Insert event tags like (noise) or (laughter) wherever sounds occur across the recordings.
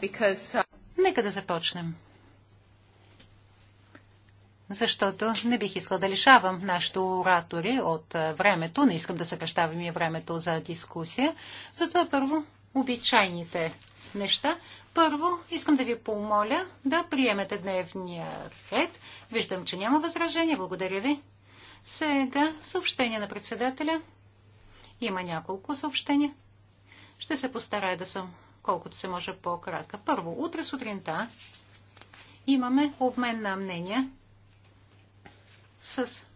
because... Uh, Нека да започнем. Защото не бих искал да лишавам нашите оратори от е, времето. Не искам да съкръщавам и времето за дискусия. Затова първо обичайните неща. Първо, искам да ви помоля да приемете дневния ред. Виждам, че няма възражение. Благодаря ви. Сега съобщение на председателя. Има няколко съобщения. Ще се постарая да съм колкото се може по-кратка. Първо, утре сутринта имаме обмен на мнения с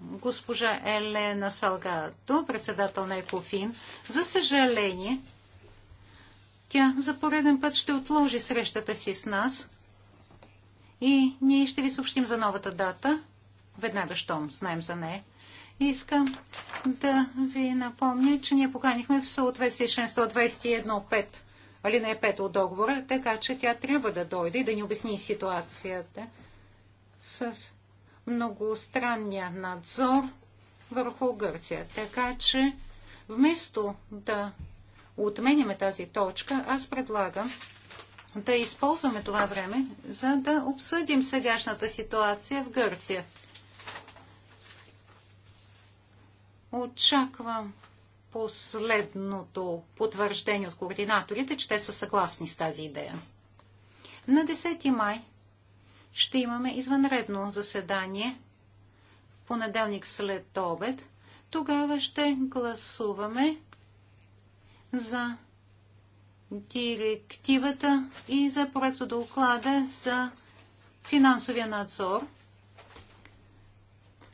госпожа Елена Салгато, председател на Екофин. За съжаление, тя за пореден път ще отложи срещата си с нас и ние ще ви съобщим за новата дата, веднага щом знаем за нея. Искам да ви напомня, че ние поканихме в съответствие с 121.5 алинея пета от договора, така че тя трябва да дойде и да ни обясни ситуацията с многостранния надзор върху Гърция. Така че вместо да отменяме тази точка, аз предлагам да използваме това време, за да обсъдим сегашната ситуация в Гърция. Очаквам последното потвърждение от координаторите, че те са съгласни с тази идея. На 10 май ще имаме извънредно заседание в понеделник след обед. Тогава ще гласуваме за директивата и за проекто доклада за финансовия надзор.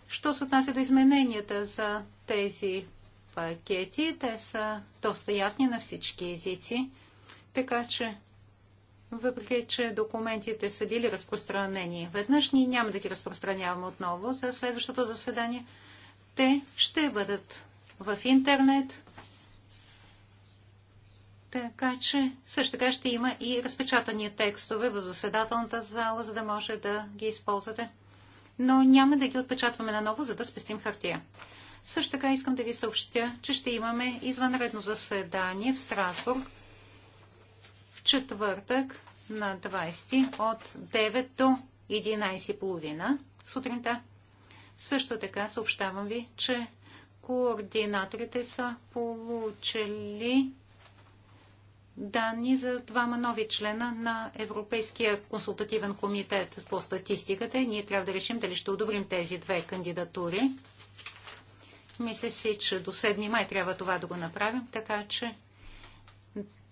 Що се отнася до измененията за тези пакети. Те са доста ясни на всички езици, така че въпреки, че документите са били разпространени веднъж, ние няма да ги разпространяваме отново за следващото заседание. Те ще бъдат в интернет, така че също така ще има и разпечатани текстове в заседателната зала, за да може да ги използвате. Но няма да ги отпечатваме наново, за да спестим хартия. Също така искам да ви съобщя, че ще имаме извънредно заседание в Страсбург в четвъртък на 20 от 9 до 11.30 сутринта. Също така съобщавам ви, че координаторите са получили данни за двама нови члена на Европейския консултативен комитет по статистиката. Ние трябва да решим дали ще одобрим тези две кандидатури. Мисля си, че до 7 май трябва това да го направим, така че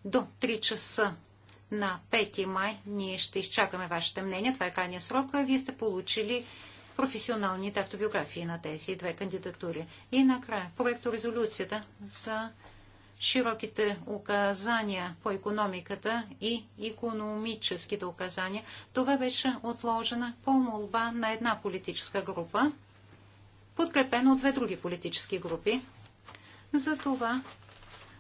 до 3 часа на 5 май ние ще изчакаме вашите мнения. Това е крайния срок. Вие сте получили професионалните автобиографии на тези две кандидатури. И накрая, проекто резолюцията за широките указания по економиката и економическите указания. Това беше отложена по молба на една политическа група подкрепено от две други политически групи. Затова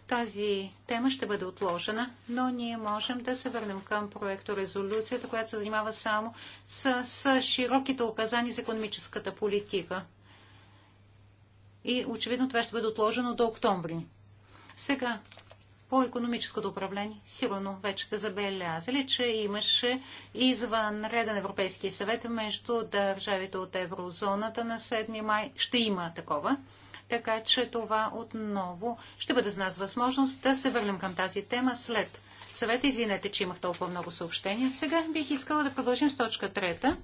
тази тема ще бъде отложена, но ние можем да се върнем към проекто резолюцията, която се занимава само с, с широките указания за економическата политика. И очевидно това ще бъде отложено до октомври. Сега по економическото управление. Сигурно вече сте забелязали, че имаше извънреден Европейски съвет между държавите от еврозоната на 7 май. Ще има такова. Така че това отново ще бъде с нас възможност да се върнем към тази тема след съвета. Извинете, че имах толкова много съобщения. Сега бих искала да продължим с точка трета.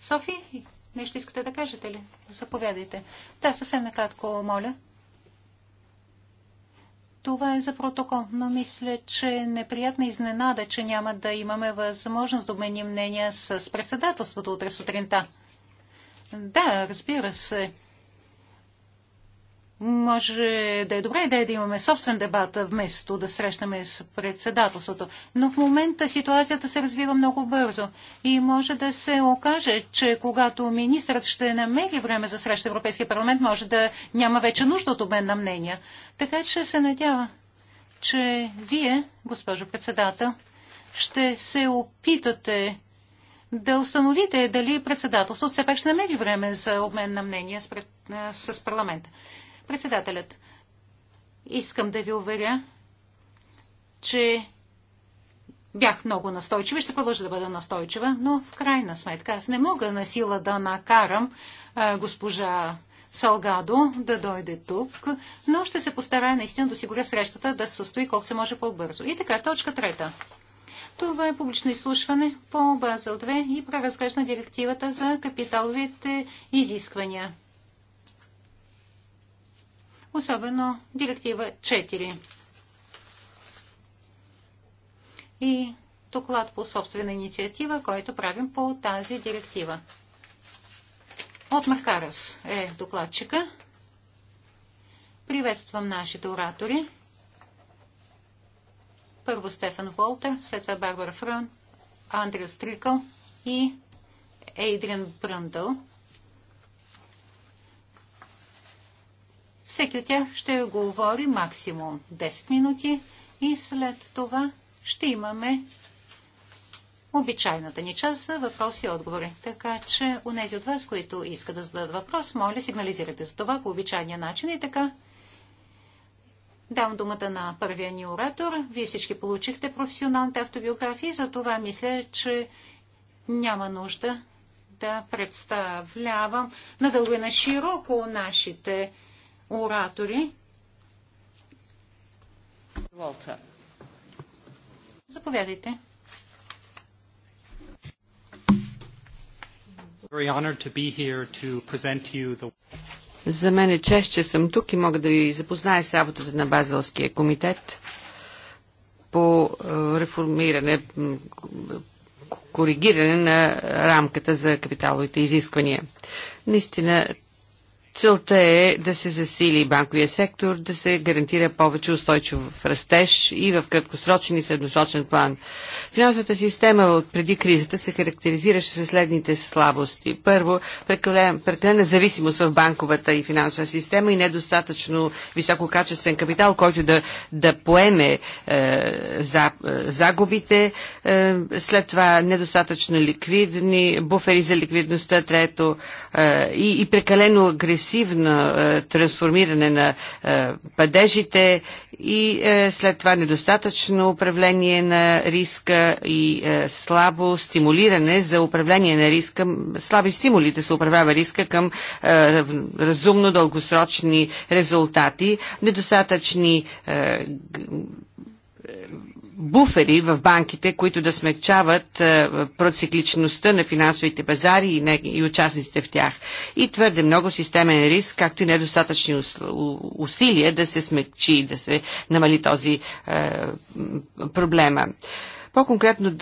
Софи, нещо искате да кажете ли? Заповядайте. Да, съвсем накратко, моля. Това е за протокол, но мисля, че е неприятна изненада, че няма да имаме възможност да обменим мнения с председателството утре сутринта. Да, разбира се може да е добра идея да имаме собствен дебат, вместо да срещаме с председателството. Но в момента ситуацията се развива много бързо и може да се окаже, че когато министрът ще намери време за среща в Европейския парламент, може да няма вече нужда от обмен на мнения. Така че се надява, че вие, госпожо председател, ще се опитате да установите дали председателството все пак ще намери време за обмен на мнения с, с парламента. Председателят, искам да ви уверя, че бях много настойчива и ще продължа да бъда настойчива, но в крайна сметка аз не мога на сила да накарам а, госпожа Салгадо да дойде тук, но ще се постарая наистина да осигуря срещата да се състои колко се може по-бързо. И така, точка трета. Това е публично изслушване по Базел 2 и преразглежда директивата за капиталовите изисквания особено директива 4. И доклад по собствена инициатива, който правим по тази директива. От Махарас е докладчика. Приветствам нашите оратори. Първо Стефан Волтер, след това Барбара Фрън, Андрю Стрикъл и Ейдриан Бръндъл. Всеки от тях ще говори максимум 10 минути и след това ще имаме обичайната ни част за въпроси и отговори. Така че у нези от вас, които искат да зададат въпрос, моля сигнализирайте за това по обичайния начин и така. Дам думата на първия ни оратор. Вие всички получихте професионалните автобиографии, за това мисля, че няма нужда да представлявам надълго и на широко нашите оратори. Волта. Заповядайте. За мен е чест, че съм тук и мога да ви запозная с работата на Базелския комитет по е, реформиране, коригиране на рамката за капиталовите изисквания. Наистина Целта е да се засили банковия сектор, да се гарантира повече устойчив растеж и в краткосрочен и средносрочен план. Финансовата система от преди кризата се характеризираше със следните слабости. Първо, прекалена зависимост в банковата и финансова система и недостатъчно висококачествен капитал, който да, да поеме е, за, е, загубите. Е, след това недостатъчно ликвидни, буфери за ликвидността, трето е, и, и прекалено агресивно прогресивно е, трансформиране на е, падежите и е, след това недостатъчно управление на риска и е, слабо стимулиране за управление на риска, слаби стимулите се управлява риска към е, разумно дългосрочни резултати, недостатъчни е, буфери в банките, които да смягчават е, процикличността на финансовите пазари и, не, и участниците в тях. И твърде много системен риск, както и недостатъчни усилия да се смекчи, да се намали този е, проблема. Е, по-конкретно,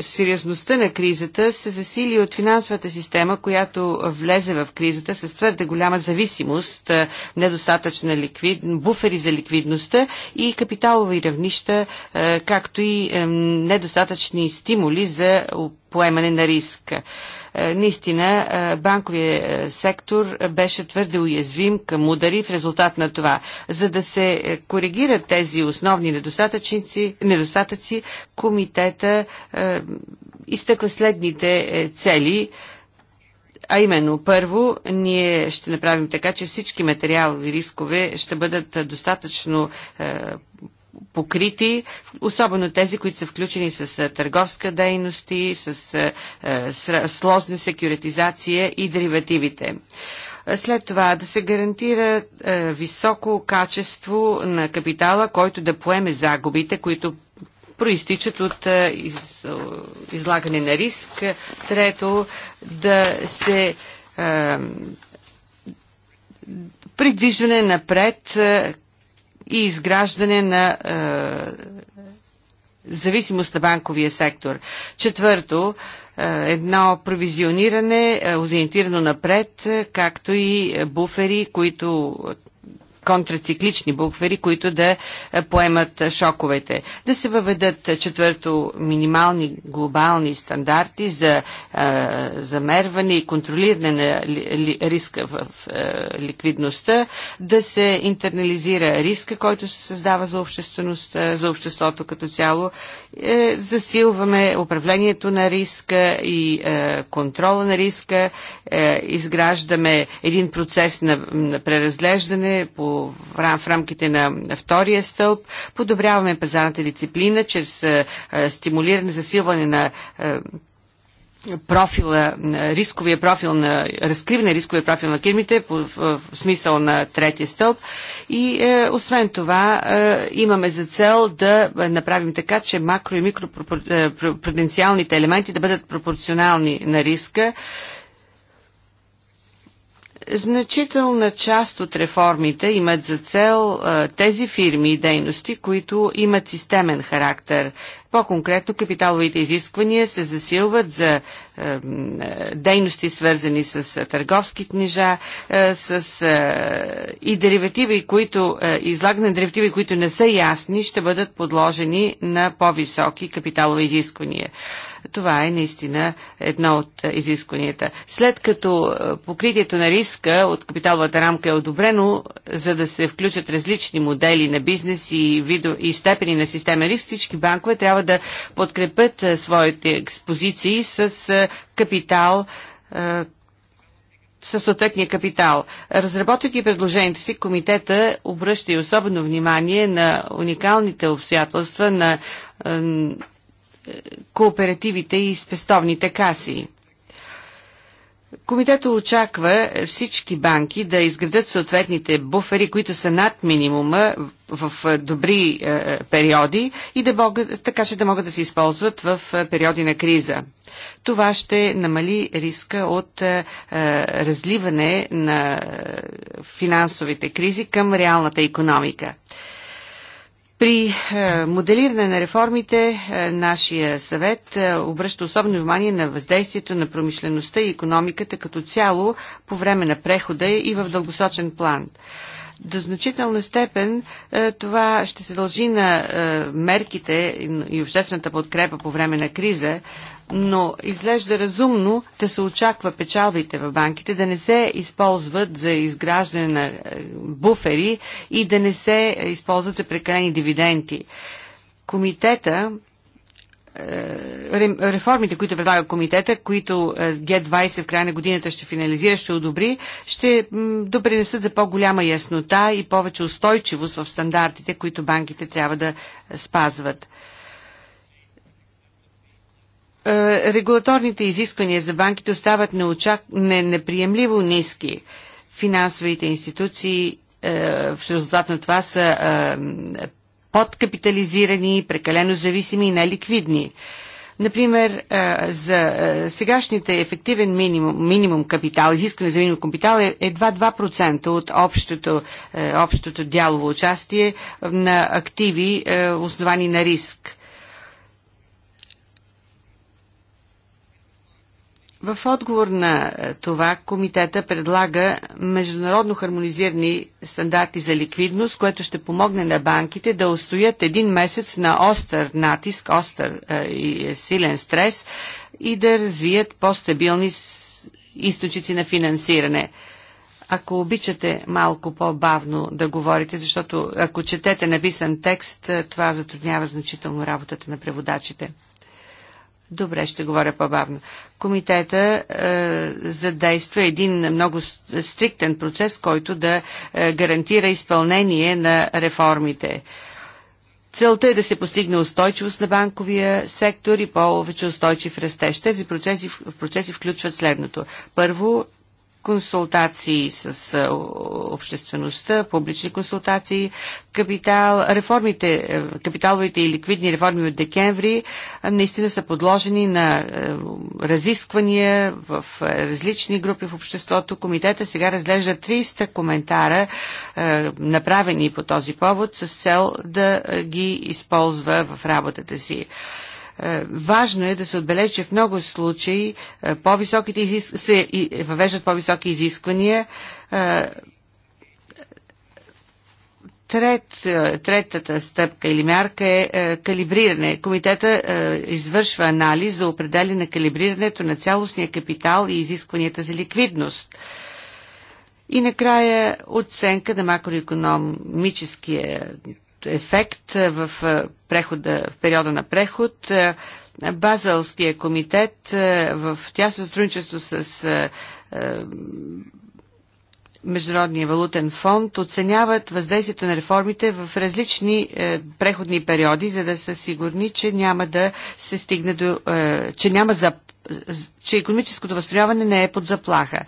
сериозността на кризата се засили от финансовата система, която влезе в кризата с твърде голяма зависимост, недостатъчна ликвид, буфери за ликвидността и капиталови равнища, както и недостатъчни стимули за поемане на риск. Е, наистина, е, банковия е, сектор беше твърде уязвим към удари в резултат на това. За да се коригират тези основни недостатъци, комитета изтъква следните цели. А именно, първо, ние ще направим така, че всички материалови рискове ще бъдат достатъчно покрити, особено тези, които са включени с търговска дейност, с, с сложна секюритизация и деривативите. След това да се гарантира високо качество на капитала, който да поеме загубите, които проистичат от из, излагане на риск. Трето, да се е, придвижване напред и изграждане на е, зависимост на банковия сектор. Четвърто, е, едно провизиониране, е, ориентирано напред, както и буфери, които контрациклични буквери, които да е, поемат шоковете. Да се въведат четвърто минимални глобални стандарти за е, замерване и контролиране на риска в е, ликвидността, да се интернализира риска, който се създава за обществеността, за обществото като цяло е, засилваме управлението на риска и е, контрола на риска, е, изграждаме един процес на, на преразглеждане по, в, в рамките на, на втория стълб, подобряваме пазарната дисциплина чрез е, е стимулиране, засилване на е, профила, рисковия профил на, разкриване рисковия профил на кирмите по, в, в смисъл на третия стълб. И е, освен това е, имаме за цел да направим така, че макро и микропруденциалните е, елементи да бъдат пропорционални на риска. Значителна част от реформите имат за цел е, тези фирми и дейности, които имат системен характер по-конкретно, капиталовите изисквания се засилват за е, дейности, свързани с е, търговски книжа, е, с е, и деривативи, които е, излагане на деривативи, които не са ясни, ще бъдат подложени на по-високи капиталови изисквания. Това е наистина едно от е, изискванията. След като е, покритието на риска от капиталовата рамка е одобрено, за да се включат различни модели на бизнес и, видо, и степени на системен риск, всички банкове трябва да подкрепят своите експозиции с капитал, със съответния капитал. Разработвайки предложението си, комитета обръща и особено внимание на уникалните обстоятелства на кооперативите и спестовните каси. Комитета очаква всички банки да изградат съответните буфери, които са над минимума в е, добри е, периоди и да могат, така че да могат да се използват в е, периоди на криза. Това ще намали риска от разливане на финансовите кризи към реалната економика. При моделиране на реформите нашия съвет обръща особено внимание на въздействието на промишлеността и економиката като цяло по време на прехода и в дългосочен план. До значителна степен е, това ще се дължи на е, мерките и обществената подкрепа по време на криза, но изглежда разумно да се очаква печалбите в банките да не се използват за изграждане на е, буфери и да не се използват за прекалени дивиденти. Комитета е, реформите, които предлага комитета, които е, Г20 в края на годината ще финализира, ще одобри, ще допринесат за по-голяма яснота и повече устойчивост в стандартите, които банките трябва да спазват е, регулаторните изисквания за банките остават неочак... не, неприемливо ниски. Финансовите институции в резултат на това са подкапитализирани, прекалено зависими и неликвидни. Например, за сегашните ефективен минимум, минимум капитал, изискване за минимум капитал е едва 2% от общото, е, общото дялово участие на активи, е, основани на риск. В отговор на е, това комитета предлага международно хармонизирани стандарти за ликвидност, което ще помогне на банките да устоят един месец на остър натиск, остър е, и е, силен стрес и да развият по-стабилни източници на финансиране. Ако обичате малко по-бавно да говорите, защото ако четете написан текст, е, това затруднява значително работата на преводачите. Добре, ще говоря по-бавно. Комитета е, задейства един много стриктен процес, който да е, гарантира изпълнение на реформите. Целта е да се постигне устойчивост на банковия сектор и повече устойчив растеж. Тези процеси, процеси включват следното. Първо, консултации с обществеността, публични консултации, капитал, реформите, е, капиталовите и ликвидни реформи от декември наистина са подложени на е, разисквания в е, различни групи в обществото. Комитета сега разглежда 300 коментара, направени по този повод, с цел да ги използва в работата си. Е, важно е да се отбележи, че в много случаи е, по-високите се въвеждат по-високи изисквания е, Трет, третата стъпка или мярка е, калибриране. Комитета извършва анализ за определяне калибрирането на цялостния капитал и изискванията за ликвидност. И накрая оценка на макроекономическия ефект в, прехода, в периода на преход. Базалския комитет в тясно сътрудничество с Международния валутен фонд оценяват въздействието на реформите в различни преходни периоди, за да са сигурни, че няма да се стигне до, че няма за че економическото възстановяване не е под заплаха.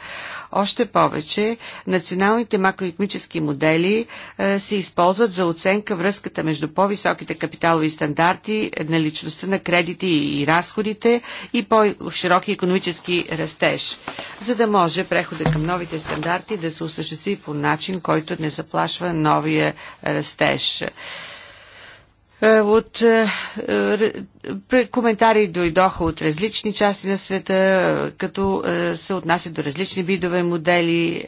Още повече, националните макроекономически модели е, се използват за оценка връзката между по-високите капиталови стандарти, наличността на кредити и разходите и по-широки економически растеж, за да може прехода към новите стандарти да се осъществи по начин, който не заплашва новия растеж. Е, от е, коментари дойдоха от различни части на света, е, като се отнася до различни видове модели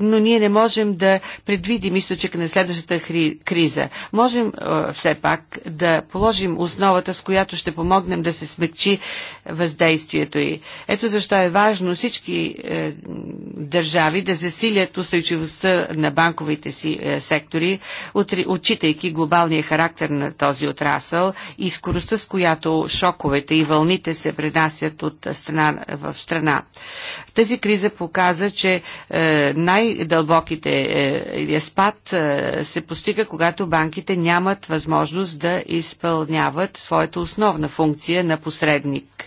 но ние не можем да предвидим източък на следващата хри, криза. Можем е, все пак да положим основата, с която ще помогнем да се смекчи въздействието й. Ето защо е важно всички е, държави да засилят устойчивостта на банковите си е, сектори, отчитайки глобалния характер на този отрасъл и скоростта, с която шоковете и вълните се пренасят от страна в страна. Тази криза показа, че е, най- най-дълбоките е, е, спад е, се постига, когато банките нямат възможност да изпълняват своята основна функция на посредник.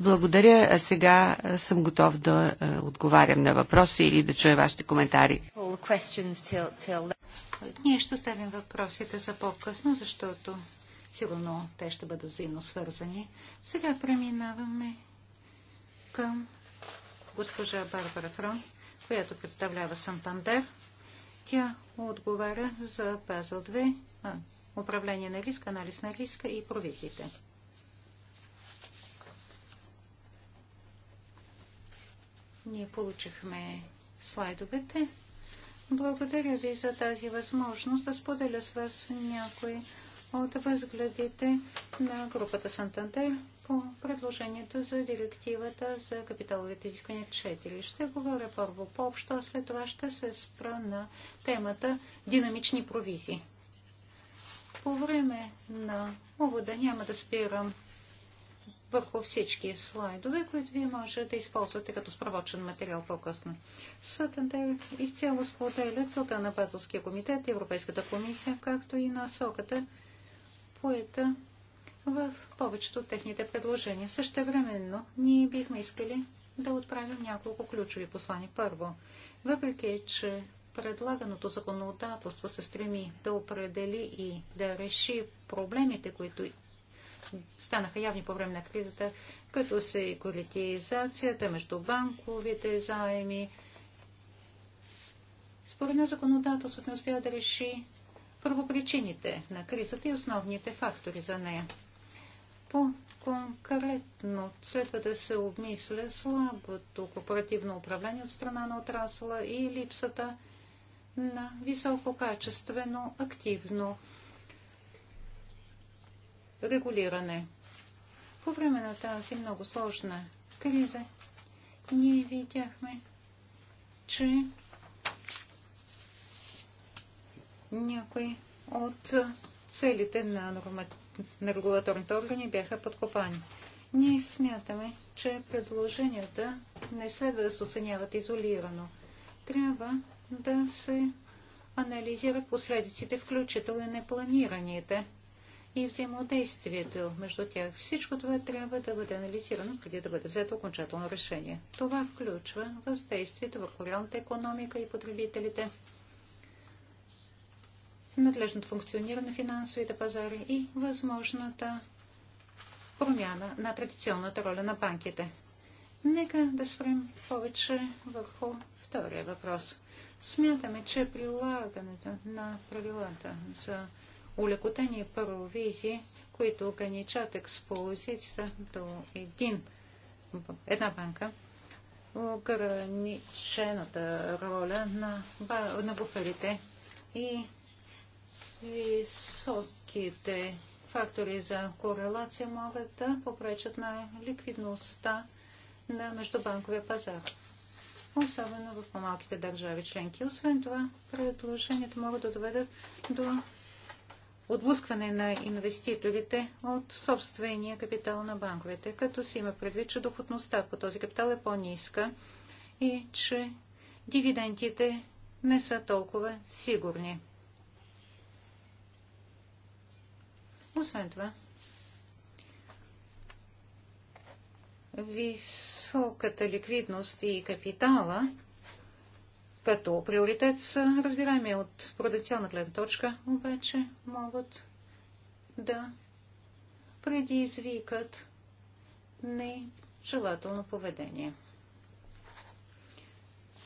Благодаря. А сега е, съм готов да е, отговарям на въпроси или да чуя вашите коментари. Ние ще оставим въпросите за по-късно, защото сигурно те ще бъдат взаимно свързани. Сега преминаваме към госпожа Барбара Фрон която представлява Сантандер. Тя отговаря за пазъл 2, а, управление на риска, анализ на риска и провизиите. Ние получихме слайдовете. Благодаря ви за тази възможност да споделя с вас някои от възгледите на групата Сантантер по предложението за директивата за капиталовите изисквания 4. Ще говоря първо по-общо, а след това ще се спра на темата динамични провизии. По време на увода няма да спирам върху всички слайдове, които вие можете да използвате като справочен материал по-късно. Сътендер изцяло споделя целта на Базълския комитет, Европейската комисия, както и насоката поета в повечето от техните предложения. Същевременно ние бихме искали да отправим няколко ключови послани. Първо, въпреки, че предлаганото законодателство се стреми да определи и да реши проблемите, които станаха явни по време на кризата, като се и колитизацията между банковите заеми. Според нас законодателството не успя да реши първопричините на кризата и основните фактори за нея. По-конкретно следва да се обмисля слабото корпоративно управление от страна на отрасла и липсата на висококачествено активно регулиране. По време на тази много сложна криза ние видяхме, че някои от целите на, норма... на регулаторните органи бяха подкопани. Ние смятаме, че предложенията не следва да се оценяват изолирано. Трябва да се анализират последиците, включително непланираните и взаимодействието между тях. Всичко това трябва да бъде анализирано преди да бъде взето окончателно решение. Това включва въздействието върху реалната економика и потребителите, надлежното функциониране на финансовите пазари и възможната промяна на традиционната роля на банките. Нека да спрем повече върху втория въпрос. Смятаме, че прилагането на правилата за улекотени провизии, които ограничат експозицията до един, една банка, ограничената роля на, на буферите и високите фактори за корелация могат да попречат на ликвидността на междубанковия пазар, особено в по-малките държави членки. Освен това, предложението могат да доведат до отблъскване на инвеститорите от собствения капитал на банковете, като се има предвид, че доходността по този капитал е по-ниска и че дивидендите не са толкова сигурни. Освен това, високата ликвидност и капитала като приоритет са разбираеми от продукционна гледна точка, обаче могат да предизвикат нежелателно поведение.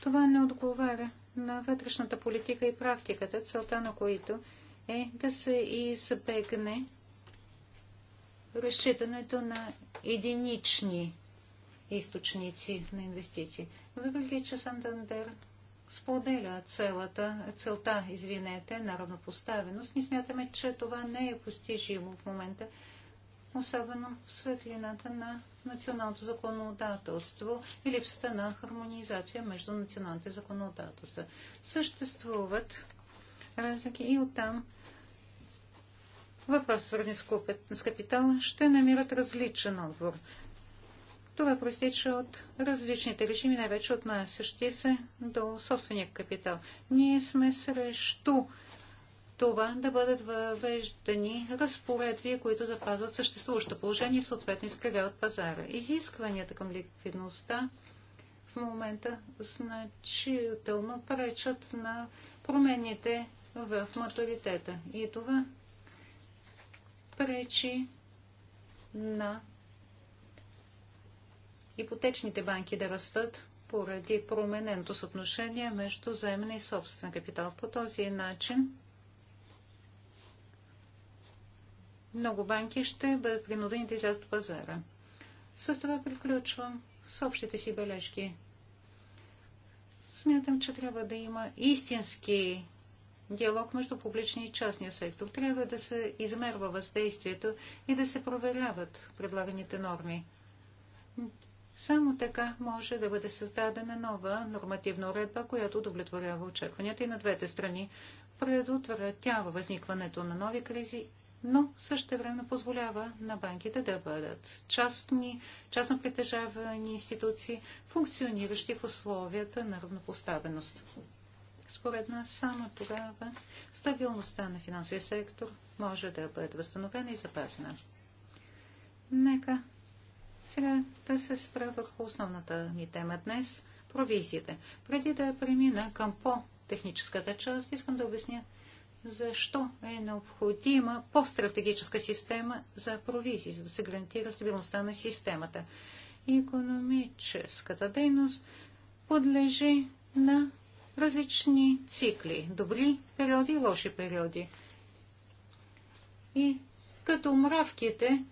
Това не отговаря на вътрешната политика и практиката, целта на които е да се избегне разчитането на единични източници на инвестиции. Въпреки, че Сантандер споделя целата, целта, извинете, на равнопоставеност, ние смятаме, че това не е постижимо в момента, особено в светлината на националното законодателство и липсата на хармонизация между националните законодателства. Съществуват разлики и оттам въпрос, свързан с капитала, ще намират различен отговор. Това проистича от различните режими, най-вече отнасящи се до собствения капитал. Ние сме срещу това да бъдат въвеждани разпоредви, които запазват съществуващо положение и съответно изкривяват пазара. Изискванията към ликвидността в момента значително пречат на промените в матуритета. И това пречи на ипотечните банки да растат поради промененото съотношение между заемен и собствен капитал. По този начин много банки ще бъдат принудени да излязат от пазара. С това приключвам с общите си бележки. Смятам, че трябва да има истински диалог между публичния и частния сектор. Трябва да се измерва въздействието и да се проверяват предлаганите норми. Само така може да бъде създадена нова нормативна уредба, която удовлетворява очакванията и на двете страни, предотвратява възникването на нови кризи, но също време позволява на банките да бъдат частни, частно притежавани институции, функциониращи в условията на равнопоставеност. Според нас само тогава стабилността на финансовия сектор може да бъде възстановена и запазена. Нека сега да се спра върху основната ни тема днес – провизиите. Преди да премина към по-техническата част, искам да обясня защо е необходима по-стратегическа система за провизии, за да се гарантира стабилността на системата. Економическата дейност подлежи на различни цикли, добри периоди и лоши периоди. И като мравките,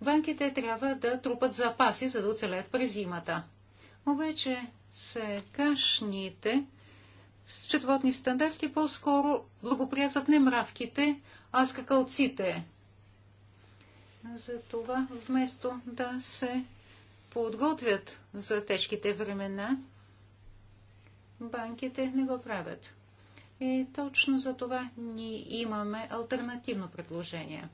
банките трябва да трупат запаси, за да оцелят през зимата. Обаче сегашните счетоводни стандарти по-скоро благоприятстват не мравките, а скакалците. Затова вместо да се подготвят за тежките времена, банките не го правят. И точно за това ние имаме альтернативно предложение.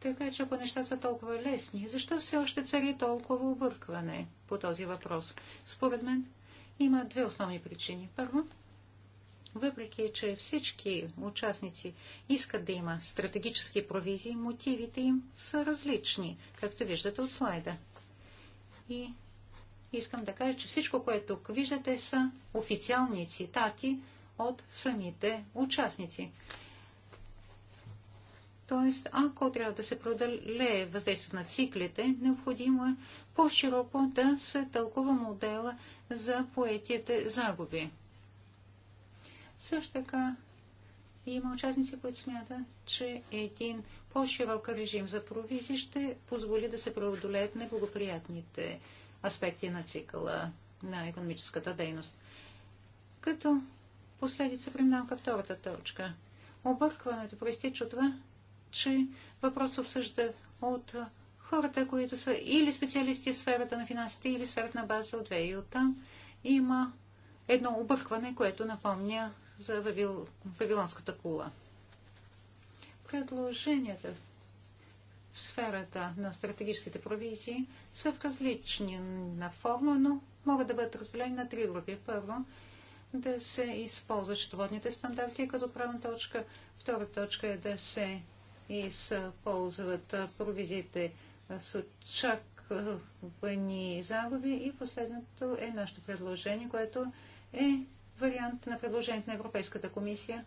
Така че ако нещата са толкова лесни, защо все още цари толкова объркване по този въпрос? Според мен има две основни причини. Първо, въпреки че всички участници искат да има стратегически провизии, мотивите им са различни, както виждате от слайда. И искам да кажа, че всичко, което тук виждате, са официални цитати от самите участници. Тоест, ако трябва да се продалее въздействието на циклите, необходимо е по-широко да се тълкува модела за поетите загуби. Също така има участници, които смятат, че един по-широк режим за провизи ще позволи да се преодолеят неблагоприятните аспекти на цикъла на економическата дейност. Като последица преминавам към втората точка. Объркването проистича от това, че въпрос обсъжда от хората, които са или специалисти в сферата на финансите, или в сферата на база от 2 и оттам. Има едно объркване, което напомня за Вавилонската кула. Предложенията в в сферата на стратегическите провизии са в различни на форма, но могат да бъдат разделени на три групи. Първо, да се използват счетоводните стандарти като правна точка. Втора точка е да се използват провизиите с очаквани загуби. И последното е нашето предложение, което е вариант на предложението на Европейската комисия.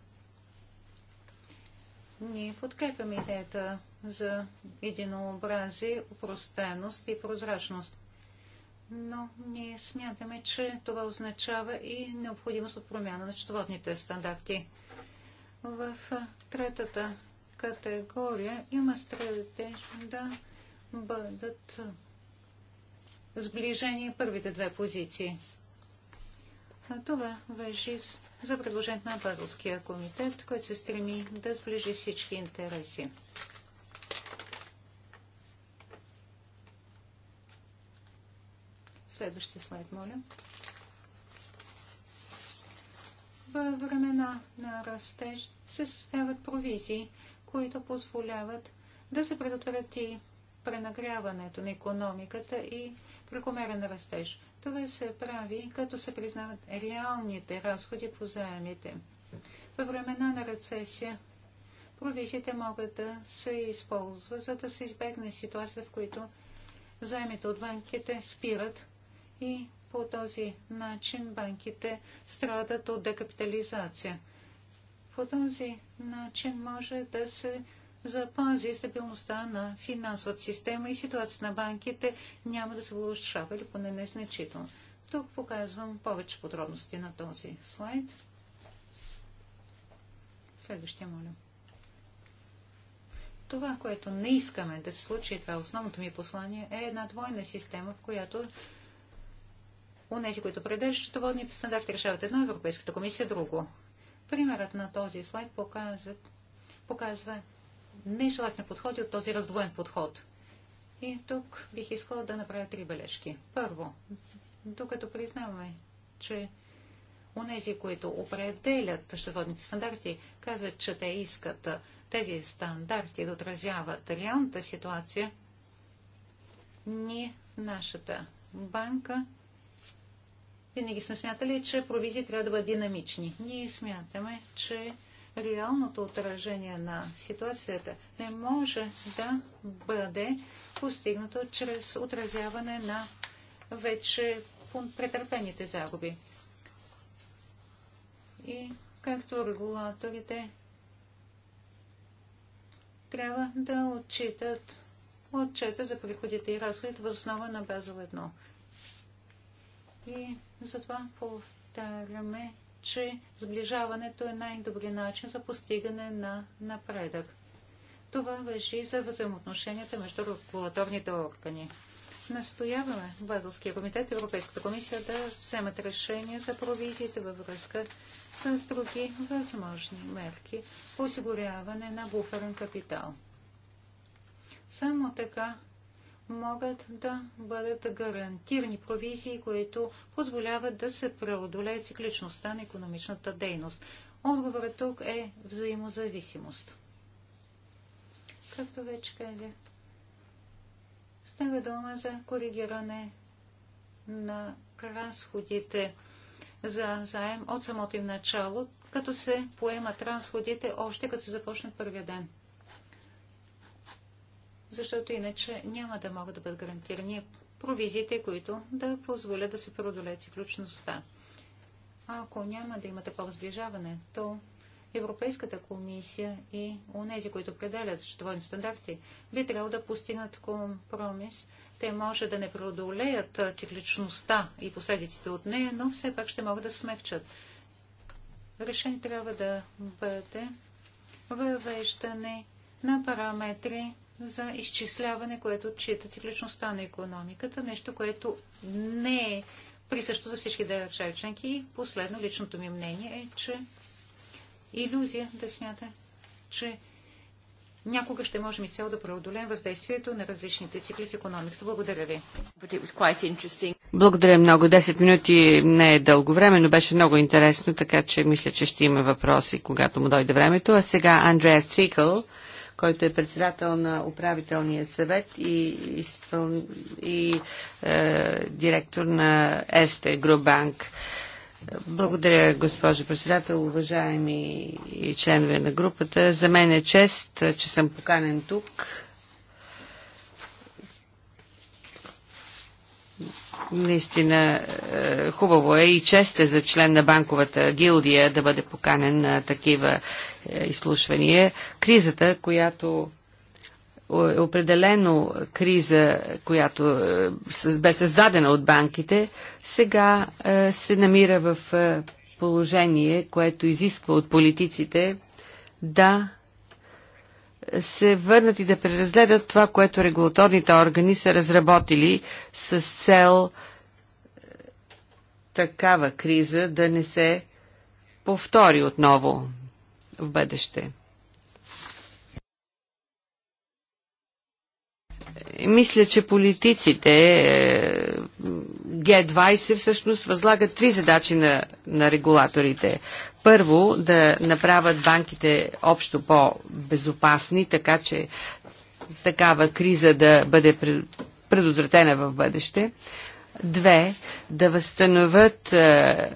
Ние подкрепяме идеята за единообразие, упростеност и прозрачност. Но ние смятаме, че това означава и необходимост от промяна на четоводните стандарти. В третата категория има стратеж да бъдат сближени първите две позиции. Това вежи за предложението на Базълския комитет, който се стреми да сближи всички интереси. Следващия слайд, моля. Във времена на растеж се създават провизии, които позволяват да се предотврати пренагряването на економиката и прекомерен растеж. Това се прави, като се признават реалните разходи по заемите. Във времена на рецесия провизиите могат да се използват, за да се избегне ситуация, в които заемите от банките спират и по този начин банките страдат от декапитализация. По този начин може да се запази стабилността на финансовата система и ситуацията на банките няма да се влушава или поне незначително. Тук показвам повече подробности на този слайд. Следващия, моля. Това, което не искаме да се случи, това е основното ми послание, е една двойна система, в която Унези, които предържат счетоводните стандарти, решават едно, Европейската комисия друго. Примерът на този слайд показва, показва нежелатни подходи от този раздвоен подход. И тук бих искала да направя три бележки. Първо, докато признаваме, че онези, които определят счетоводните стандарти, казват, че те искат тези стандарти да отразяват реалната ситуация, ние, нашата банка, винаги сме смятали, че провизии трябва да бъдат динамични. Ние смятаме, че реалното отражение на ситуацията не може да бъде постигнато чрез отразяване на вече претърпените загуби. И както регулаторите трябва да отчитат отчета за приходите и разходите възоснова основа на база 1. И затова повтаряме, че сближаването е най-добрият начин за постигане на напредък. Това въжи за взаимоотношенията между регулаторните органи. Настояваме Базълския комитет и Европейската комисия да вземат решение за провизиите във връзка с други възможни мерки по осигуряване на буферен капитал. Само така могат да бъдат гарантирани провизии, които позволяват да се преодолее цикличността на економичната дейност. Отговорът тук е взаимозависимост. Както вече казах, става дума за коригиране на разходите за заем от самото им начало, като се поемат разходите още като се започне първия ден защото иначе няма да могат да бъдат гарантирани провизиите, които да позволят да се преодолеят цикличността. А ако няма да има такова сближаване, то Европейската комисия и онези, които определят счетоводни стандарти, би трябвало да постигнат компромис. Те може да не преодолеят цикличността и последиците от нея, но все пак ще могат да смекчат. Решение трябва да бъде въвеждане на параметри за изчисляване, което отчита цикличността на економиката, нещо, което не е присъщо за всички държави членки. И последно, личното ми мнение е, че иллюзия да смята, че някога ще можем изцяло да преодолеем въздействието на различните цикли в економиката. Благодаря ви. Благодаря много. 10 минути не е дълго време, но беше много интересно, така че мисля, че ще има въпроси, когато му дойде времето. А сега Андрея Стрикъл който е председател на управителния съвет и, изпъл... и е, директор на Ерсте Грубанк. Благодаря, госпожо председател, уважаеми членове на групата. За мен е чест, че съм поканен тук. наистина е, хубаво е и чест е за член на банковата гилдия да бъде поканен на такива изслушвания. Кризата, която е определено криза, която е, бе създадена от банките, сега е, се намира в е, положение, което изисква от политиците да се върнат и да преразгледат това, което регулаторните органи са разработили с цел такава криза да не се повтори отново в бъдеще. мисля, че политиците е, Г20 всъщност възлагат три задачи на, на регулаторите. Първо, да направят банките общо по-безопасни, така че такава криза да бъде предотвратена в бъдеще. Две, да възстановят е,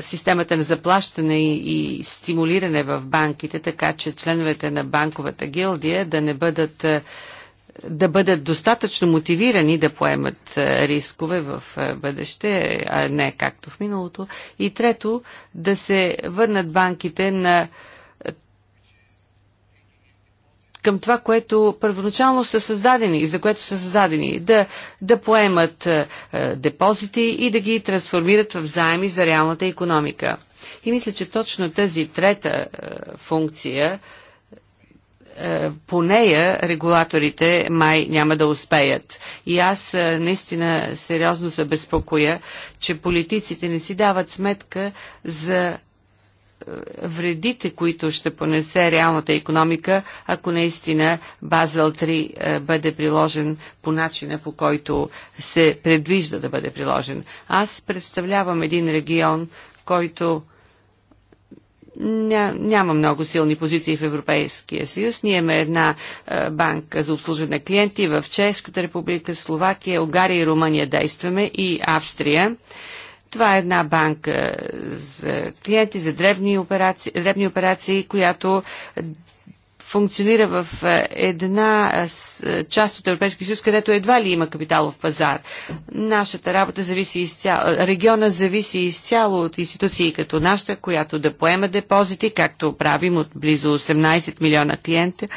системата на заплащане и, и стимулиране в банките, така че членовете на банковата гилдия да не бъдат е, да бъдат достатъчно мотивирани да поемат е, рискове в е, бъдеще, а не както в миналото. И трето, да се върнат банките на към това, което първоначално са създадени и за което са създадени. Да, да поемат е, е, депозити и да ги трансформират в заеми за реалната економика. И мисля, че точно тази трета е, функция, е, по нея регулаторите май няма да успеят. И аз е, наистина сериозно се безпокоя, че политиците не си дават сметка за вредите, които ще понесе реалната економика, ако наистина Базел 3 е, бъде приложен по начина, по който се предвижда да бъде приложен. Аз представлявам един регион, който няма много силни позиции в Европейския съюз. Ние имаме една е, банка за обслужване на клиенти в Чешката република, Словакия, Угария и Румъния действаме и Австрия. Това е една банка за клиенти, за дребни операции, древни операции която функционира в е, една е, е, част от Европейския съюз, където едва ли има капиталов пазар. Нашата работа зависи изцяло, региона зависи изцяло от институции като нашата, която да поема депозити, както правим от близо 18 милиона клиента,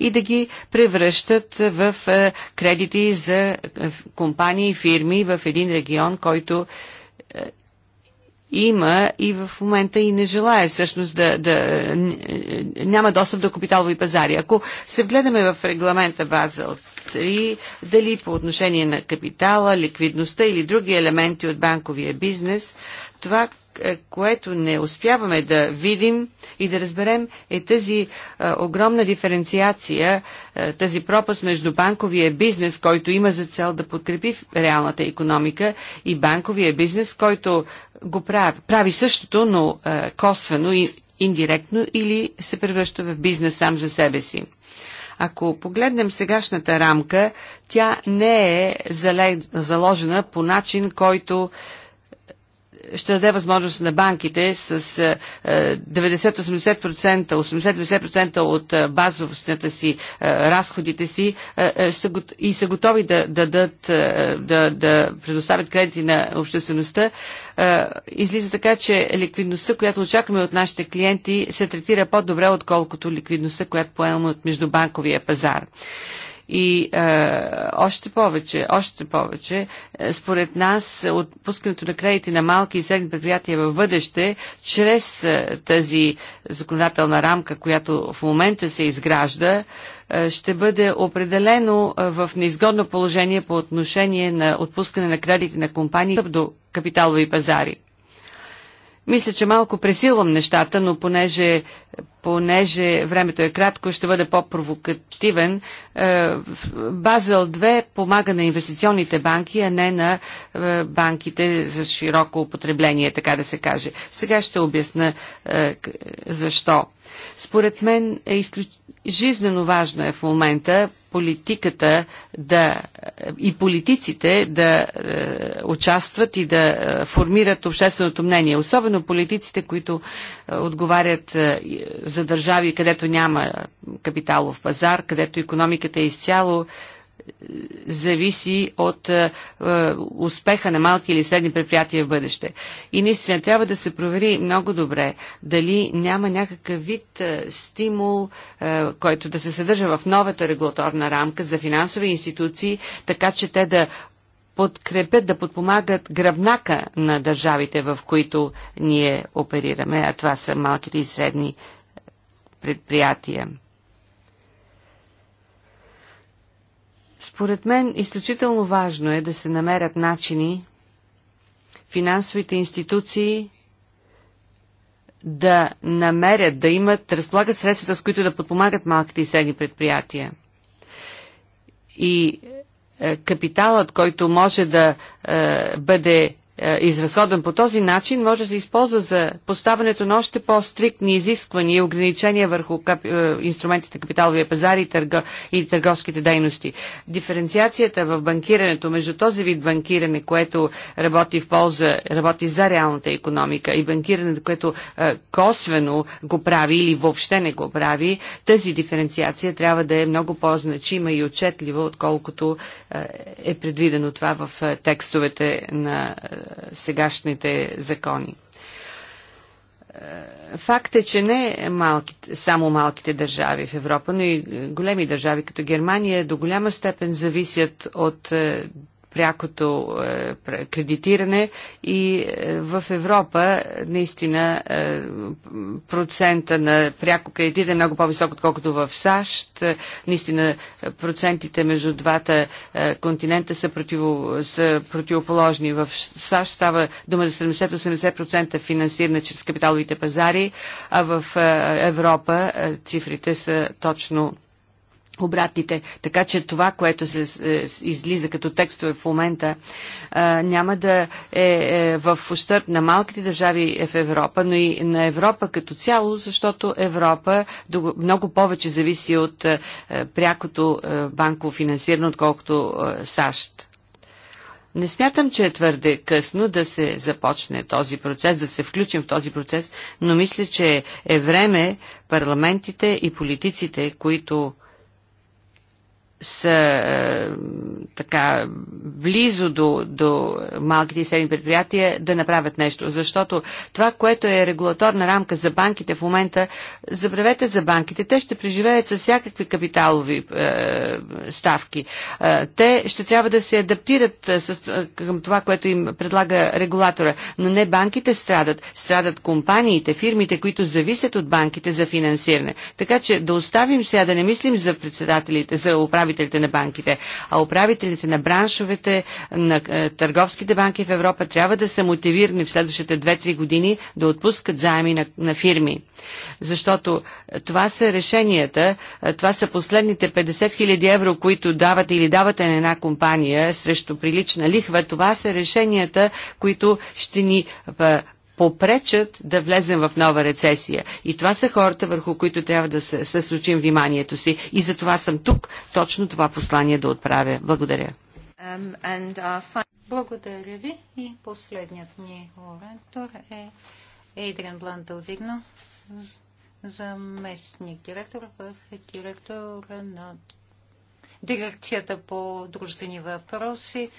и да ги превръщат в кредити за компании и фирми в един регион, който има и в момента и не желая всъщност да, да няма достъп до капиталови пазари. Ако се вгледаме в регламента Базел 3, дали по отношение на капитала, ликвидността или други елементи от банковия бизнес, това, е, което не успяваме да видим и да разберем е тази а, е, огромна диференциация, а, е, тази пропаст между банковия бизнес, който има за цел да подкрепи реалната економика и банковия бизнес, който го прави, прави същото, но а, косвено и индиректно или се превръща в бизнес сам за себе си. Ако погледнем сегашната рамка, тя не е заложена по начин, който ще даде възможност на банките с 90-80%, е, 80-90% е, от е, базовостната си, разходите си и са готови да, дадат, да, да предоставят кредити на обществеността, излиза така, че ликвидността, която очакваме от нашите клиенти, се третира по-добре, отколкото ликвидността, която поемаме от междубанковия пазар. И е, още повече, още повече, е, според нас е, отпускането на кредити на малки и средни предприятия във бъдеще, чрез е, тази законодателна рамка, която в момента се изгражда, е, ще бъде определено е, в неизгодно положение по отношение на отпускане на кредити на компании до капиталови пазари. Мисля, че малко пресилвам нещата, но понеже, понеже времето е кратко, ще бъде по-провокативен. Е, Базел 2 помага на инвестиционните банки, а не на е, банките за широко употребление, така да се каже. Сега ще обясна е, защо. Според мен е изключително жизнено важно е в момента политиката да, и политиците да е, участват и да е, формират общественото мнение. Особено политиците, които е, отговарят е, за държави, където няма капиталов пазар, където економиката е изцяло зависи от е, е, успеха на малки или средни предприятия в бъдеще. И наистина трябва да се провери много добре дали няма някакъв вид е, стимул, който да се съдържа в новата регулаторна рамка за финансови институции, така че те да подкрепят, да подпомагат гръбнака на държавите, в които ние оперираме, а това са малките и средни предприятия. Според мен изключително важно е да се намерят начини финансовите институции да намерят, да имат, да разполагат средствата, с които да подпомагат малките и средни предприятия. И е, капиталът, който може да е, бъде е, Изразходен по този начин, може да се използва за поставането на още по-стриктни изисквания и ограничения върху кап... Е, инструментите капиталовия пазар и, търго... и търговските дейности. Диференциацията в банкирането между този вид банкиране, което работи в полза, работи за реалната економика и банкирането, което е, косвено го прави или въобще не го прави, тази диференциация трябва да е много по-значима и отчетлива, отколкото е предвидено това в текстовете на сегашните закони. Факт е, че не малките, само малките държави в Европа, но и големи държави като Германия до голяма степен зависят от е, прякото е, кредитиране и е, в Европа е, наистина процента на пряко кредитиране е много по-висок, отколкото в САЩ. Наистина процентите между двата континента са, противо, са противоположни. В САЩ става дума за 70-80% финансиране чрез капиталовите пазари, а в Европа цифрите са точно обратните. Така че това, което се е, излиза като текстове в момента, е, няма да е, е в ущърп на малките държави в Европа, но и на Европа като цяло, защото Европа много повече зависи от прякото банково финансиране, отколкото САЩ. Не смятам, че е твърде късно да се започне този процес, да се включим в този процес, но мисля, че е време парламентите и политиците, които са а, е, така близо до, до малките и средни предприятия да направят нещо. Защото това, което е регулаторна рамка за банките в момента, забравете за банките, те ще преживеят с всякакви капиталови а, е, ставки. А, е, те ще трябва да се адаптират с, към това, което им предлага регулатора. Но не банките страдат, страдат компаниите, фирмите, които зависят от банките за финансиране. Така че да оставим сега, да не мислим за председателите, за управителите, управителите на банките. А управителите на браншовете, на е, търговските банки в Европа трябва да са мотивирани в следващите 2-3 години да отпускат заеми на, на фирми. Защото е, това са решенията, е, това са последните 50 000 евро, които давате или давате на една компания срещу прилична лихва. Това са решенията, които ще ни попречат да влезем в нова рецесия. И това са хората, върху които трябва да се съсочим вниманието си. И за това съм тук, точно това послание да отправя. Благодаря. Um, Благодаря ви. И последният ни оратор е Ейдриан Блантъл Вигно, заместник директор в директора на дирекцията по дружествени въпроси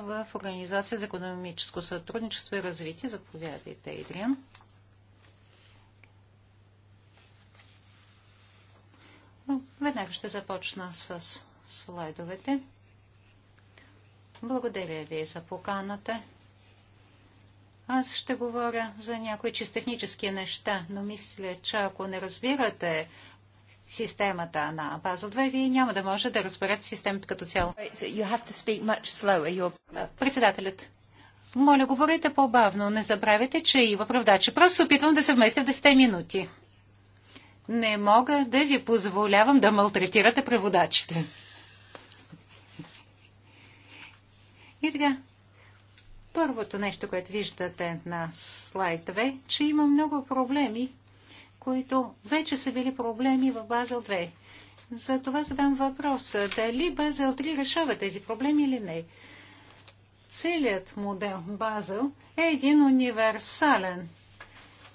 в Организация за економическо сътрудничество и развитие. Заповядайте, Идриан. Веднага ще започна с слайдовете. Благодаря ви за поканата. Аз ще говоря за някои чисто технически неща, но мисля, че ако не разбирате системата на Базел 2, вие няма да може да разберете системата като цяло. Председателят. Моля, говорите по-бавно. Не забравяйте, че и въправдачи. Просто се опитвам да се вместя в 10 минути. Не мога да ви позволявам да малтретирате преводачите. И така, първото нещо, което виждате на слайд 2, че има много проблеми които вече са били проблеми в Базел 2. За това задам въпрос. Дали Базел 3 решава тези проблеми или не? Целият модел Базел е един универсален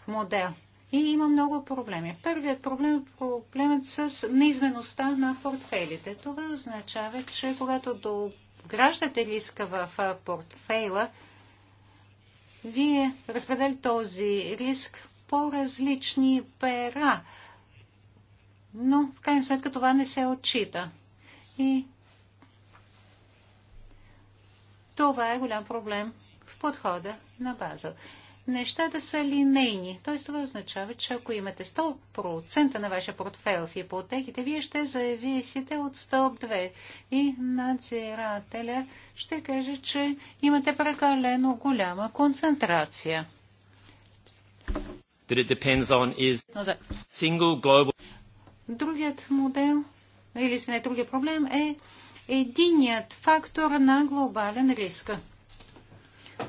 модел. И има много проблеми. Първият проблем е проблемът с неизменността на портфелите. Това означава, че когато дограждате риска в портфейла, вие разпределите този риск по-различни пера, но в крайна сметка това не се отчита. И това е голям проблем в подхода на база. Нещата са линейни, Тоест, това означава, че ако имате 100% на вашия портфел в ипотеките, вие ще зависите от стълб 2 и надзирателя ще каже, че имате прекалено голяма концентрация that it depends on is single global... Другият модел, или не другия проблем е единият фактор на глобален риск.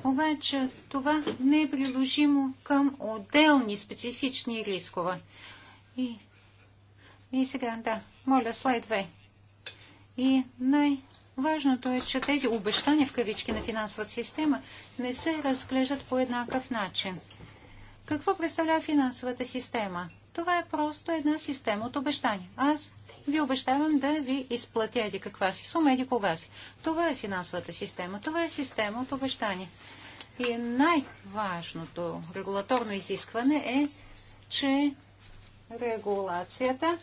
Обаче това не е приложимо към отделни специфични рискове. И, и сега, да, моля, слайд 2. И най-важното е, че тези обещания в кавички на финансовата система не се разглеждат по еднакъв начин. Какво представлява финансовата система? Това е просто една система от обещания. Аз ви обещавам да ви изплатя еди каква си сума, еди кога си. Това е финансовата система. Това е система от обещания. И най-важното регулаторно изискване е, че регулацията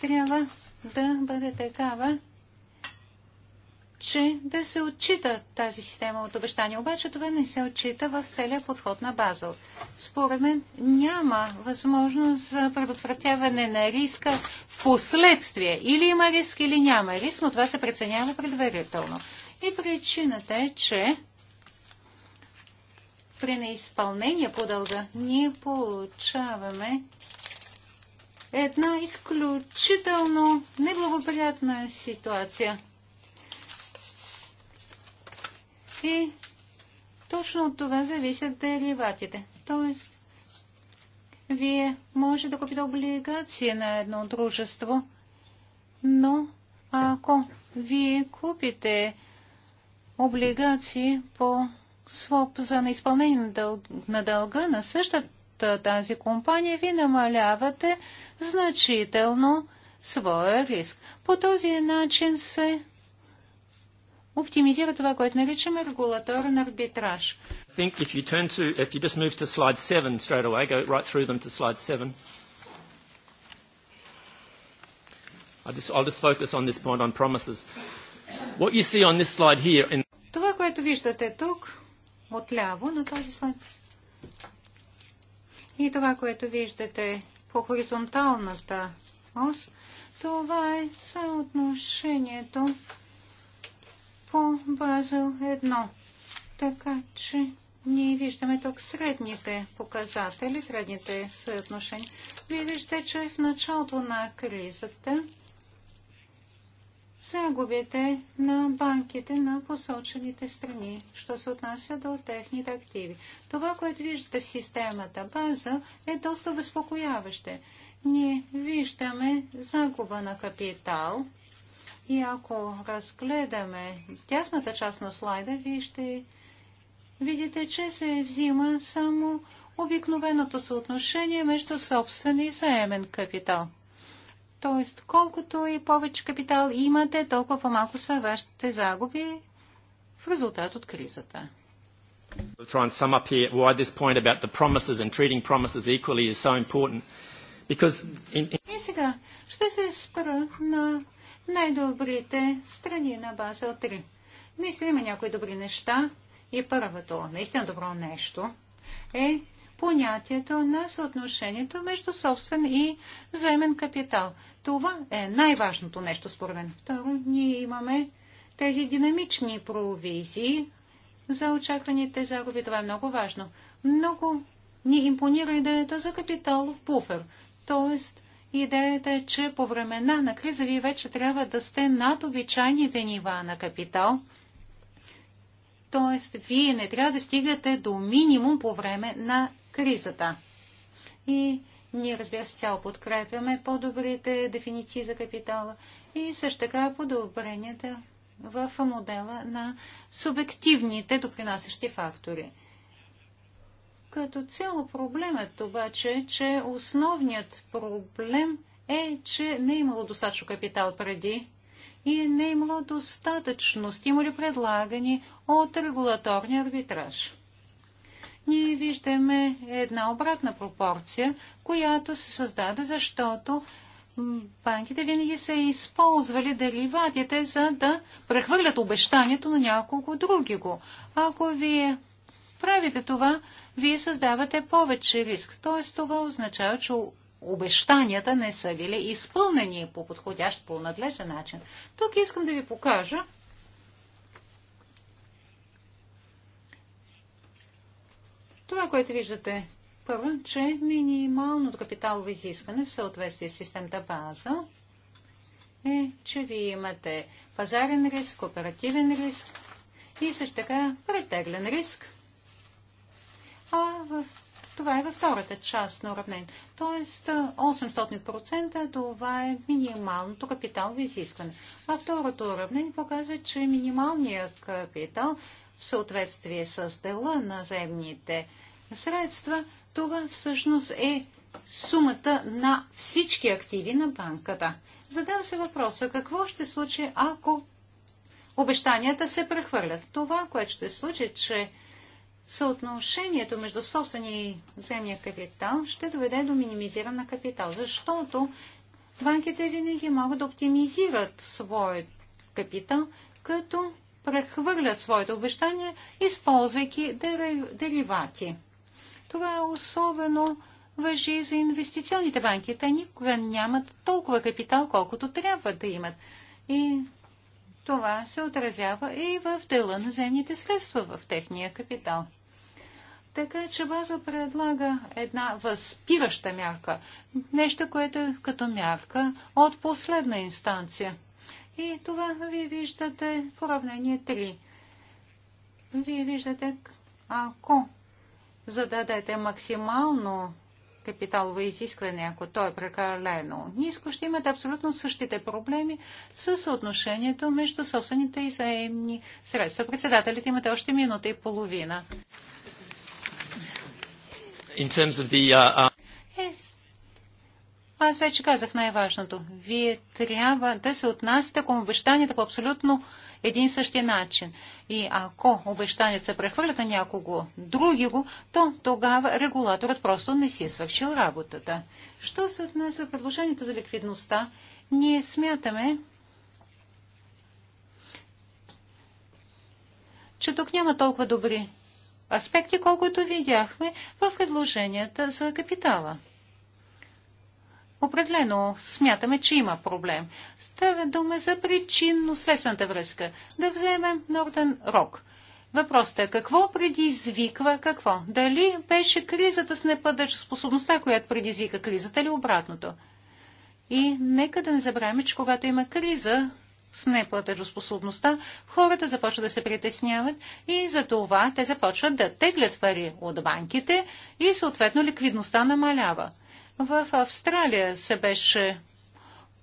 трябва да бъде такава, че да се отчита тази система от обещания. Обаче това не се отчита в целия подход на Базъл. Според мен няма възможност за предотвратяване на риска в последствие. Или има риск, или няма риск, но това се преценява предварително. И причината е, че при неизпълнение по дълга ние получаваме една изключително неблагоприятна ситуация – и точно от това зависят дериватите. Тоест, вие може да купите облигации на едно дружество, но ако вие купите облигации по своп за неизпълнение на, дъл... на дълга на същата тази компания, ви намалявате значително своя риск. По този начин се оптимизира това, което наричаме регулаторен арбитраж. Това, което виждате тук, отляво на този слайд, и това, което виждате по хоризонталната ос, това е съотношението по Базел 1. Така че ние виждаме тук средните показатели, средните съотношения. Вие виждате, че в началото на кризата загубите на банките на посочените страни, що се отнася до техните активи. Това, което виждате в системата база, е доста безпокояваще. Ние виждаме загуба на капитал – и ако разгледаме тясната част на слайда, вие ще видите, че се взима само обикновеното съотношение между собствен и заемен капитал. Тоест, колкото и повече капитал имате, толкова по-малко са вашите загуби в резултат от кризата. We'll try and sum up here why this point about the promises and treating promises equally is so important. Because in, in... И сега ще се спра на най-добрите страни на Базел 3. Наистина има някои добри неща и първото наистина добро нещо е понятието на съотношението между собствен и заемен капитал. Това е най-важното нещо, според мен. Второ, ние имаме тези динамични провизии за очакваните загуби. Това е много важно. Много ни импонира идеята за капиталов буфер. Тоест, Идеята е, че по времена на криза вие вече трябва да сте над обичайните нива на капитал. Тоест, вие не трябва да стигате до минимум по време на кризата. И ние, разбира се, цяло подкрепяме по-добрите дефиниции за капитала и също така подобренията в модела на субективните допринасящи фактори. Като цяло проблемът обаче е, че основният проблем е, че не е имало достатъчно капитал преди и не е имало достатъчно стимули предлагани от регулаторния арбитраж. Ние виждаме една обратна пропорция, която се създаде, защото банките винаги са използвали дериватите, за да прехвърлят обещанието на няколко други го. Ако вие правите това, вие създавате повече риск. Т.е. това означава, че обещанията не са били изпълнени по подходящ, по надлежен начин. Тук искам да ви покажа това, което виждате първо, че минималното капиталово изискване в съответствие с системата база е, че вие имате пазарен риск, оперативен риск и също така претеглен риск а в това е във втората част на уравнение. Тоест 800% това е минималното капиталово изискване. А второто уравнение показва, че минималният капитал в съответствие с дела на земните средства, това всъщност е сумата на всички активи на банката. Задава се въпроса какво ще случи, ако обещанията се прехвърлят. Това, което ще случи, че съотношението между собствения и земния капитал ще доведе до минимизиран на капитал, защото банките винаги могат да оптимизират своят капитал, като прехвърлят своите обещания, използвайки деривати. Това е особено въжи за инвестиционните банки. Те никога нямат толкова капитал, колкото трябва да имат. И това се отразява и в дела на земните средства в техния капитал. Така е, че база предлага една възпираща мярка, нещо, което е като мярка от последна инстанция. И това ви виждате в уравнение 3. Вие виждате, ако зададете максимално капиталово изискване, ако то е прекалено ниско, ще имате абсолютно същите проблеми с съотношението между собствените и заемни средства. Председателите имате още минута и половина. In terms of the, uh, uh, yes. Аз вече казах най-важното. Вие трябва да се отнасяте към обещанията по абсолютно един същи начин. И ако обещанията се прехвърлят на някого други го, то тогава регулаторът просто не си е свършил работата. Що се отнася до предложенията за ликвидността, ние смятаме, че тук няма толкова добри аспекти, колкото видяхме в предложенията за капитала. Определено смятаме, че има проблем. Става дума за причинно-следствената връзка. Да вземем Норден Рок. Въпросът е какво предизвиква какво? Дали беше кризата с способността, която предизвика кризата или обратното? И нека да не забравяме, че когато има криза, с неплатежоспособността, хората започват да се притесняват и за това те започват да теглят пари от банките и съответно ликвидността намалява. В Австралия се беше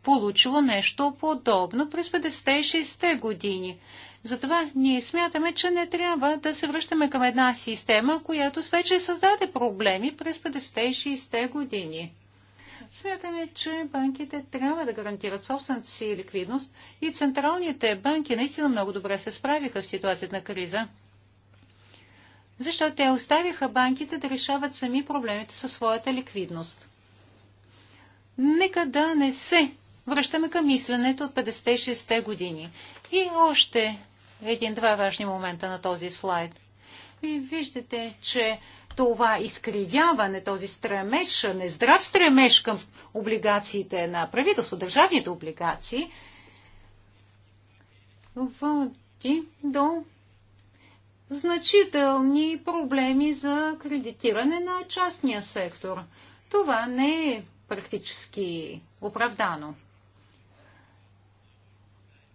получило нещо подобно през 50-те и 60-те години. Затова ние смятаме, че не трябва да се връщаме към една система, която вече създаде проблеми през 50-те и 60-те години. Смятаме, че банките трябва да гарантират собствената си ликвидност и централните банки наистина много добре се справиха в ситуацията на криза, защото те оставиха банките да решават сами проблемите със своята ликвидност. Нека да не се връщаме към мисленето от 56-те години. И още един-два важни момента на този слайд. И виждате, че това изкривяване, този стремеж, нездрав стремеж към облигациите на правителство, държавните облигации, води до значителни проблеми за кредитиране на частния сектор. Това не е практически оправдано.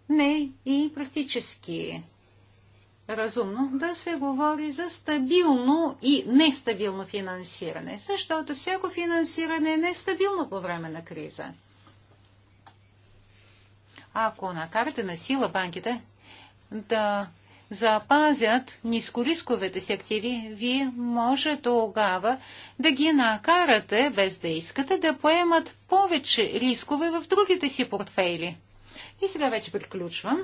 Не и практически разумно да се говори за стабилно и нестабилно финансиране, защото всяко финансиране е нестабилно по време на криза. Ако накарате на сила банките да запазят нискорисковете си активи, вие може тогава да ги накарате, без да искате, да поемат повече рискове в другите си портфейли. И сега вече приключвам.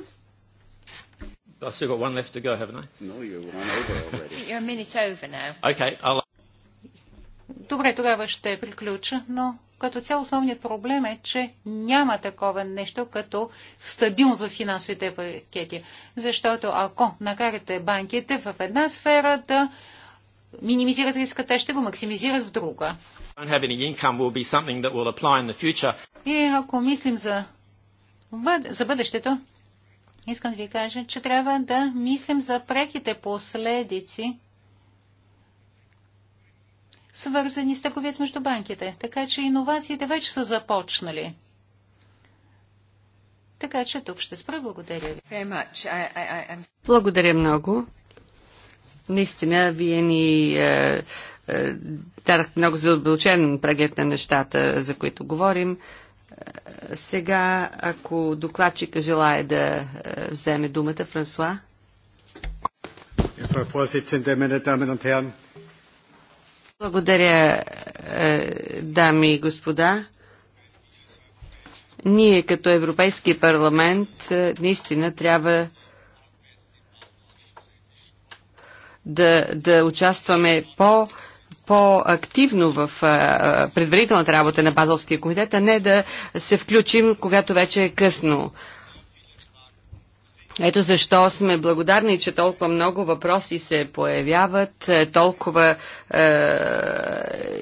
I've still got one left to go, haven't I? No, you're one over already. (laughs) You're a minute over now. Okay, I'll... Добре, тогава ще приключа, но като цяло основният проблем е, че няма такова нещо като стабилност в финансовите пакети. Защото ако накарате банките в една сфера да минимизират риска, те ще го максимизират в друга. И ако мислим за, за бъдещето, искам да ви кажа, че трябва да мислим за преките последици, свързани с търговията между банките. Така че иновациите вече са започнали. Така че тук ще спра. Благодаря ви. Благодаря много. Наистина, вие ни е, е, дадахте много задълбочен преглед на нещата, за които говорим. Сега, ако докладчика желая да е, вземе думата, Франсуа. Благодаря, е, дами и господа. Ние като Европейски парламент е, наистина трябва да, да участваме по- по-активно в предварителната работа на Базовския комитет, а не да се включим, когато вече е късно. Ето защо сме благодарни, че толкова много въпроси се появяват, е, толкова е,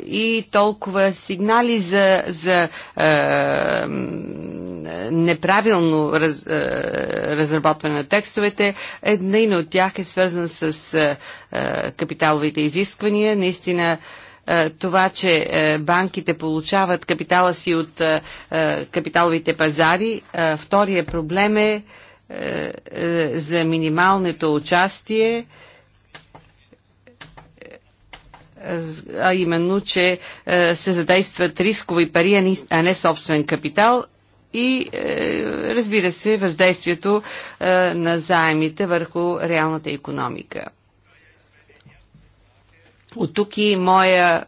и толкова сигнали за, за е, неправилно раз, е, разработване на текстовете. Един от тях е свързан с е, е капиталовите изисквания. Наистина е, това, че банките получават капитала си от капиталовите пазари. Втория проблем е е, е, за минималното участие, е, а именно, че се задействат рискови пари, а не собствен капитал и разбира се въздействието на заемите върху реалната економика. От тук и моя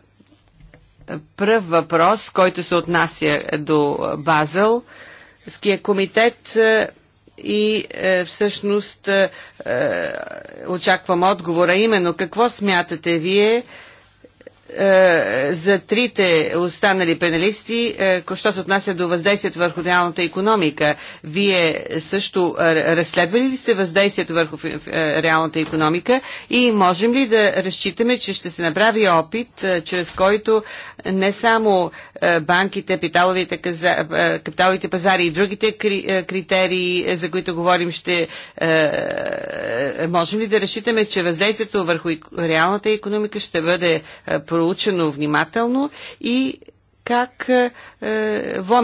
пръв въпрос, който се отнася до Базъл. Ския комитет и е, всъщност е, е, очаквам отговора, именно какво смятате вие е, за трите останали пеналисти, е, що се отнася до въздействието върху реалната економика. Вие също е, разследвали ли сте въздействието върху реалната економика и можем ли да разчитаме, че ще се направи опит, чрез който не само банките, капиталовите пазари и другите критерии, за които говорим, ще можем ли да разчитаме, че въздействието върху реалната економика ще бъде проучено внимателно и как е,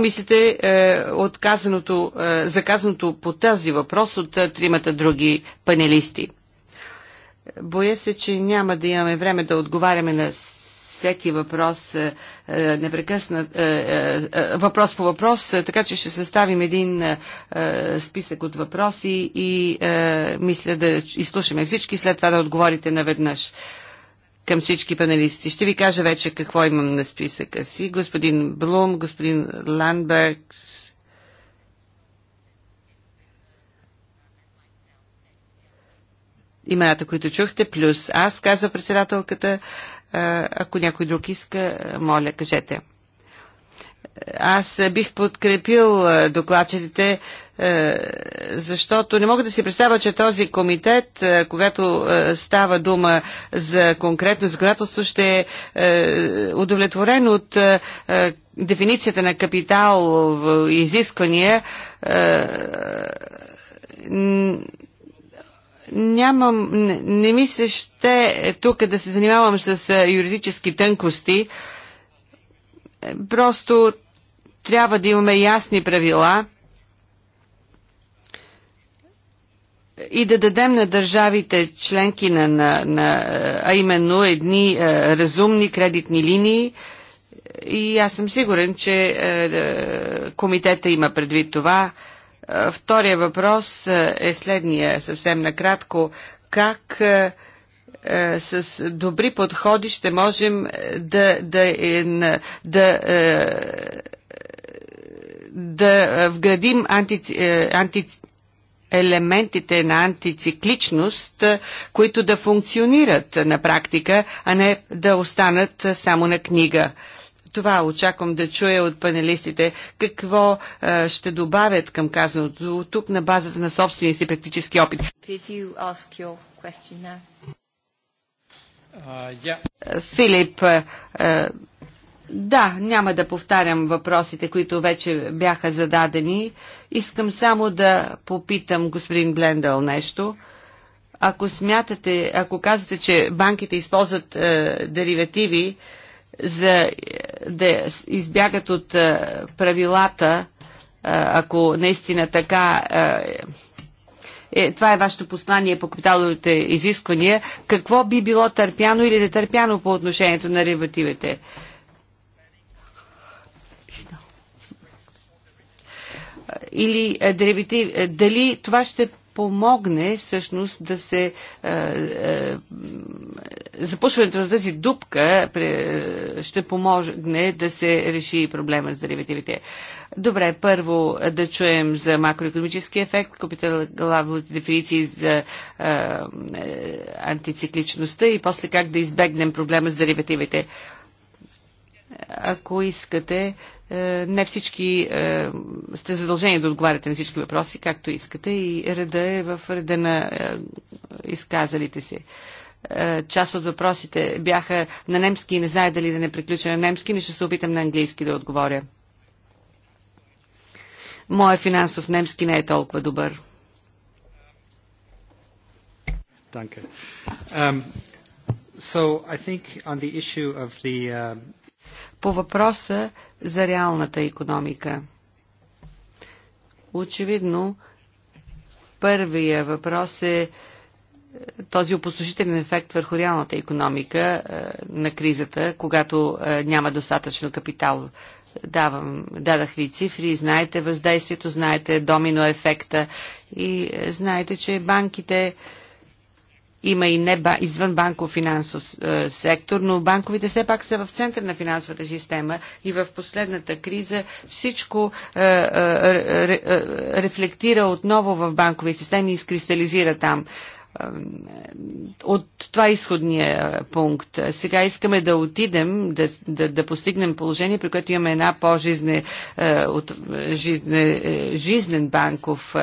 мислите е, от казаното, е, заказаното по този въпрос от е, тримата други панелисти. Боя се, че няма да имаме време да отговаряме на всеки въпрос е, е непрекъснат, е, е, е, въпрос по въпрос, е, така че ще съставим един списък от въпроси и мисля да изслушаме всички, след това да отговорите наведнъж към всички панелисти. Ще ви кажа вече какво имам на списъка си. Господин Блум, господин Ландбергс, имената, които чухте, плюс аз, казва председателката. Ако някой друг иска, моля, кажете. Аз бих подкрепил докладчетите е, защото не мога да си представя, че този комитет, е, когато е, става дума за конкретно законодателство, ще е удовлетворен от дефиницията на капитал изисквания. Нямам, не, не мисля, ще тук да се занимавам с юридически тънкости. Просто трябва да имаме ясни правила – и да дадем на държавите членки на, на, на а именно едни а, е, разумни кредитни линии и аз съм сигурен, че а, е, е, комитета има предвид това. Втория въпрос е следния, съвсем накратко. Как а, с добри подходи ще можем да, да, да, да да вградим анти, анти, елементите на антицикличност, които да функционират на практика, а не да останат само на книга. Това очаквам да чуя от панелистите. Какво е, ще добавят към казаното тук на базата на собствения си практически опит? uh, yeah. Филип, да, няма да повтарям въпросите, които вече бяха зададени. Искам само да попитам господин Глендал нещо. Ако смятате, ако казвате, че банките използват е, деривативи за е, да избягат от е, правилата, е, ако наистина така е, е, това е вашето послание по капиталовите изисквания, какво би било търпяно или нетърпяно по отношението на деривативите? Е, или е, дерибитив, е, дали това ще помогне всъщност да се е, запушването на тази дупка ще помогне да се реши проблема с деривативите. Добре, първо да чуем за макроекономически ефект, капиталовите дефиниции за антицикличността и после как да избегнем проблема с деривативите. Ако искате, е, не всички е, сте задължени да отговаряте на всички въпроси, както искате и реда е в реда на е, изказалите се част от въпросите бяха на немски и не знае дали да не приключа на немски, не ще се опитам на английски да отговоря. Моя финансов немски не е толкова добър. Um, so I think on the issue of the uh, по въпроса за реалната економика. Очевидно, първия въпрос е, е този опустошителен ефект върху реалната економика е, на кризата, когато е, няма достатъчно капитал. Давам, дадах ви цифри, знаете въздействието, знаете домино ефекта и знаете, че банките има и не ба, извън банков финансов е, сектор, но банковите все пак са в център на финансовата система и в последната криза всичко е, е, е, рефлектира отново в банкови системи и изкристализира там. Е, от това е изходния е, пункт. Сега искаме да отидем, да, да, да постигнем положение, при което имаме една по-жизнен е, е, жизнен банков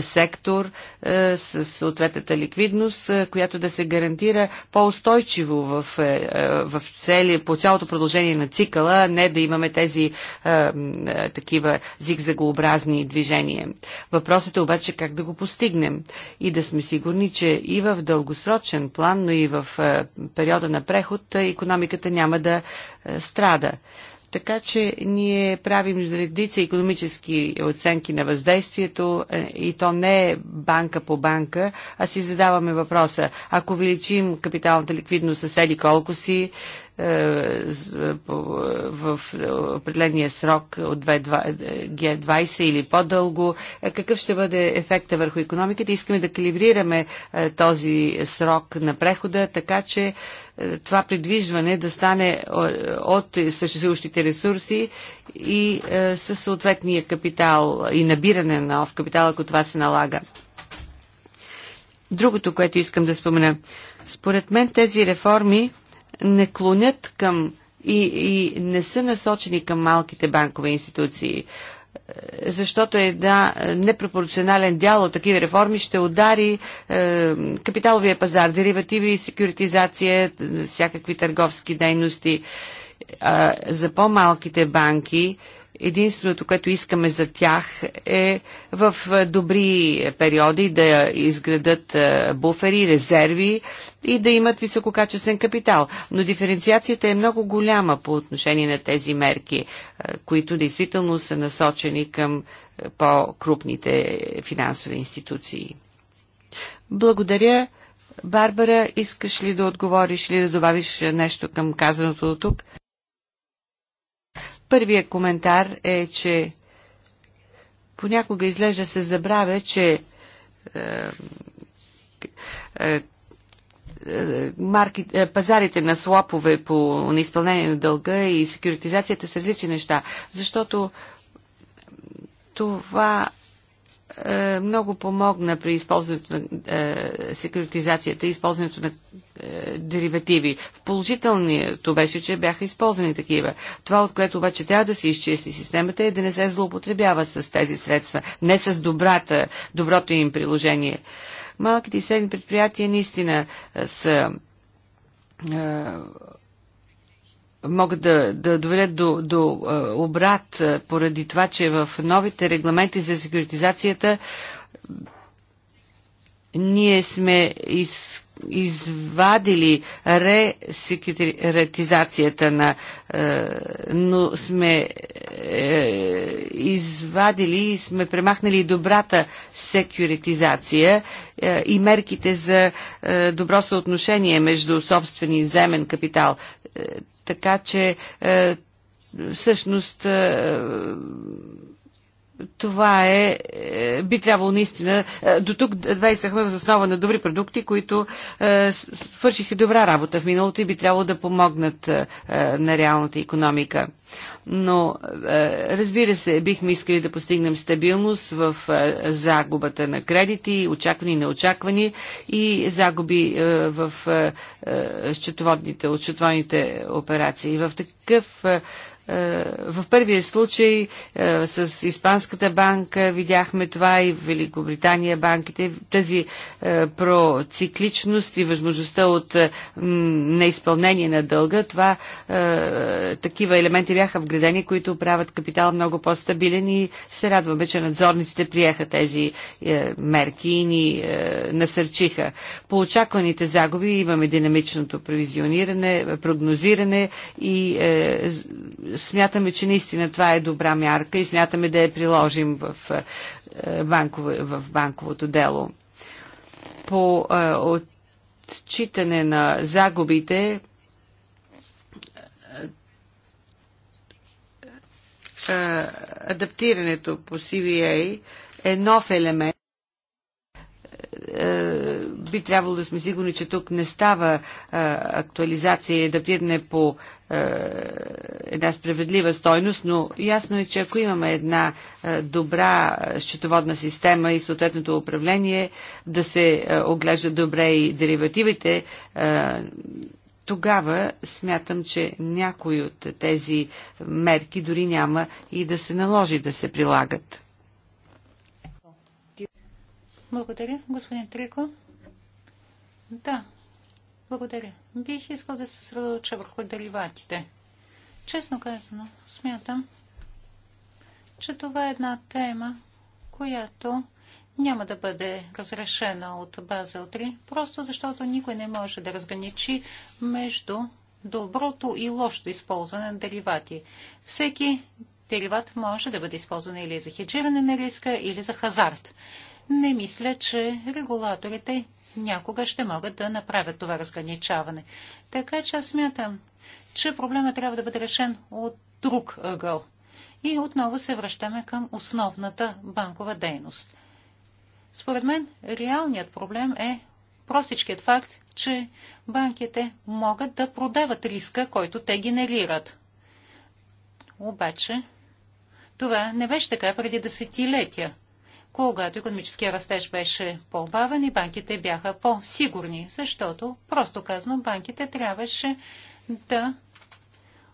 сектор, е, с съответната ликвидност, е, която да се гарантира по-устойчиво в, е, в цели, по цялото продължение на цикъла, не да имаме тези такива зигзагообразни движения. Въпросът е обаче как да го постигнем и да сме сигурни, че и в дългосрочен план, но и в периода на преход економиката няма да страда. Така че ние правим редица економически оценки на въздействието е, и то не е банка по банка, а си задаваме въпроса, ако увеличим капиталната ликвидност съседи, колко си, е, е, в е, определения срок от G20 или по-дълго, какъв ще бъде ефекта върху економиката. Искаме да калибрираме този срок на прехода, така че това предвижване да стане от съществуващите ресурси и със съответния капитал и набиране на нов капитал, ако това се налага. Другото, което искам да спомена. Според мен тези реформи не клонят към и, и не са насочени към малките банкови институции, е, защото една е, непропорционален дял от такива реформи ще удари е, капиталовия пазар, деривативи, секюритизация, е, всякакви търговски дейности. Е, за по-малките банки е, Единственото, което искаме за тях е в е, добри периоди да изградат е, буфери, резерви и да имат висококачествен капитал. Но диференциацията е много голяма по отношение на тези мерки, е, които действително са насочени към по-крупните финансови институции. Благодаря. Барбара, искаш ли да отговориш или да добавиш нещо към казаното от тук? Първият коментар е, че понякога излежа, се забравя, че е, е, е марки, е, пазарите на слапове по неизпълнение на дълга и секюритизацията са различни неща, защото това е, много помогна при използването на е, секретизацията и използването на е, деривативи. В положителното беше, че бяха използвани такива. Това, от което обаче трябва да се изчисти системата е да не се злоупотребява с тези средства, не с добрата, доброто им приложение. Малките и средни предприятия наистина е, са е, могат да, да доведат до, до обрат поради това, че в новите регламенти за секретизацията ние сме из, извадили ресекретизацията на е, но сме е, извадили и сме премахнали добрата секюритизация е, и мерките за е, добро съотношение между собствени и земен капитал. Е, така че е, всъщност е, това е, е, би трябвало наистина, е, до тук действахме в основа на добри продукти, които е, свършиха добра работа в миналото и би трябвало да помогнат на реалната економика. Но, разбира се, бихме искали да постигнем стабилност в загубата на кредити, очаквани и неочаквани и загуби в счетоводните, операции. В такъв е, в първия случай е, с Испанската банка видяхме това и в Великобритания банките. Тази е, процикличност и възможността от неизпълнение на дълга, това такива елементи бяха вградени, които правят капитал много по-стабилен и се радваме, че надзорниците приеха тези мерки и ни насърчиха. По очакваните загуби имаме динамичното провизиониране, прогнозиране и смятаме, че наистина това е добра мярка и смятаме да я приложим в, е, банково, в банковото дело. По е, отчитане на загубите, е, адаптирането по CVA е нов елемент е, би трябвало да сме сигурни, че тук не става е, актуализация и адаптиране по е, една справедлива стойност, но ясно е, че ако имаме една добра счетоводна система и съответното управление, да се оглежда добре и деривативите, тогава смятам, че някои от тези мерки дори няма и да се наложи да се прилагат. Благодаря, господин Трико. Да, благодаря. Бих искал да се сръдоча върху дериватите. Честно казано, смятам, че това е една тема, която няма да бъде разрешена от Базел 3, просто защото никой не може да разграничи между доброто и лошото използване на деривати. Всеки дериват може да бъде използван или за хеджиране на риска, или за хазарт не мисля, че регулаторите някога ще могат да направят това разграничаване. Така че аз смятам, че проблема трябва да бъде решен от друг ъгъл. И отново се връщаме към основната банкова дейност. Според мен, реалният проблем е простичкият факт, че банките могат да продават риска, който те генерират. Обаче, това не беше така преди десетилетия когато економическия растеж беше по-бавен и банките бяха по-сигурни, защото, просто казано, банките трябваше да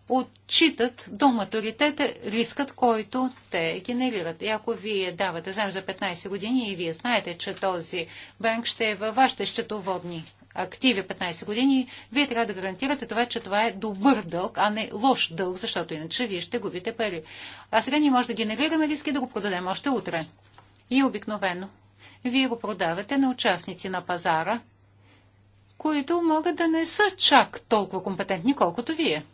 отчитат до матуритета рискът, който те генерират. И ако вие давате заем за 15 години и вие знаете, че този банк ще е във вашите счетоводни активи 15 години, вие трябва да гарантирате това, че това е добър дълг, а не лош дълг, защото иначе вие ще губите пари. А сега ние може да генерираме риски да го продадем още утре и обикновено. Вие го продавате на участници на пазара, които могат да не са чак толкова компетентни, колкото вие.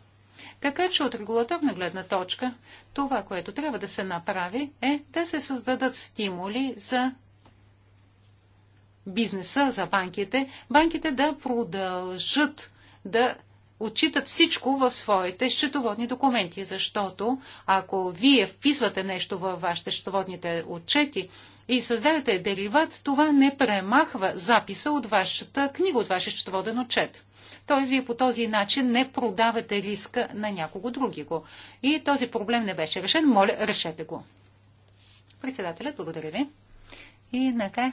Така че от регулаторна гледна точка, това, което трябва да се направи, е да се създадат стимули за бизнеса, за банките, банките да продължат да отчитат всичко в своите счетоводни документи, защото ако вие вписвате нещо във вашите счетоводните отчети и създадете дериват, това не премахва записа от вашата книга, от вашия счетоводен отчет. Тоест, вие по този начин не продавате риска на някого другиго. И този проблем не беше решен. Моля, решете го. Председателят, благодаря ви. И нека,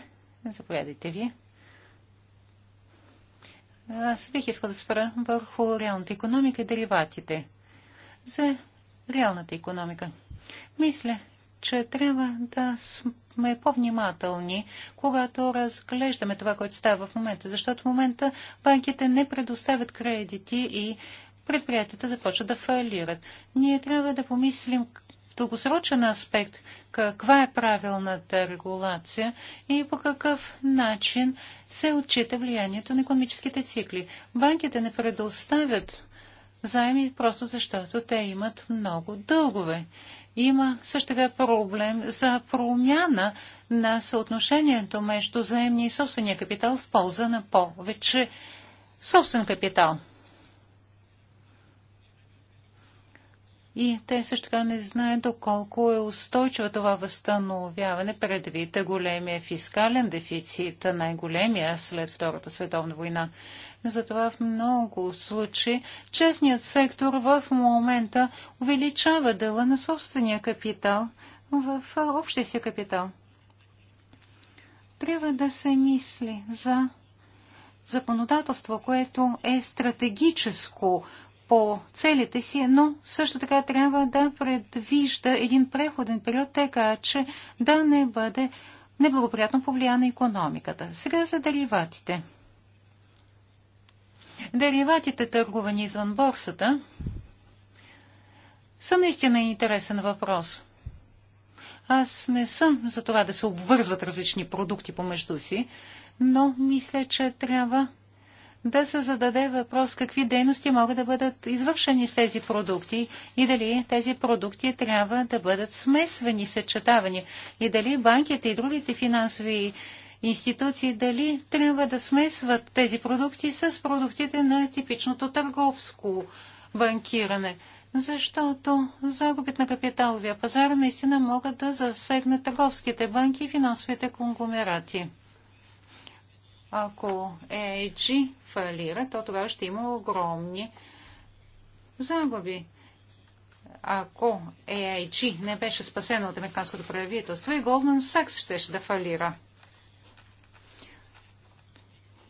заповядайте вие. Аз бих искал да спра върху реалната економика и дериватите. За реалната економика. Мисля, че трябва да сме по-внимателни, когато разглеждаме това, което става в момента, защото в момента банките не предоставят кредити и предприятията започват да фалират. Ние трябва да помислим дългосрочен аспект каква е правилната регулация и по какъв начин се отчита влиянието на економическите цикли. Банките не предоставят заеми просто защото те имат много дългове. Има също така проблем за промяна на съотношението между заемния и собствения капитал в полза на повече собствен капитал. И те също така не знаят доколко е устойчиво това възстановяване предвид големия фискален дефицит, най-големия след Втората световна война. Затова в много случаи честният сектор в момента увеличава дела на собствения капитал в общия си капитал. Трябва да се мисли за законодателство, което е стратегическо по целите си, но също така трябва да предвижда един преходен период, така че да не бъде неблагоприятно повлия на економиката. Сега за дериватите. Дериватите, търгувани извън борсата, са наистина интересен въпрос. Аз не съм за това да се обвързват различни продукти помежду си, но мисля, че трябва да се зададе въпрос какви дейности могат да бъдат извършени с тези продукти и дали тези продукти трябва да бъдат смесвани, съчетавани и дали банките и другите финансови институции дали трябва да смесват тези продукти с продуктите на типичното търговско банкиране защото загубит на капиталовия пазар наистина могат да засегнат търговските банки и финансовите конгломерати. Ако AIG е фалира, то тогава ще има огромни загуби. Ако AIG е не беше спасено от американското правителство, и Goldman Sachs ще, ще да фалира.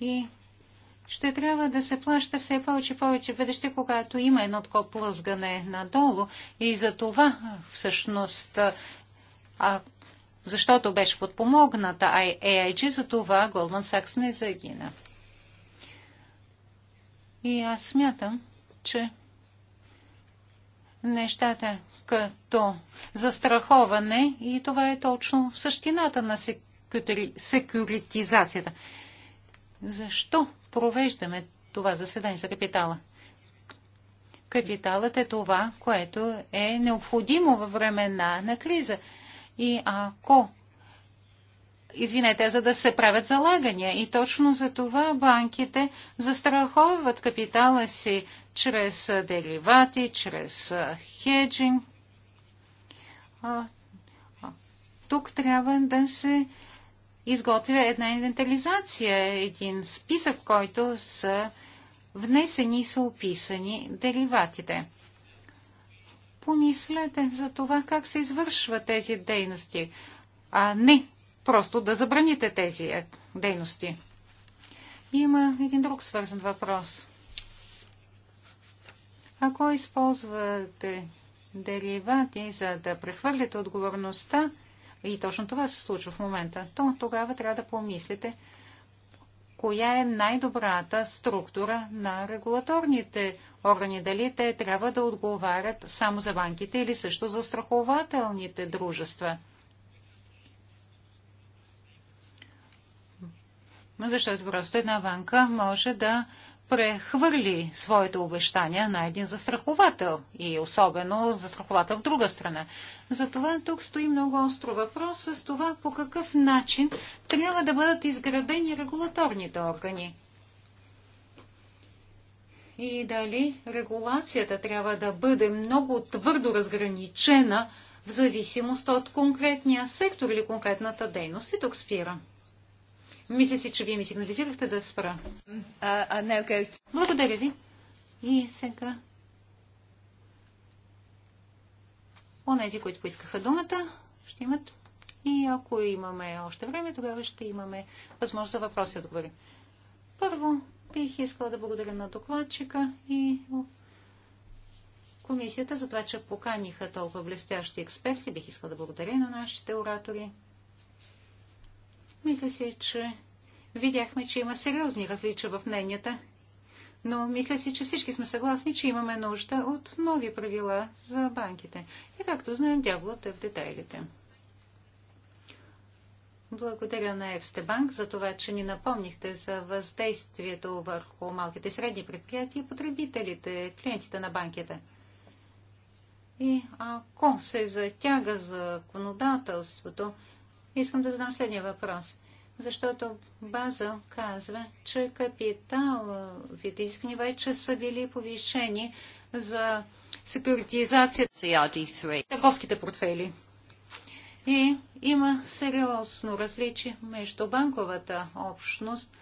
И ще трябва да се плаща все повече и повече бъдеще, когато има едно такова плъзгане надолу. И за това всъщност, ако защото беше подпомогната AIG, за това Goldman Сакс не загина. И аз смятам, че нещата като застраховане и това е точно в същината на секюритизацията. Защо провеждаме това заседание за капитала? Капиталът е това, което е необходимо във времена на криза – и ако извинете, за да се правят залагания. И точно за това банките застраховат капитала си чрез деривати, чрез хеджинг. Тук трябва да се изготвя една инвентаризация, един списък, в който са внесени и са описани дериватите помислете за това как се извършват тези дейности, а не просто да забраните тези е, дейности. Има един друг свързан въпрос. Ако използвате деривати, за да прехвърлите отговорността, и точно това се случва в момента, то тогава трябва да помислите коя е най-добрата структура на регулаторните органи. Дали те трябва да отговарят само за банките или също за страхователните дружества. Защото просто една банка може да прехвърли своите обещания на един застраховател и особено застраховател в друга страна. Затова тук стои много остро въпрос с това по какъв начин трябва да бъдат изградени регулаторните органи. И дали регулацията трябва да бъде много твърдо разграничена в зависимост от конкретния сектор или конкретната дейност. И тук спирам. Мисля си, че вие ми сигнализирахте да спра. Не uh, Благодаря ви. И сега. Онези, които поискаха думата, ще имат. И ако имаме още време, тогава ще имаме възможност за въпроси и отговори. Първо, бих искала да благодаря на докладчика и комисията за това, че поканиха толкова блестящи експерти. Бих искала да благодаря на нашите оратори. Мисля си, че видяхме, че има сериозни различия в мненията. Но мисля си, че всички сме съгласни, че имаме нужда от нови правила за банките. И както знаем, дяволът е в детайлите. Благодаря на Евстебанк за това, че ни напомнихте за въздействието върху малките и средни предприятия, потребителите, клиентите на банките. И ако се затяга законодателството, Искам да задам следния въпрос. Защото База казва, че капиталовите изисквания вече са били повишени за секюритизация търговските портфели. И има сериозно различие между банковата общност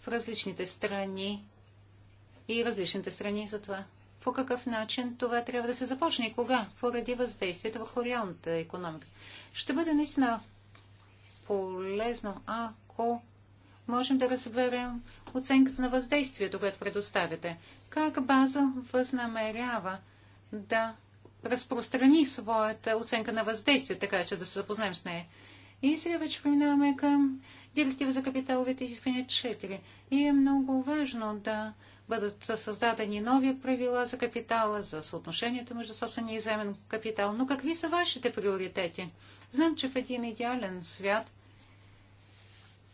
в различните страни и различните страни за това. По какъв начин това трябва да се започне и кога? Поради въздействието върху реалната економика. Ще бъде наистина полезно, ако можем да разберем оценката на въздействието, което предоставяте. Как база възнамерява да разпространи своята оценка на въздействие, така че да се запознаем с нея. И сега вече преминаваме към директива за капиталовите изисквания 4. И е много важно да бъдат създадени нови правила за капитала, за съотношението между собствения и земен капитал. Но какви са вашите приоритети? Знам, че в един идеален свят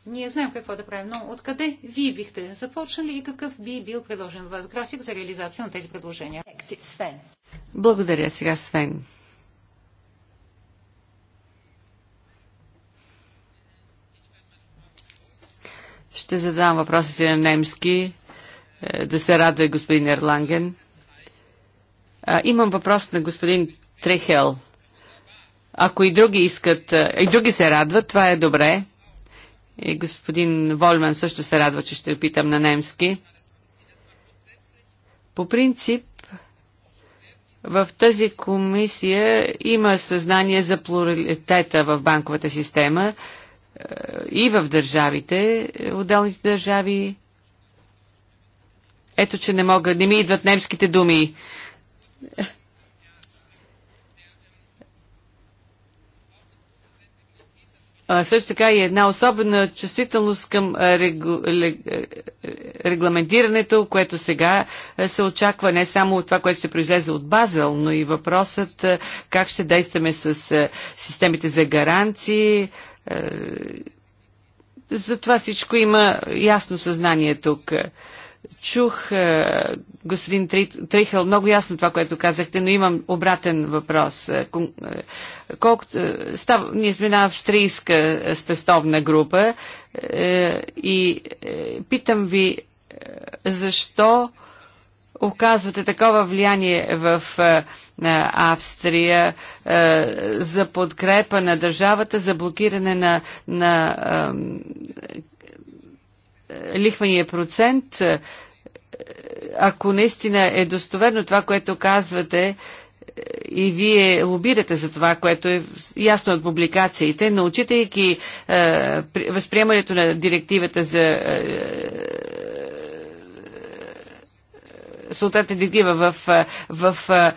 ние знаем какво да правим, но откъде вие бихте започнали и какъв би бил предложен вас график за реализация на тези предложения? Благодаря сега, Свен. Ще задам въпроса си на немски, е, да се радва и господин Ерланген. А, имам въпрос на господин Трехел. Ако и други искат, е, и други се радват, това е добре. И господин Вольман също се радва, че ще опитам на немски. По принцип, в тази комисия има съзнание за плуралитета в банковата система е, и в държавите, отделните държави ето, че не мога, не ми идват немските думи. А, също така и една особена чувствителност към регу... регламентирането, което сега се очаква не само това, което ще произлезе от Базел, но и въпросът как ще действаме с системите за гаранции. За това всичко има ясно съзнание тук. Чух, е, господин Трихъл, много ясно това, което казахте, но имам обратен въпрос. Е, е, Колкото став, ние сме една австрийска спестовна група и питам ви защо оказвате такова влияние в Австрия за подкрепа на държавата, за блокиране на, на лихвения процент, е, ако наистина е достоверно това, което казвате, е, и вие лобирате за това, което е ясно от публикациите, но учитайки е, възприемането на директивата за е, съответна директива в, е, в, в е,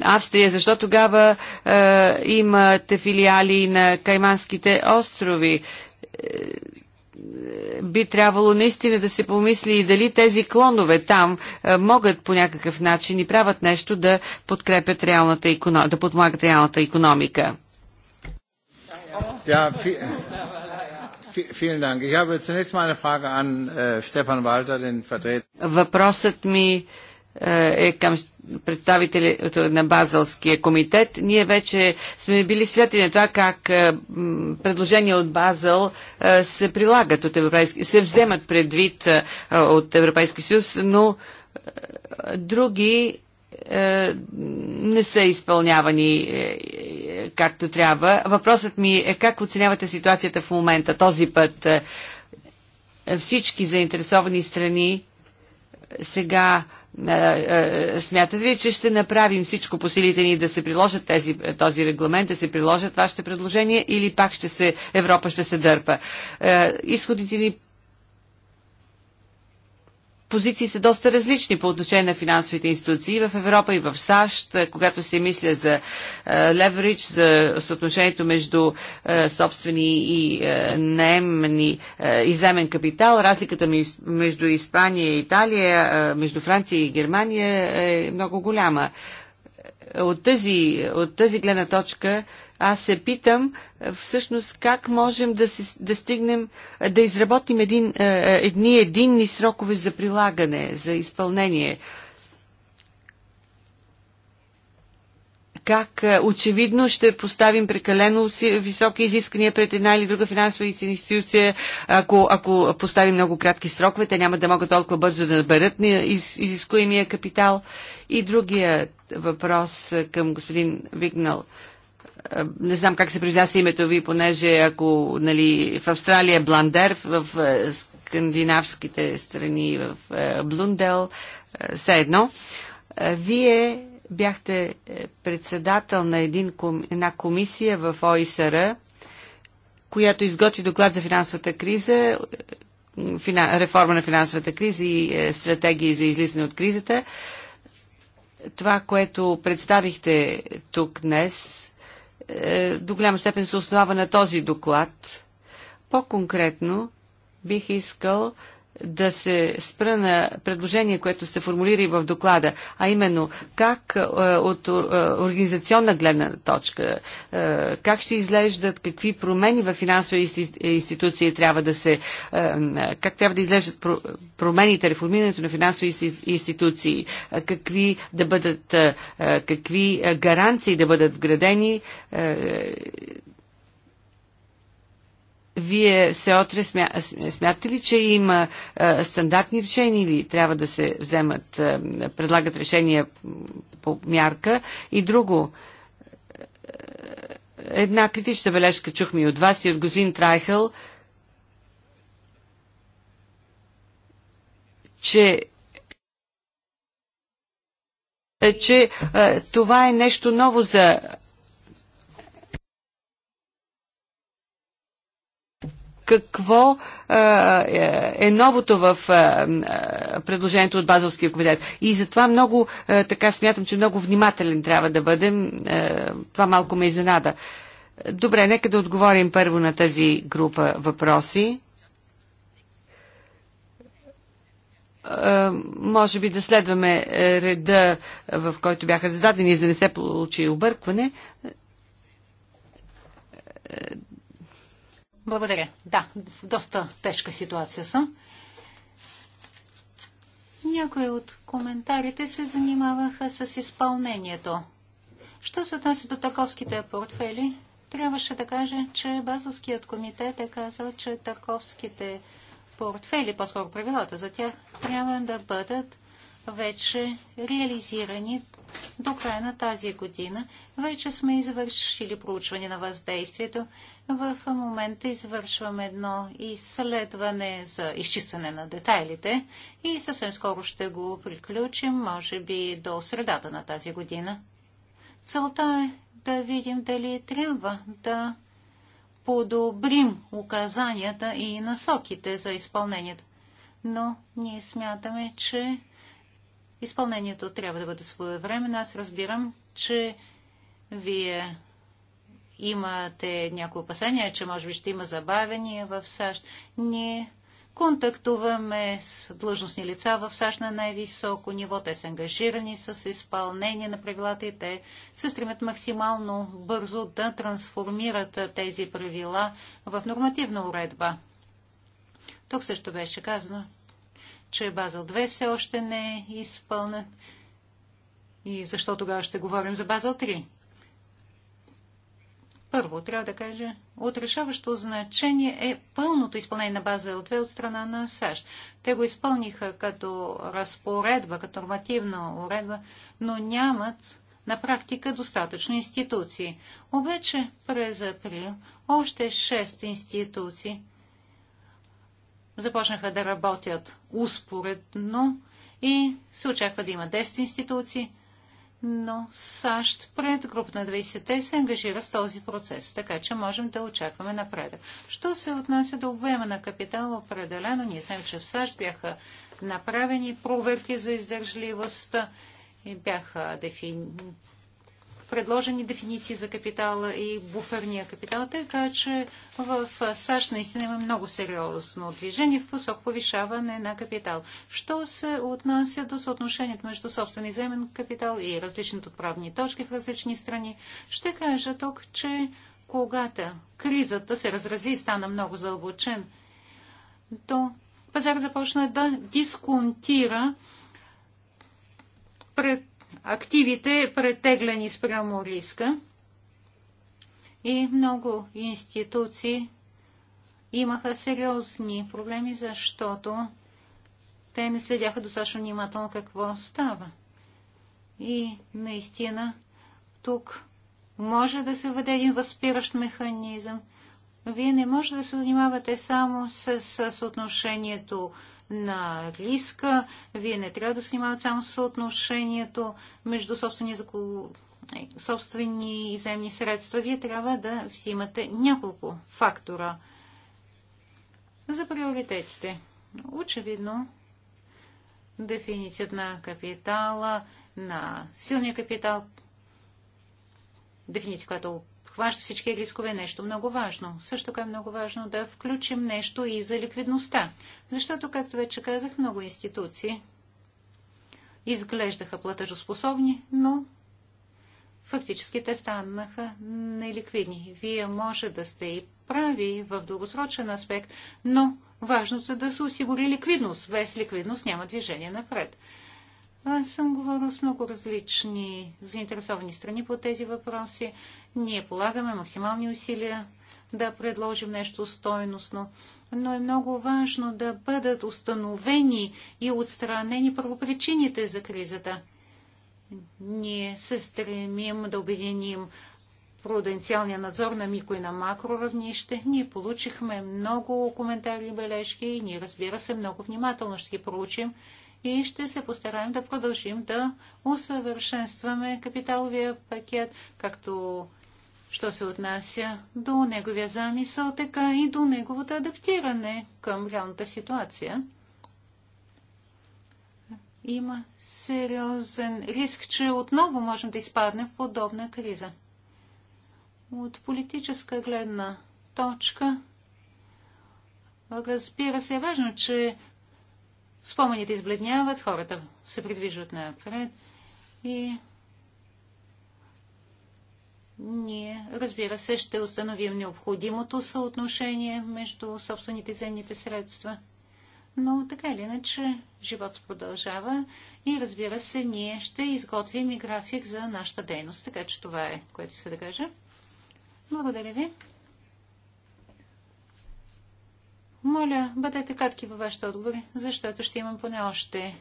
Австрия, защо тогава е, имате филиали на Кайманските острови? би трябвало наистина да се помисли и дали тези клонове там е, могат по някакъв начин и правят нещо да подкрепят реалната економика, да подмагат реалната економика. Ja, vielen Dank. Ich habe zunächst mal eine Frage an Stefan Walter, den Vertreter. Въпросът ми е, е към представители на Базълския комитет. Ние вече сме били свидетели на това как е, предложения от Базъл е, се прилагат от Европейски, се вземат предвид от Европейски съюз, но други не са изпълнявани както трябва. Въпросът ми е как оценявате ситуацията в момента, този път всички заинтересовани страни сега е, е, смятате ли, че ще направим всичко по силите ни да се приложат тези, този регламент, да се приложат вашите предложения или пак ще се, Европа ще се дърпа? Е, изходите ни позиции са доста различни по отношение на финансовите институции в Европа и в САЩ, е, когато се мисля за леверидж, за съотношението между е, собствени и е, наемни и земен капитал. Разликата между Испания и Италия, между Франция и Германия е много голяма. От тази, от тази гледна точка аз се питам е, всъщност как можем да, си, да стигнем, е, да изработим един, е, едни единни срокове за прилагане, за изпълнение. Как очевидно ще поставим прекалено високи изисквания пред една или друга финансова институция, ако, ако поставим много кратки срокове, те няма да могат толкова бързо да наберат изискуемия капитал. И другия въпрос към господин Вигнал е, не знам как се произнася името ви, понеже ако нали, в Австралия е Бландер, в е, скандинавските страни, в е, Блундел, все едно, вие бяхте председател на един, една комисия в ОИСР, която изготви доклад за финансовата криза, реформа на финансовата криза и стратегии за излизане от кризата. Това, което представихте тук днес, е, до голяма степен се основава на този доклад. По-конкретно бих искал да се спра на предложение, което се формулира и в доклада, а именно как е, от е, организационна гледна точка, е, как ще изглеждат, какви промени в финансови институции трябва да се, как трябва да изглеждат промените, реформирането на финансови институции, какви да бъдат, какви гаранции да бъдат градени, вие все отре смя... смятате ли, че има а, стандартни решения или трябва да се вземат, а, предлагат решения по мярка? И друго, една критична бележка чухме и от вас и от Гозин Трайхъл, че че а, това е нещо ново за какво е, е новото в предложението от Базовския комитет. И затова много, така смятам, че много внимателен трябва да бъдем. Това малко ме изненада. Добре, нека да отговорим първо на тази група въпроси. може би да следваме е, реда, в който бяха зададени, за да не се получи объркване. Благодаря. Да, в доста тежка ситуация съм. Някои от коментарите се занимаваха с изпълнението. Що се отнася до таковските портфели, трябваше да кажа, че Базовският комитет е казал, че таковските портфели, по-скоро правилата за тях, трябва да бъдат вече реализирани до края на тази година вече сме извършили проучване на въздействието. В момента извършваме едно изследване за изчистване на детайлите и съвсем скоро ще го приключим, може би до средата на тази година. Целта е да видим дали трябва да подобрим указанията и насоките за изпълнението. Но ние смятаме, че Изпълнението трябва да бъде своевременно. Аз разбирам, че вие имате някои опасения, че може би ще има забавения в САЩ. Ние контактуваме с длъжностни лица в САЩ на най-високо ниво. Те са ангажирани с изпълнение на правилата и те се стремят максимално бързо да трансформират тези правила в нормативна уредба. Тук също беше казано, че Базел 2 все още не е изпълнен. И защо тогава ще говорим за Базел 3? Първо, трябва да кажа, отрешаващо значение е пълното изпълнение на Базел 2 от страна на САЩ. Те го изпълниха като разпоредба, като нормативна уредба, но нямат на практика достатъчно институции. Обаче през април още 6 институции започнаха да работят успоредно и се очаква да има 10 институции, но САЩ пред група на 20-те се ангажира с този процес, така че можем да очакваме напредък. Що се отнася до обема на капитал, определено ние знаем, че в САЩ бяха направени проверки за издържливост и бяха дефини предложени дефиниции за капитала и буферния капитал, така че в САЩ наистина има много сериозно движение в посок повишаване на капитал. Що се отнася до съотношението между собствен и земен капитал и различните отправни точки в различни страни, ще кажа тук, че когато кризата се разрази и стана много задълбочен, то пазар започна да дисконтира пред активите, претеглени спрямо риска. И много институции имаха сериозни проблеми, защото те не следяха достатъчно внимателно какво става. И наистина тук може да се въде един възпиращ механизъм. Вие не можете да се занимавате само с, с отношението на риска. Вие не трябва да снимават само съотношението между собствени, заку... Е, собствени и земни средства. Вие трябва да взимате няколко фактора за приоритетите. Очевидно, дефиницията на капитала, на силния капитал, дефиниция, която обхваща всички рискове, е нещо много важно. Също така е много важно да включим нещо и за ликвидността, защото, както вече казах, много институции изглеждаха платежоспособни, но фактически те станаха неликвидни. Вие може да сте и прави в дългосрочен аспект, но важното е да се осигури ликвидност. Без ликвидност няма движение напред. Аз съм говорил с много различни заинтересовани страни по тези въпроси. Ние полагаме максимални усилия да предложим нещо стойностно, но е много важно да бъдат установени и отстранени първопричините за кризата. Ние се стремим да обединим пруденциалния надзор на микро и на макро равнище. Ние получихме много коментари и бележки и ние, разбира се, много внимателно ще ги проучим и ще се постараем да продължим да усъвършенстваме капиталовия пакет, както що се отнася до неговия замисъл, така и до неговото адаптиране към реалната ситуация. Има сериозен риск, че отново можем да изпаднем в подобна криза. От политическа гледна точка, разбира се, е важно, че спомените избледняват, хората се придвижват напред и ние, разбира се, ще установим необходимото съотношение между собствените земните средства. Но така или иначе, живот продължава и разбира се, ние ще изготвим и график за нашата дейност. Така че това е, което се да кажа. Благодаря ви. Моля, бъдете кратки във вашите отговори, защото ще имам поне още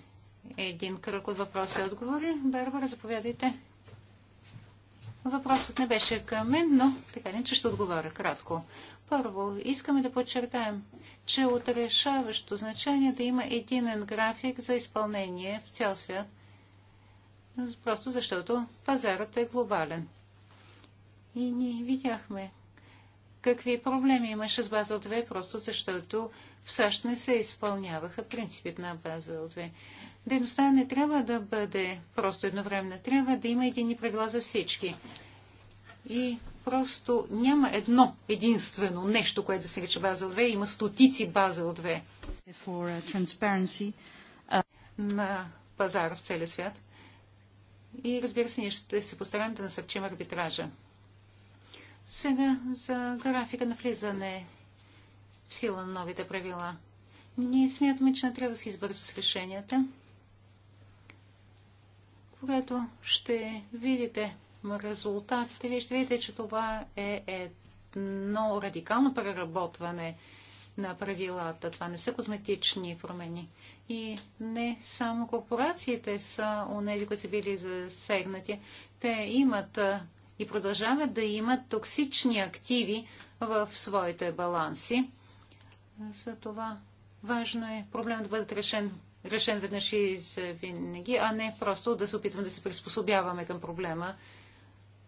един кръг от въпроси и отговори. Барбара, заповядайте. Въпросът не беше към мен, но така ли, че ще отговоря кратко. Първо, искаме да подчертаем, че от решаващо значение да има единен график за изпълнение в цял свят, просто защото пазарът е глобален. И ние видяхме, какви проблеми имаше с Базел 2, просто защото в САЩ не се изпълняваха принципите на Базел 2. Дейността не трябва да бъде просто едновременна, трябва да има едини правила за всички. И просто няма едно единствено нещо, което да се рече Базел 2, има стотици Базел 2 uh, uh, на пазара в целия свят. И разбира се, ние ще се постараем да насърчим арбитража. Сега за графика на влизане в сила на новите правила. Ние смятаме, че не трябва да се избързва с решенията. Когато ще видите резултатите, вие ще видите, че това е едно радикално преработване на правилата. Това не са козметични промени. И не само корпорациите са у нези, които са били засегнати. Те имат и продължават да имат токсични активи в своите баланси. За това важно е проблемът да бъде решен, решен веднъж и за винаги, а не просто да се опитваме да се приспособяваме към проблема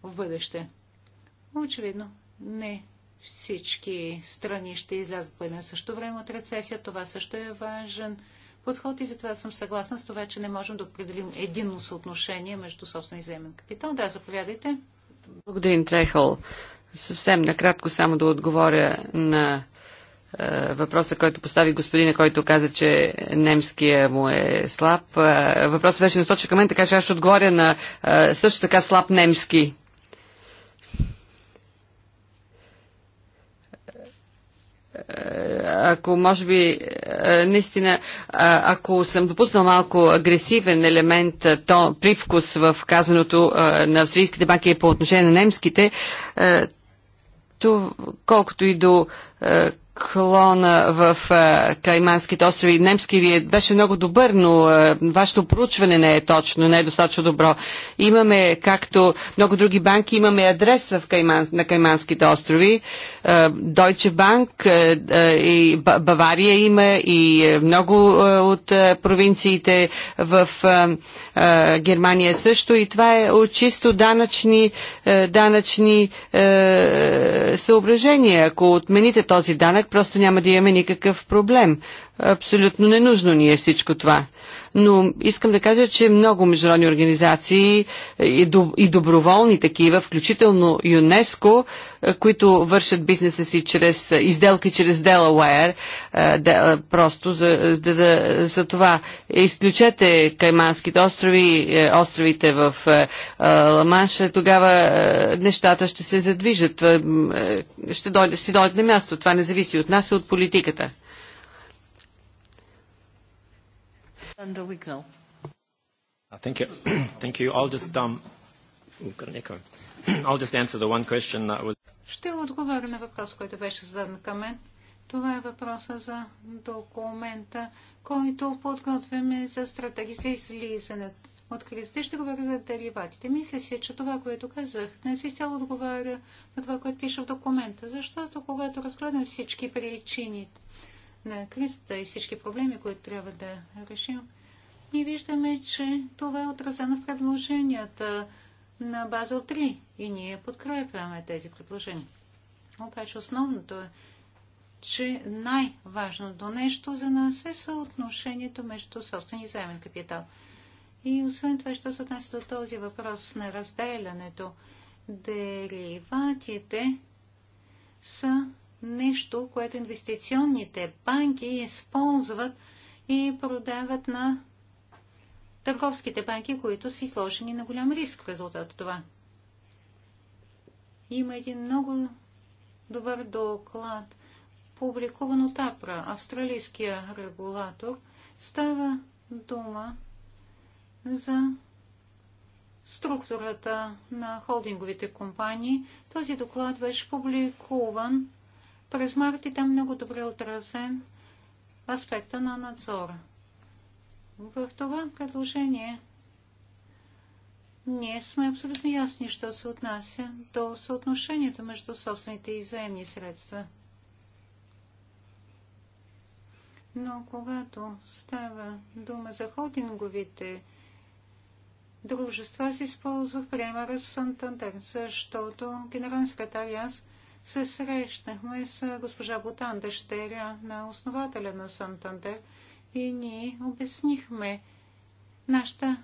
в бъдеще. Очевидно, не всички страни ще излязат по едно и също време от рецесия. Това също е важен подход и затова съм съгласна с това, че не можем да определим единно съотношение между собствен и земен капитал. Да, заповядайте. Благодарим, Трехъл. Съвсем накратко само да отговоря на е, въпроса, който постави господина, който каза, че немския му е слаб. Е, въпросът беше насочен към мен, така че аз ще отговоря на е, също така слаб немски. ако може би е, наистина, ако съм допуснал малко агресивен елемент, е, то привкус в казаното е, на австрийските банки по отношение на немските, то колкото и до клона в е, Кайманските острови. Немски ви е, беше много добър, но е, вашето проучване не е точно, не е достатъчно добро. Имаме, както много други банки, имаме адрес в Кайман, на Кайманските острови. Deutsche Bank и Бавария има и много от провинциите в Германия също и това е от чисто данъчни, данъчни съображения. Ако отмените този данък, човек просто няма да имаме никакъв проблем абсолютно ненужно ни е всичко това. Но искам да кажа, че много международни организации и доброволни такива, включително ЮНЕСКО, които вършат бизнеса си чрез изделки чрез Делауер, просто за, за, за, за това. Изключете Кайманските острови, е, островите в е, Ламанша, тогава е, нещата ще се задвижат. Ще дойде, си дойде на място. Това не зависи от нас и от политиката. Uh, thank you. (clears throat) Thank you. I'll just, um, (clears throat) I'll just answer the one question that was... Ще отговоря на въпрос, който беше зададен към мен. Това е въпроса за документа, който подготвяме за стратегия за излизане от кризата. Ще говоря за дериватите. Мисля си, че това, което казах, не си изцяло отговаря на това, което пише в документа, защото когато разгледам всички причини на кризата и всички проблеми, които трябва да решим. И виждаме, че това е отразено в предложенията на Базел 3 и ние подкрепяме тези предложения. Обаче основното е, че най-важното нещо за нас е съотношението между собствен и заемен капитал. И освен това, що се отнася до този въпрос на разделянето, дериватите са нещо, което инвестиционните банки използват и продават на търговските банки, които са изложени на голям риск в резултат от това. Има един много добър доклад, публикуван от АПРА, австралийския регулатор. Става дума за структурата на холдинговите компании. Този доклад беше публикуван през Марти и е там много добре отразен аспекта на надзора. В това предложение ние сме абсолютно ясни, що се отнася до съотношението между собствените и заемни средства. Но когато става дума за холдинговите дружества, аз използвах примера с Сантандер, защото генерален секретар и аз се срещнахме с госпожа Бутан, дъщеря на основателя на Сантандер, и ние обяснихме нашата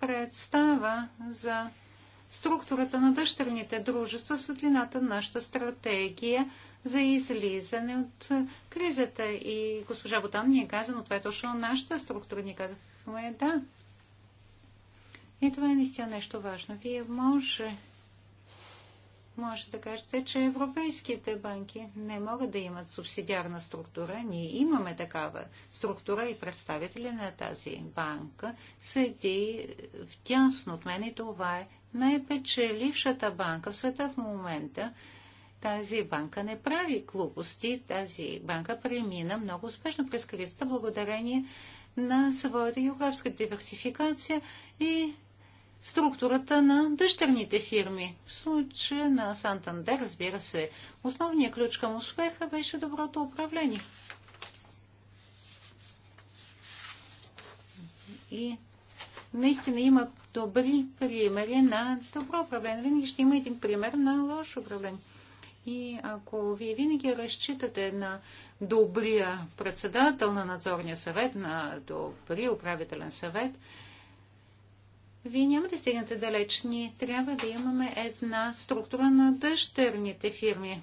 представа за структурата на дъщерните дружества, светлината на нашата стратегия за излизане от кризата. И госпожа Бутан ни е каза, но това е точно нашата структура. Ние казахме да. И това е наистина нещо важно. Вие може може да кажете, че европейските банки не могат да имат субсидиарна структура. Ние имаме такава структура и представители на тази банка седи в тясно от мен и това е най-печелившата банка в света в момента. Тази банка не прави глупости. Тази банка премина много успешно през кризата благодарение на своята географска диверсификация и структурата на дъщерните фирми. В случая на Сантандер, разбира се, основният ключ към успеха беше доброто управление. И наистина има добри примери на добро управление. Винаги ще има един пример на лошо управление. И ако вие винаги разчитате на добрия председател на надзорния съвет, на добрия управителен съвет, вие няма да стигнете далеч. Ние трябва да имаме една структура на дъщерните фирми.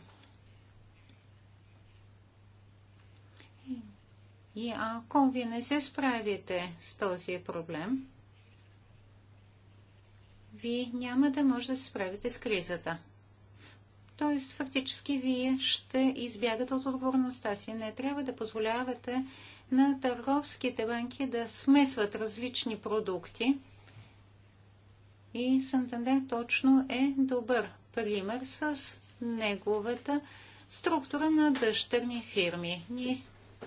И ако вие не се справите с този проблем, вие няма да може да се справите с кризата. Тоест, фактически, вие ще избягате от отговорността си. Не трябва да позволявате на търговските банки да смесват различни продукти и Сантандер точно е добър пример с неговата структура на дъщерни фирми. Ние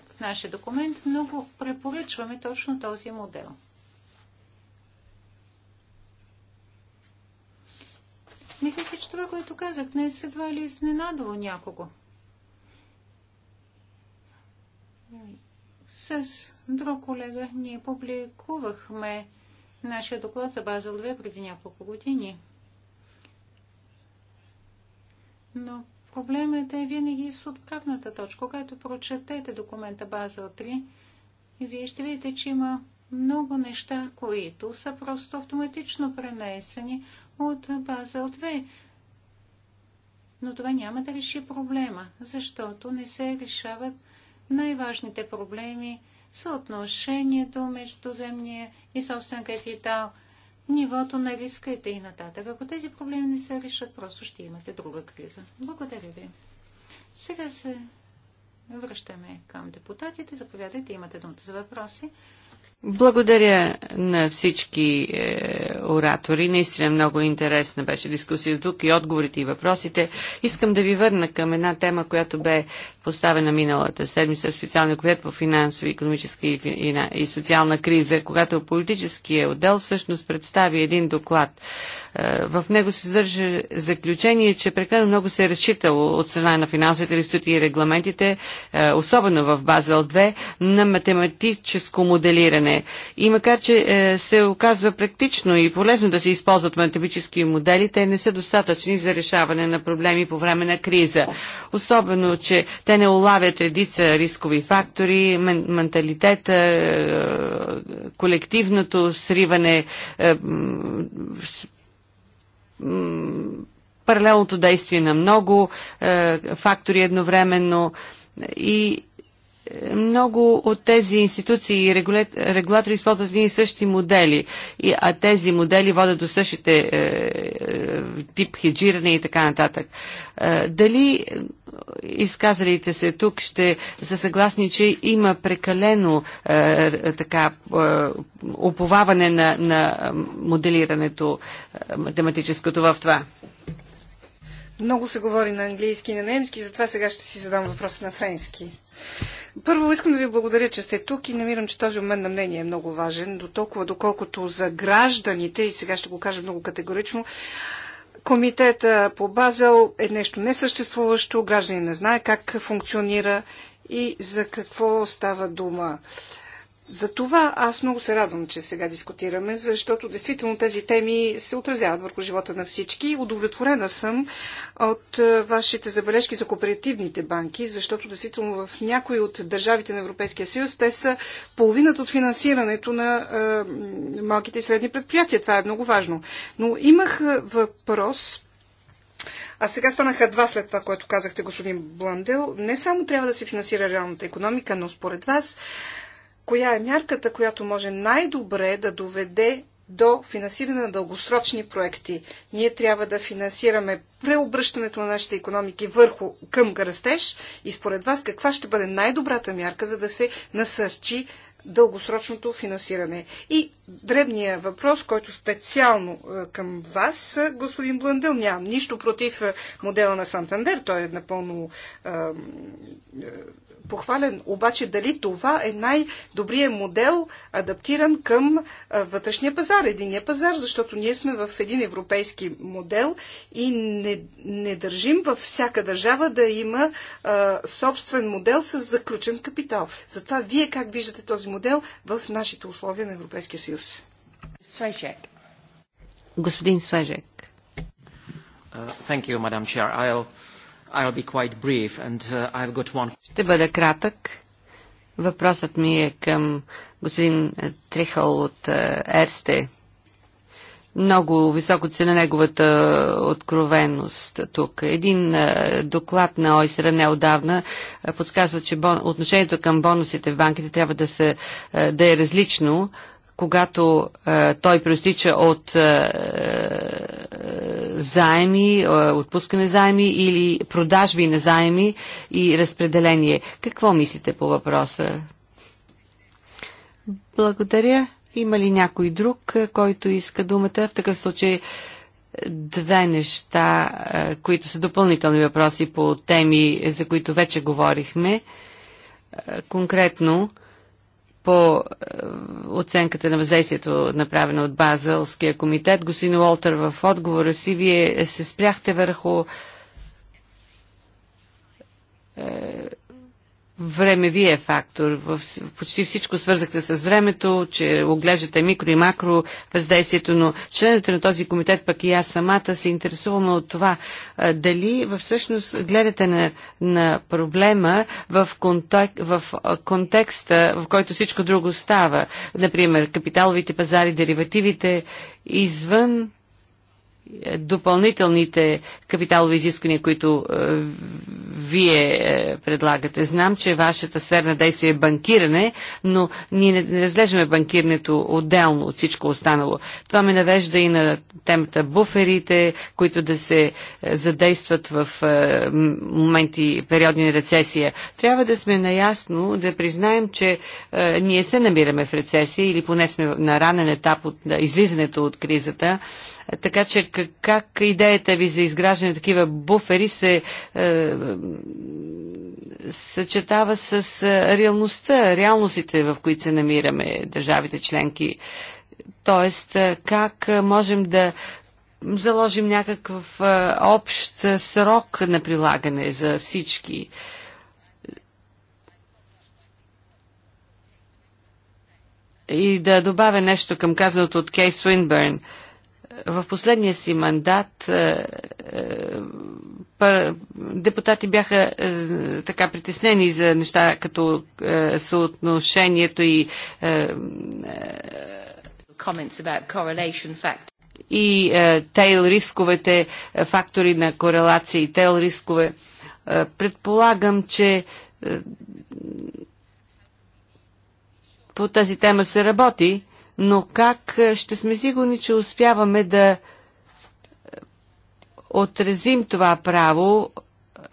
в нашия документ много препоръчваме точно този модел. Мисля си, че това, което казах, днес едва ли изненадало някого. С друг колега ние публикувахме нашия доклад за Базел 2 преди няколко години. Но проблемът е, е винаги с отправната точка. Когато прочетете документа Базел 3, вие ще видите, че има много неща, които са просто автоматично пренесени от Базел 2. Но това няма да реши проблема, защото не се решават най-важните проблеми съотношението между земния и собствен капитал, нивото на риска и т.н. Ако тези проблеми не се решат, просто ще имате друга криза. Благодаря ви. Сега се връщаме към депутатите. Заповядайте, имате думата за въпроси. Благодаря на всички е, оратори. Наистина много интересна беше дискусия тук и отговорите и въпросите. Искам да ви върна към една тема, която бе поставена миналата седмица в специалния комитет по финансово, економическа и, и, и социална криза, когато политическия отдел всъщност представи един доклад е, в него се съдържа заключение, че прекалено много се е разчитало от страна на финансовите институти и регламентите, е, особено в Базел 2, на математическо моделиране. И макар, че е, се оказва практично и полезно да се използват математически модели, те не са достатъчни за решаване на проблеми по време на криза. Особено, че те не улавят редица рискови фактори, менталитета, колективното сриване, паралелното действие на много е, фактори едновременно и много от тези институции и регулатори използват и същи модели, а тези модели водят до същите е, е, тип хеджиране и така нататък. Е, дали изказалите се тук ще са съгласни, че има прекалено е, така е, уповаване на, на моделирането е, математическото в това? Много се говори на английски и на немски, затова сега ще си задам въпрос на френски. Първо искам да ви благодаря, че сте тук и намирам, че този момент на мнение е много важен, до толкова доколкото за гражданите, и сега ще го кажа много категорично, Комитета по Базел е нещо несъществуващо, граждани не знае как функционира и за какво става дума. За това аз много се радвам, че сега дискутираме, защото действително тези теми се отразяват върху живота на всички. Удовлетворена съм от е, вашите забележки за кооперативните банки, защото действително в някои от държавите на Европейския съюз те са половината от финансирането на е, малките и средни предприятия. Това е много важно. Но имах е, въпрос а сега станаха два след това, което казахте, господин Бландел. Не само трябва да се финансира реалната економика, но според вас коя е мярката, която може най-добре да доведе до финансиране на дългосрочни проекти. Ние трябва да финансираме преобръщането на нашите економики върху към гръстеж. и според вас каква ще бъде най-добрата мярка, за да се насърчи дългосрочното финансиране. И дребният въпрос, който специално е, към вас, е, господин Бландъл, нямам нищо против е, модела на Сантандер, той е напълно е, е, похвален. Обаче дали това е най-добрият модел, адаптиран към вътрешния пазар, единия пазар, защото ние сме в един европейски модел и не, не държим във всяка държава да има а, собствен модел с заключен капитал. Затова вие как виждате този модел в нашите условия на Европейския съюз? Свежек. Господин Свежек. Uh, thank you, Madam Chair. I'll... I'll be quite brief and uh, I've got one. Ще бъда кратък. Въпросът ми е към господин е, Трихъл от е, Ерсте. Много високо цена неговата е, откровеност тук. Един доклад на ОИСР неодавна подсказва, че бон... отношението към бонусите в банките трябва да, се... да е различно когато е, той проистича от е, е, заеми, е, отпускане заеми или продажби на заеми и разпределение. Какво мислите по въпроса? Благодаря. Има ли някой друг, е, който иска думата? В такъв случай е, две неща, е, които са допълнителни въпроси по теми, за които вече говорихме. Е, конкретно, по е, оценката на въздействието, направено от Базълския комитет. Господин Уолтер, в отговора си вие се спряхте върху е, времевия фактор. В почти всичко свързахте с времето, че оглеждате микро и макро въздействието, но членовете на този комитет, пък и аз самата, се интересуваме от това дали всъщност гледате на, на проблема в, контек, в контекста, в който всичко друго става. Например, капиталовите пазари, деривативите, извън е, допълнителните капиталови изисквания, които е, вие е, предлагате. Знам, че вашата сфера на действие е банкиране, но ние не, не разглеждаме банкирането отделно от всичко останало. Това ме навежда и на темата буферите, които да се е, задействат в е, моменти периодни рецесия. Трябва да сме наясно, да признаем, че е, ние се намираме в рецесия или поне сме на ранен етап от да, излизането от кризата. Е, така че как идеята ви за изграждане на такива буфери се е, съчетава с е, реалността, реалностите, в които се намираме държавите членки? Тоест, е, как можем да заложим някакъв е, общ срок на прилагане за всички? И да добавя нещо към казаното от Кейс Свинбърн – в последния си мандат е, е, депутати бяха е, така притеснени за неща като съотношението и и тейл рисковете, фактори на корелация и тейл рискове. Предполагам, че по тази тема се работи но как е, ще сме сигурни, че успяваме да е, отразим това право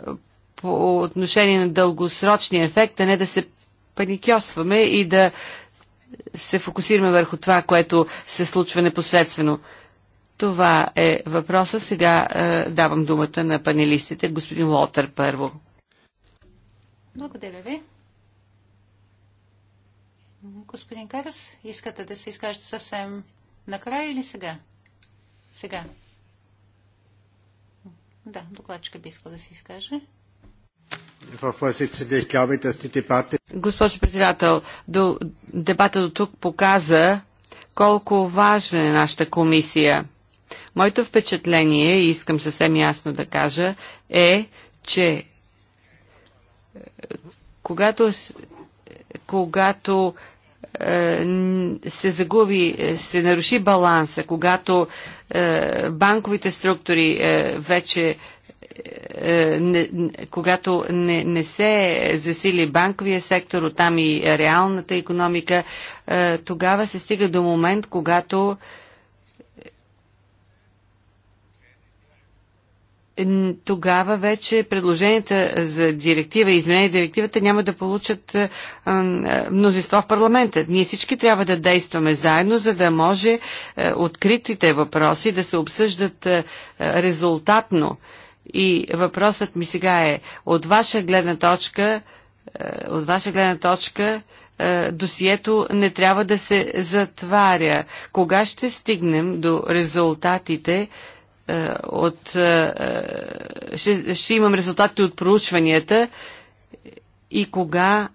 е, по отношение на дългосрочния ефект, а не да се паникьосваме и да се фокусираме върху това, което се случва непосредствено. Това е въпроса. Сега е, давам думата на панелистите. Господин Лотър първо. Благодаря ви. Господин Карас, искате да се изкажете съвсем накрая или сега? Сега. Да, докладчика би искал да се изкаже. Госпожо председател, до, дебата до тук показа колко важна е нашата комисия. Моето впечатление, и искам съвсем ясно да кажа, е, че е, когато, когато е, се загуби, е, се наруши баланса, когато е, банковите структури вече не, когато не, не се засили банковия сектор, оттам и реалната економика, тогава се стига до момент, когато тогава вече предложенията за директива и изменение директивата няма да получат е, е, мнозинство в парламента. Ние всички трябва да действаме заедно, за да може е, откритите въпроси да се обсъждат резултатно. И въпросът ми сега е, от ваша гледна точка, от ваша гледна точка, досието не трябва да се затваря. Кога ще стигнем до резултатите, е, от, е, е, ще, ще имам резултатите от проучванията и кога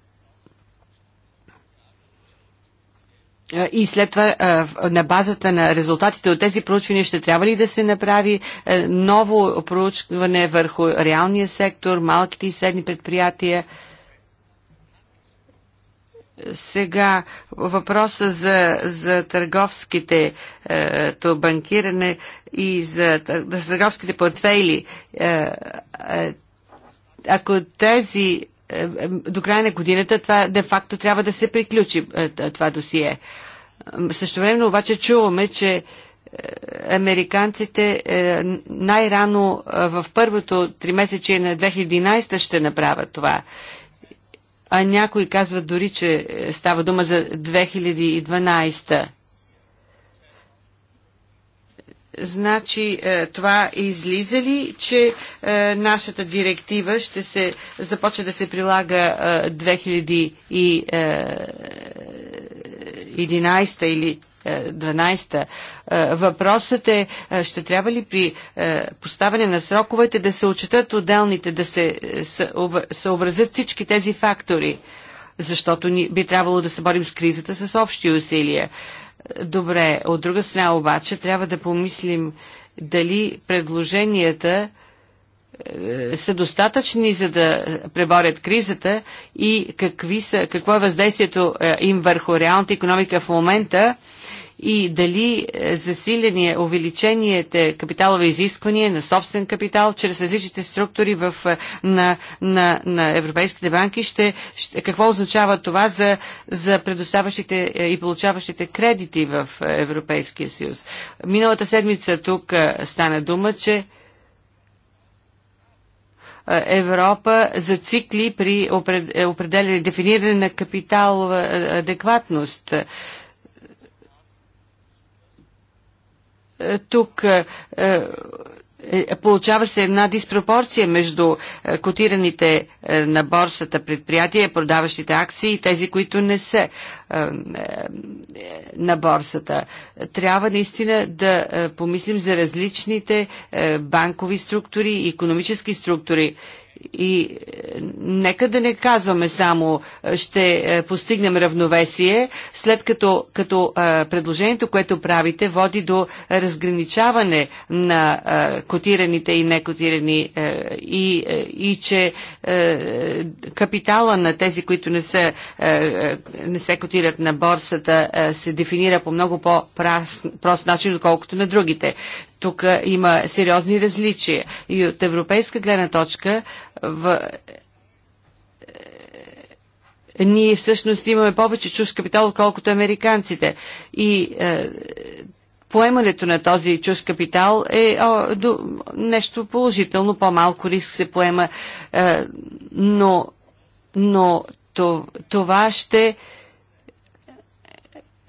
И след това на базата на резултатите от тези проучвания ще трябва ли да се направи ново проучване върху реалния сектор, малките и средни предприятия? Сега въпроса за, за търговските е, банкиране и за, за търговските портфейли. Е, е, ако тези е, е до края на годината това де-факто трябва да се приключи е, това досие. Също време обаче чуваме, че е, американците е, най-рано в първото тримесечие на 2011 ще направят това а някои казват дори, че е, става дума за 2012. Значи е, това излиза ли, че е, нашата директива ще се започне да се прилага 2011 или 12. Е, въпросът е, е, ще трябва ли при е, поставяне на сроковете да се отчитат отделните, да се съобразят всички тези фактори, защото би трябвало да се борим с кризата с общи усилия. Добре, от друга страна обаче трябва да помислим дали предложенията са достатъчни за да преборят кризата и какви са, какво е въздействието им върху реалната економика в момента и дали е, засиление, увеличението капиталови изисквания на собствен капитал чрез различните структури в, е, на, на, на европейските банки ще, ще, какво означава това за, за предоставащите е, и получаващите кредити в Европейския съюз. Миналата седмица тук стана дума, че Европа зацикли при определене, дефиниране на капитал адекватност. тук е, е, получава се една диспропорция между е, котираните на борсата предприятия, продаващите акции и тези, които не са на борсата. Трябва наистина да помислим за различните банкови структури и економически структури и е, нека да не казваме само е, ще е, постигнем равновесие, след като, като предложението, което правите, води до разграничаване на котираните и некотирани и, и че капитала на тези, които не се, не се котират на борсата, се дефинира по много по-прост начин, отколкото на другите. Тук има сериозни различия. И от европейска гледна точка в е, ние всъщност имаме повече чуж капитал, отколкото американците. И е, поемането на този чуж капитал е о, до, нещо положително, по-малко риск се поема, е, но, но то, това ще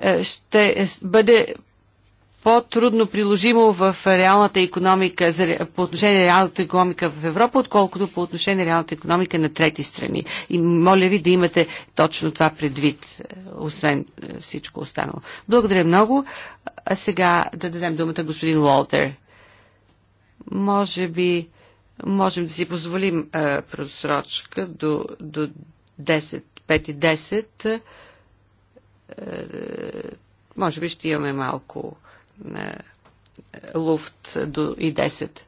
е, ще бъде по-трудно приложимо в реалната економика, по отношение на реалната економика в Европа, отколкото по отношение на реалната економика на трети страни. И моля ви да имате точно това предвид, е, освен е, всичко останало. Благодаря много. А сега да дадем думата господин Уолтер. Може би можем да си позволим а, е, просрочка до, до 10, 5 и 10. може би ще имаме малко е, е, луфт до и 10.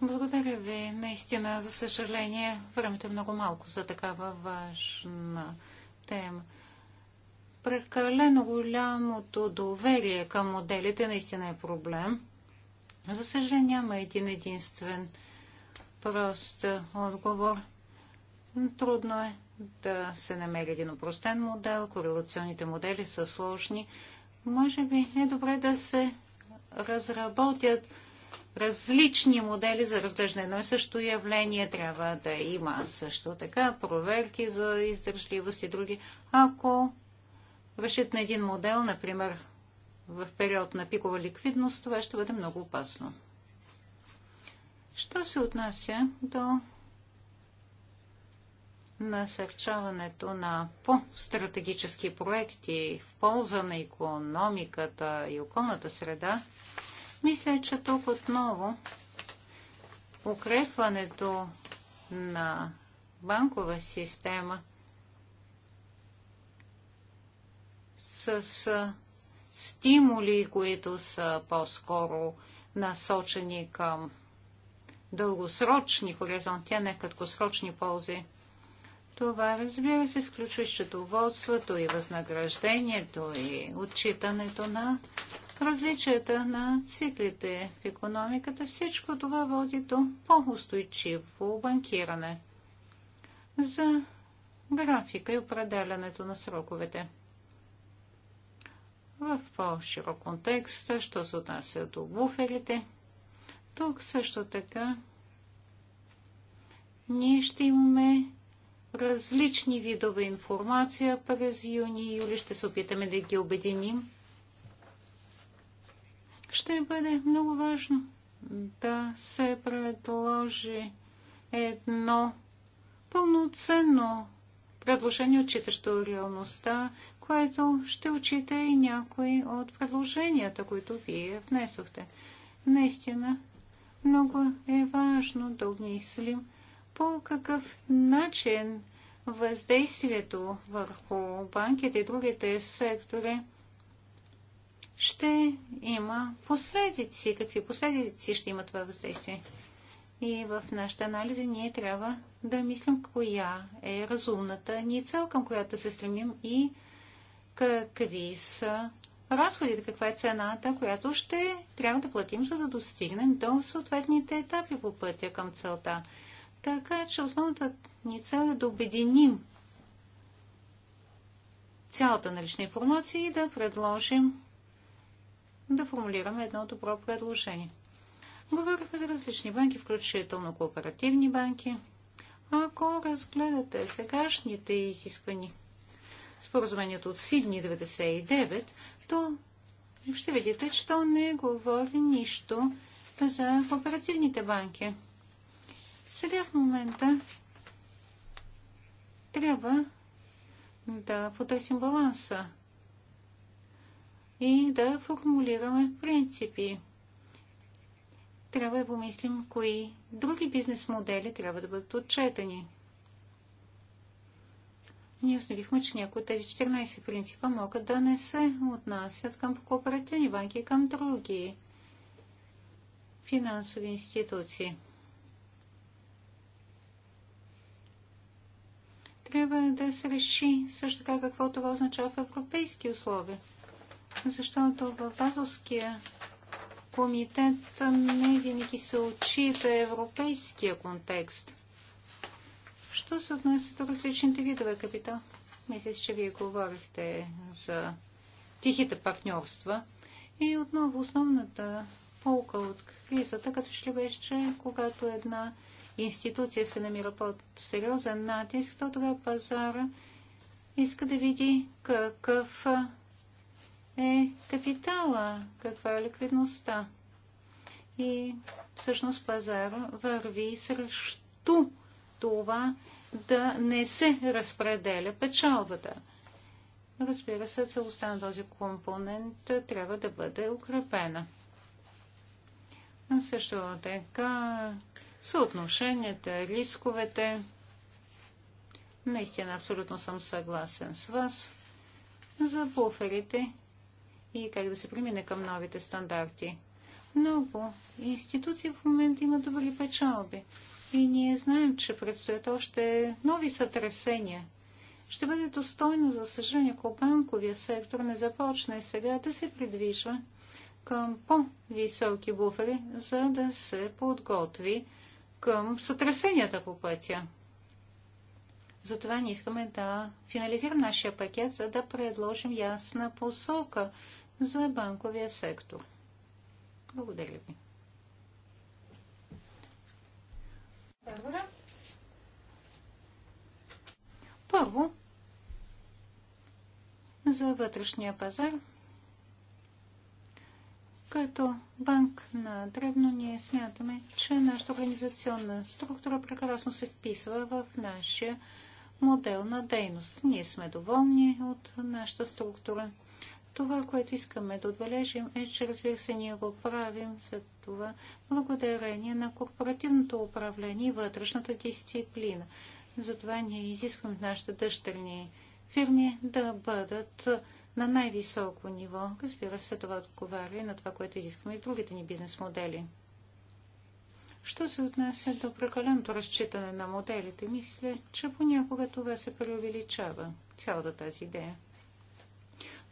Благодаря ви. Наистина, за съжаление, времето е много малко за такава важна тема. Прекалено голямото доверие към моделите наистина е проблем. За съжаление, няма един единствен прост отговор. Трудно е да се намери един упростен модел. Корелационните модели са сложни. Може би е добре да се разработят различни модели за разглеждане. Едно и също явление трябва да има също така проверки за издържливост и други. Ако решат на един модел, например, в период на пикова ликвидност, това ще бъде много опасно. Що се отнася до насърчаването на по-стратегически проекти в полза на економиката и околната среда, мисля, че тук отново укрепването на банкова система с стимули, които са по-скоро насочени към дългосрочни хоризонти, а не краткосрочни ползи. Това, разбира се, включва и счетоводството, и възнаграждението, и отчитането на различията на циклите в економиката. Всичко това води до по-устойчиво банкиране. За графика и определянето на сроковете. В по-широк контекст, що се отнася до буферите, тук също така ние ще имаме различни видове информация през юни и юли. Ще се опитаме да ги обединим. Ще бъде много важно да се предложи едно пълноценно предложение, отчитащо реалността, което ще отчита и някои от предложенията, които вие внесохте. Наистина, много е важно да обмислим по какъв начин въздействието върху банките и другите сектори ще има последици. Какви последици ще има това въздействие? И в нашите анализи ние трябва да мислим коя е разумната ни цел, към която се стремим и какви са разходите, каква е цената, която ще трябва да платим, за да достигнем до съответните етапи по пътя към целта. Така е, че основната ни цел е да обединим цялата налична информация и да предложим да формулираме едно добро предложение. Говорихме за различни банки, включително кооперативни банки. Ако разгледате сегашните изисквани споразумението от Сидни 99, то ще видите, че то не говори нищо за кооперативните банки. Сега в момента трябва да потърсим баланса и да формулираме принципи. Трябва да помислим кои други бизнес модели трябва да бъдат отчетени. Ние установихме, че някои от тези 14 принципа могат да не се отнасят към кооперативни банки и към други финансови институции. трябва да се реши също така какво това означава в европейски условия. Защото в Базовския комитет не винаги се отчита европейския контекст. Що се отнася до различните видове капитал? Мисля, че вие говорихте за тихите партньорства. И отново основната полка от кризата, като че ли беше, че когато една институция се намира под сериозен натиск, то тогава пазара иска да види какъв е капитала, каква е ликвидността. И всъщност пазара върви срещу това да не се разпределя печалбата. Разбира се, целостта на този компонент трябва да бъде укрепена. Също така съотношенията, рисковете. Наистина, абсолютно съм съгласен с вас за буферите и как да се премине към новите стандарти. Много институции в момента имат добри печалби и ние знаем, че предстоят още нови сътресения. Ще бъде достойно, за съжаление, ако банковия сектор не започне сега да се придвижва към по-високи буфери, за да се подготви към сътресенията по пътя. Затова не искаме да финализирам нашия пакет, за да предложим ясна посока за банковия сектор. Благодаря ви. Барбара? Първо, за вътрешния пазар – като банк на Древно ние смятаме, че нашата организационна структура прекрасно се вписва в нашия модел на дейност. Ние сме доволни от нашата структура. Това, което искаме да отбележим е, че разбира се ние го правим за това благодарение на корпоративното управление и вътрешната дисциплина. Затова ние изискваме нашите дъщерни фирми да бъдат на най-високо ниво. Разбира се, това отговаря на това, което изискваме и другите ни бизнес модели. Що се отнася до прекаленото разчитане на моделите, мисля, че понякога това се преувеличава, цялата тази идея.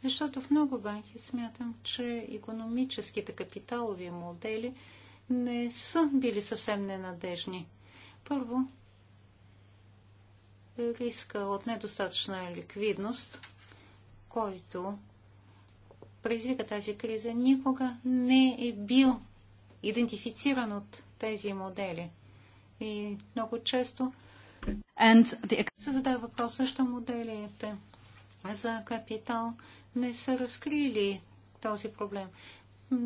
Защото в много банки смятам, че економическите капиталови модели не са били съвсем ненадежни. Първо, риска от недостатъчна ликвидност – който предизвика тази криза, никога не е бил идентифициран от тези модели. И много често the... се задава въпрос, защо моделите за капитал не са разкрили този проблем.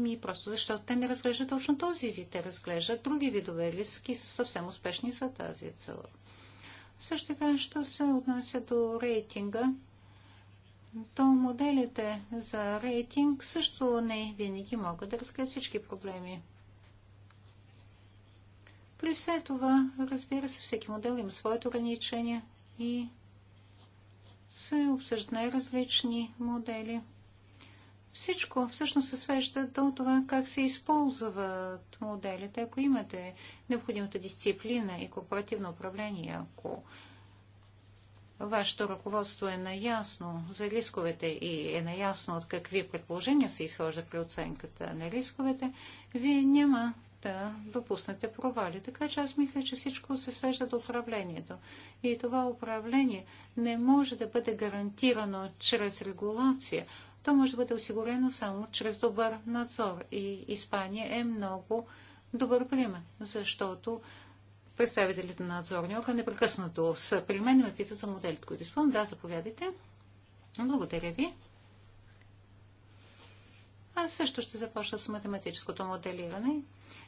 И просто защото те не разглеждат точно този вид, те разглеждат други видове риски, са съвсем успешни за тази цел. Също така, що се отнася до рейтинга, то моделите за рейтинг също не винаги могат да разкрият всички проблеми. При все това, разбира се, всеки модел има своите ограничения и се обсъждат най-различни модели. Всичко всъщност се свежда до това как се използват моделите. Ако имате необходимата дисциплина и корпоративно управление, ако вашето ръководство е наясно за рисковете и е наясно от какви предположения се изхожда при оценката на рисковете, вие няма да допуснете провали. Така че аз мисля, че всичко се свежда до управлението. И това управление не може да бъде гарантирано чрез регулация. То може да бъде осигурено само чрез добър надзор. И Испания е много добър пример, защото представителите на надзорния орган непрекъснато са при мен и ме питат за моделите, които изпълнят. Да, заповядайте. Благодаря ви. Аз също ще започна с математическото моделиране.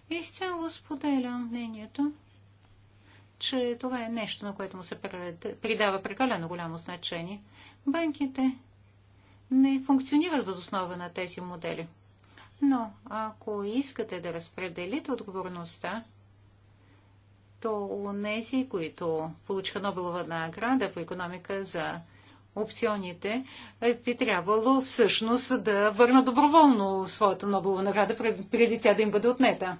Изцяло споделям мнението, че това е нещо, на което му се придава прекалено голямо значение. Банките не функционират възоснова на тези модели. Но ако искате да разпределите отговорността, то нези, които получиха Нобелова награда по економика за опционите, е, би трябвало всъщност да върна доброволно своята Нобелова награда преди тя да им бъде отнета.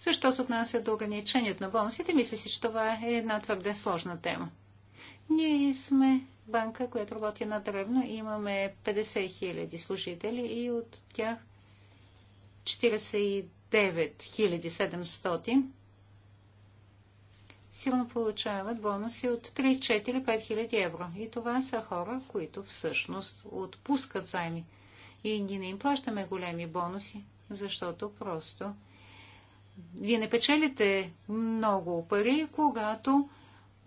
Защо се отнася до ограничението на бонусите? Мисля си, че това е една твърде сложна тема. Ние сме банка, която работи на древно. Имаме 50 хиляди служители и от тях 49 700 Силно получават бонуси от 3, 4, 5 хиляди евро. И това са хора, които всъщност отпускат заеми. И ние не им плащаме големи бонуси, защото просто вие не печелите много пари, когато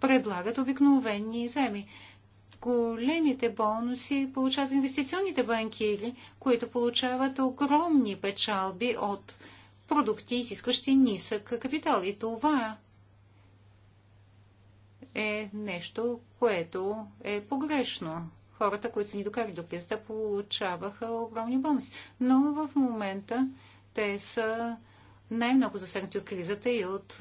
предлагат обикновени заеми. Големите бонуси получават инвестиционните банки, които получават огромни печалби от продукти, изискващи нисък капитал. И това е нещо, което е погрешно. Хората, които са ни докарали до кризата, получаваха огромни бонуси. Но в момента те са най-много засегнати от кризата и от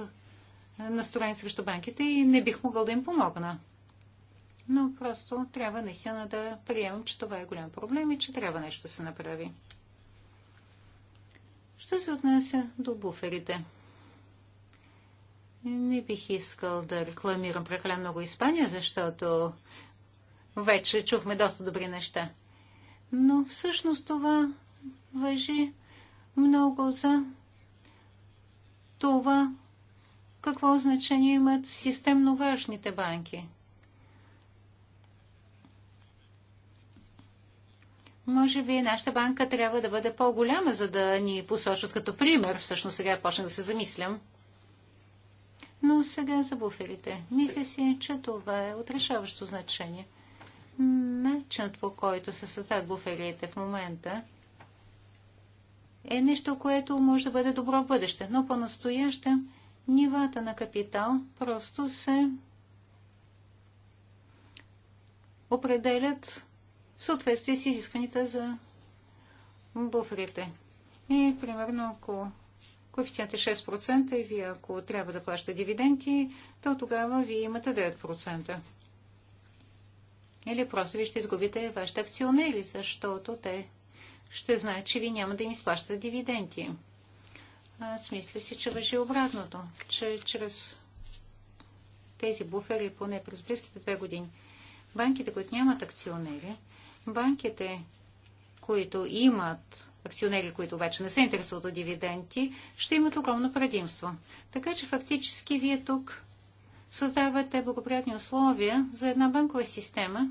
настроени срещу банките и не бих могъл да им помогна. Но просто трябва наистина да приемам, че това е голям проблем и че трябва нещо да се направи. Що се отнася до буферите? Не бих искал да рекламирам прекалено много Испания, защото вече чухме доста добри неща. Но всъщност това въжи много за това, какво значение имат системно важните банки. Може би нашата банка трябва да бъде по-голяма, за да ни посочат като пример. Всъщност сега почна да се замислям. Но сега за буферите. Мисля си, че това е отрешаващо значение. Начинът по който се създадат буферите в момента е нещо, което може да бъде добро в бъдеще, но по-настояще нивата на капитал просто се определят в съответствие с изискванията за буферите. И, примерно, ако коефициент е 6% и вие ако трябва да плащате дивиденти, то тогава вие имате 9%. Или просто вие ще изгубите вашите акционери, защото те ще знаят, че вие няма да им изплащате дивиденти. Аз мисля си, че въжи обратното, че чрез тези буфери, поне през близките две години, банките, които нямат акционери, банките, които имат акционери, които обаче не се интересуват от дивиденти, ще имат огромно предимство. Така че фактически вие тук създавате благоприятни условия за една банкова система,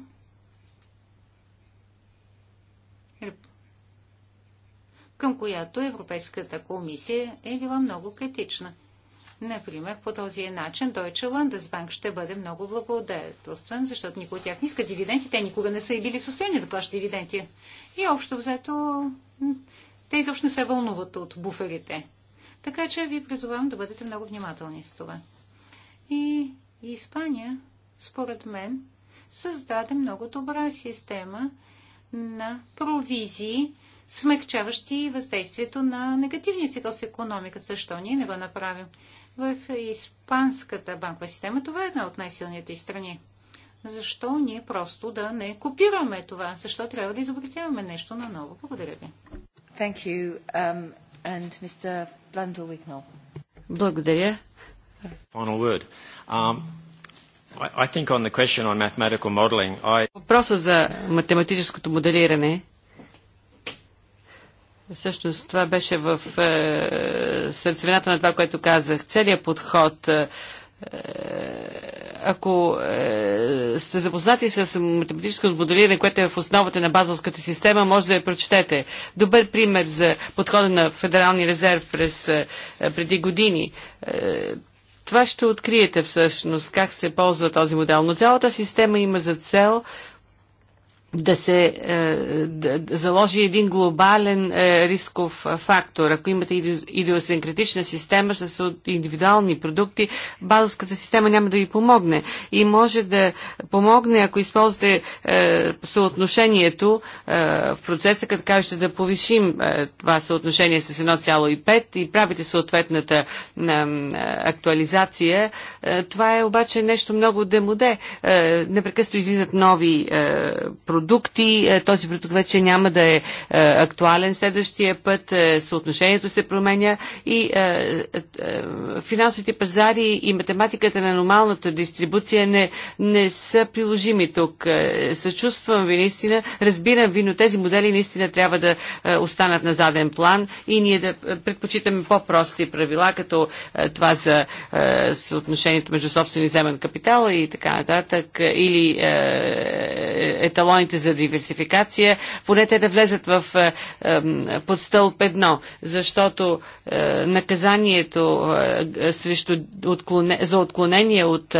към която Европейската комисия е била много критична. Например, по този начин Deutsche Landesbank ще бъде много благодетелствен, защото никой от тях не иска дивиденти. Те никога не са и били в състояние да плащат дивиденти и общо взето те изобщо не се вълнуват от буферите. Така че ви призовавам да бъдете много внимателни с това. И Испания, според мен, създаде много добра система на провизии, смягчаващи въздействието на негативния цикъл в економиката. Защо ние не го направим? В испанската банкова система това е една от най-силните страни. Защо ние просто да не копираме това? Защо трябва да изобретяваме нещо на ново? Благодаря ви. Thank you. Um, and Mr. Blundell Благодаря. Final word. Um, I think on the question on mathematical modeling, I... Въпроса за математическото моделиране Всъщност това беше в е, сърцевината на това, което казах. Целият подход е, е ако е, сте запознати с математическото моделиране, което е в основата на базовската система, може да я прочетете. Добър пример за подхода на Федералния резерв през, е, преди години. Е, това ще откриете всъщност как се ползва този модел. Но цялата система има за цел да се е, да, да заложи един глобален е, рисков е, фактор. Ако имате идиосинкретична система с индивидуални продукти, базовската система няма да ви помогне. И може да помогне, ако използвате е, съотношението е, в процеса, като кажете да повишим е, това съотношение с 1,5 и правите съответната актуализация. Това е обаче нещо много демоде. непрекъсто излизат нови продукти продукти, е, този продукт вече няма да е, е актуален следващия път, е, съотношението се променя и финансовите пазари и математиката на нормалната дистрибуция не, не са приложими тук. Съчувствам ви наистина, разбирам ви, но тези модели наистина трябва да останат на заден план и ние да предпочитаме по-прости правила, като това за съотношението между собствени земен капитал и така нататък, или еталоните плановете за диверсификация, поне те да влезат в е, е, под стълб едно, защото е, наказанието срещу отклоне, за отклонение от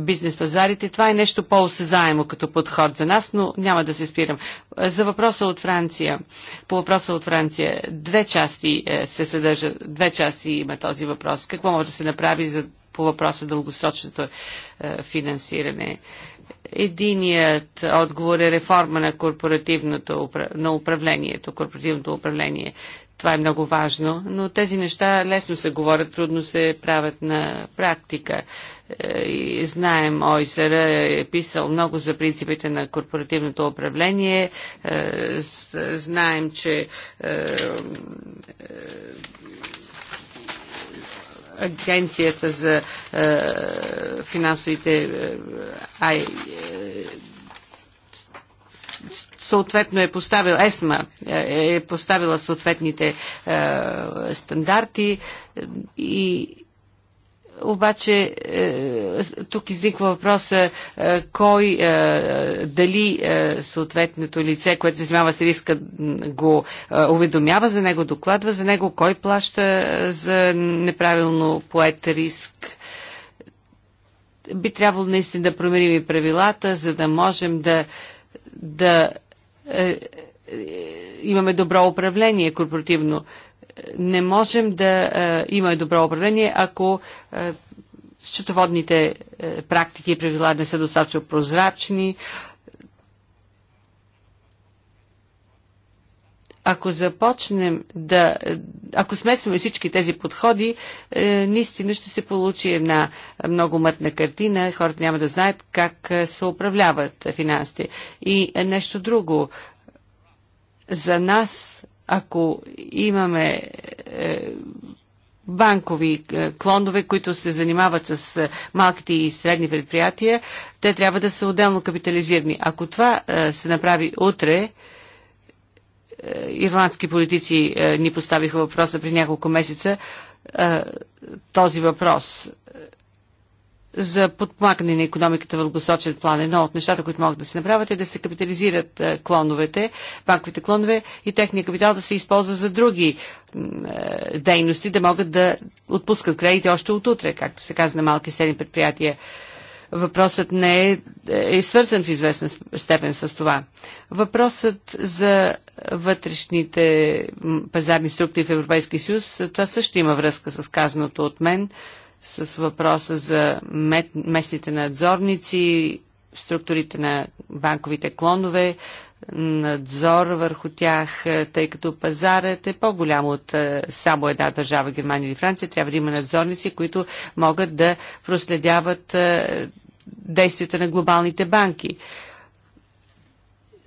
бизнес пазарите, това е нещо по-осезаемо като подход за нас, но няма да се спирам. За въпроса от Франция, по въпроса от Франция, две части се съдържа, две части има този въпрос. Какво може да се направи за по въпроса дългосрочното е, финансиране. Е, Единият отговор е реформа на, корпоративното, на управлението, корпоративното управление. Това е много важно, но тези неща лесно се говорят, трудно се правят на практика. Е, и знаем, Ойсър е писал много за принципите на корпоративното управление. Е, знаем, че е, агенцията за е, финансовите е, е, съответно е поставил ЕСМА, е, е поставила съответните е, стандарти и обаче е, тук изниква въпроса е, кой, е, дали съответното лице, което се занимава с риска, го уведомява за него, докладва за него, кой плаща за неправилно поет риск би трябвало наистина да променим и правилата, за да можем да, да имаме добро управление корпоративно не можем да има е, има добро управление, ако е, счетоводните е, практики и правила не са достатъчно прозрачни. Ако започнем да. Ако смесваме всички тези подходи, е, наистина ще се получи една много мътна картина. Хората няма да знаят как се управляват финансите. И нещо друго. За нас ако имаме е, банкови е, клондове, които се занимават с е, малките и средни предприятия, те трябва да са отделно капитализирани. Ако това се направи утре, ирландски политици ни поставиха въпроса при няколко месеца, този въпрос – за подпомагане на економиката в дългосрочен план. Едно от нещата, които могат да се направят е да се капитализират е, клоновете, банковите клонове и техния капитал да се използва за други е, дейности, да могат да отпускат кредити още от утре, както се казва на малки и средни предприятия. Въпросът не е, е свързан в известна степен с това. Въпросът за вътрешните пазарни структури в Европейския съюз, това също има връзка с казаното от мен с въпроса за местните надзорници, структурите на банковите клонове, надзор върху тях, е, тъй като пазарът е по-голям от е, само една държава, Германия или Франция. Трябва да има надзорници, които могат да проследяват е, действията на глобалните банки.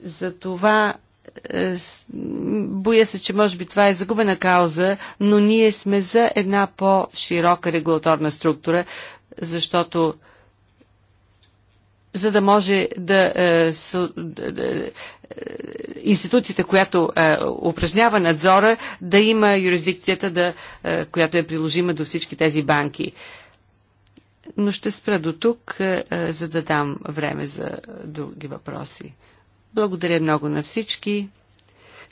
За това е, боя се, че може би това е загубена кауза, но ние сме за една по-широка регулаторна структура, защото за да може да е, е, институцията, която упражнява надзора, да има юрисдикцията, да, която е приложима до всички тези банки. Но ще спра до тук, за да дам време за други въпроси. Благодаря много на всички.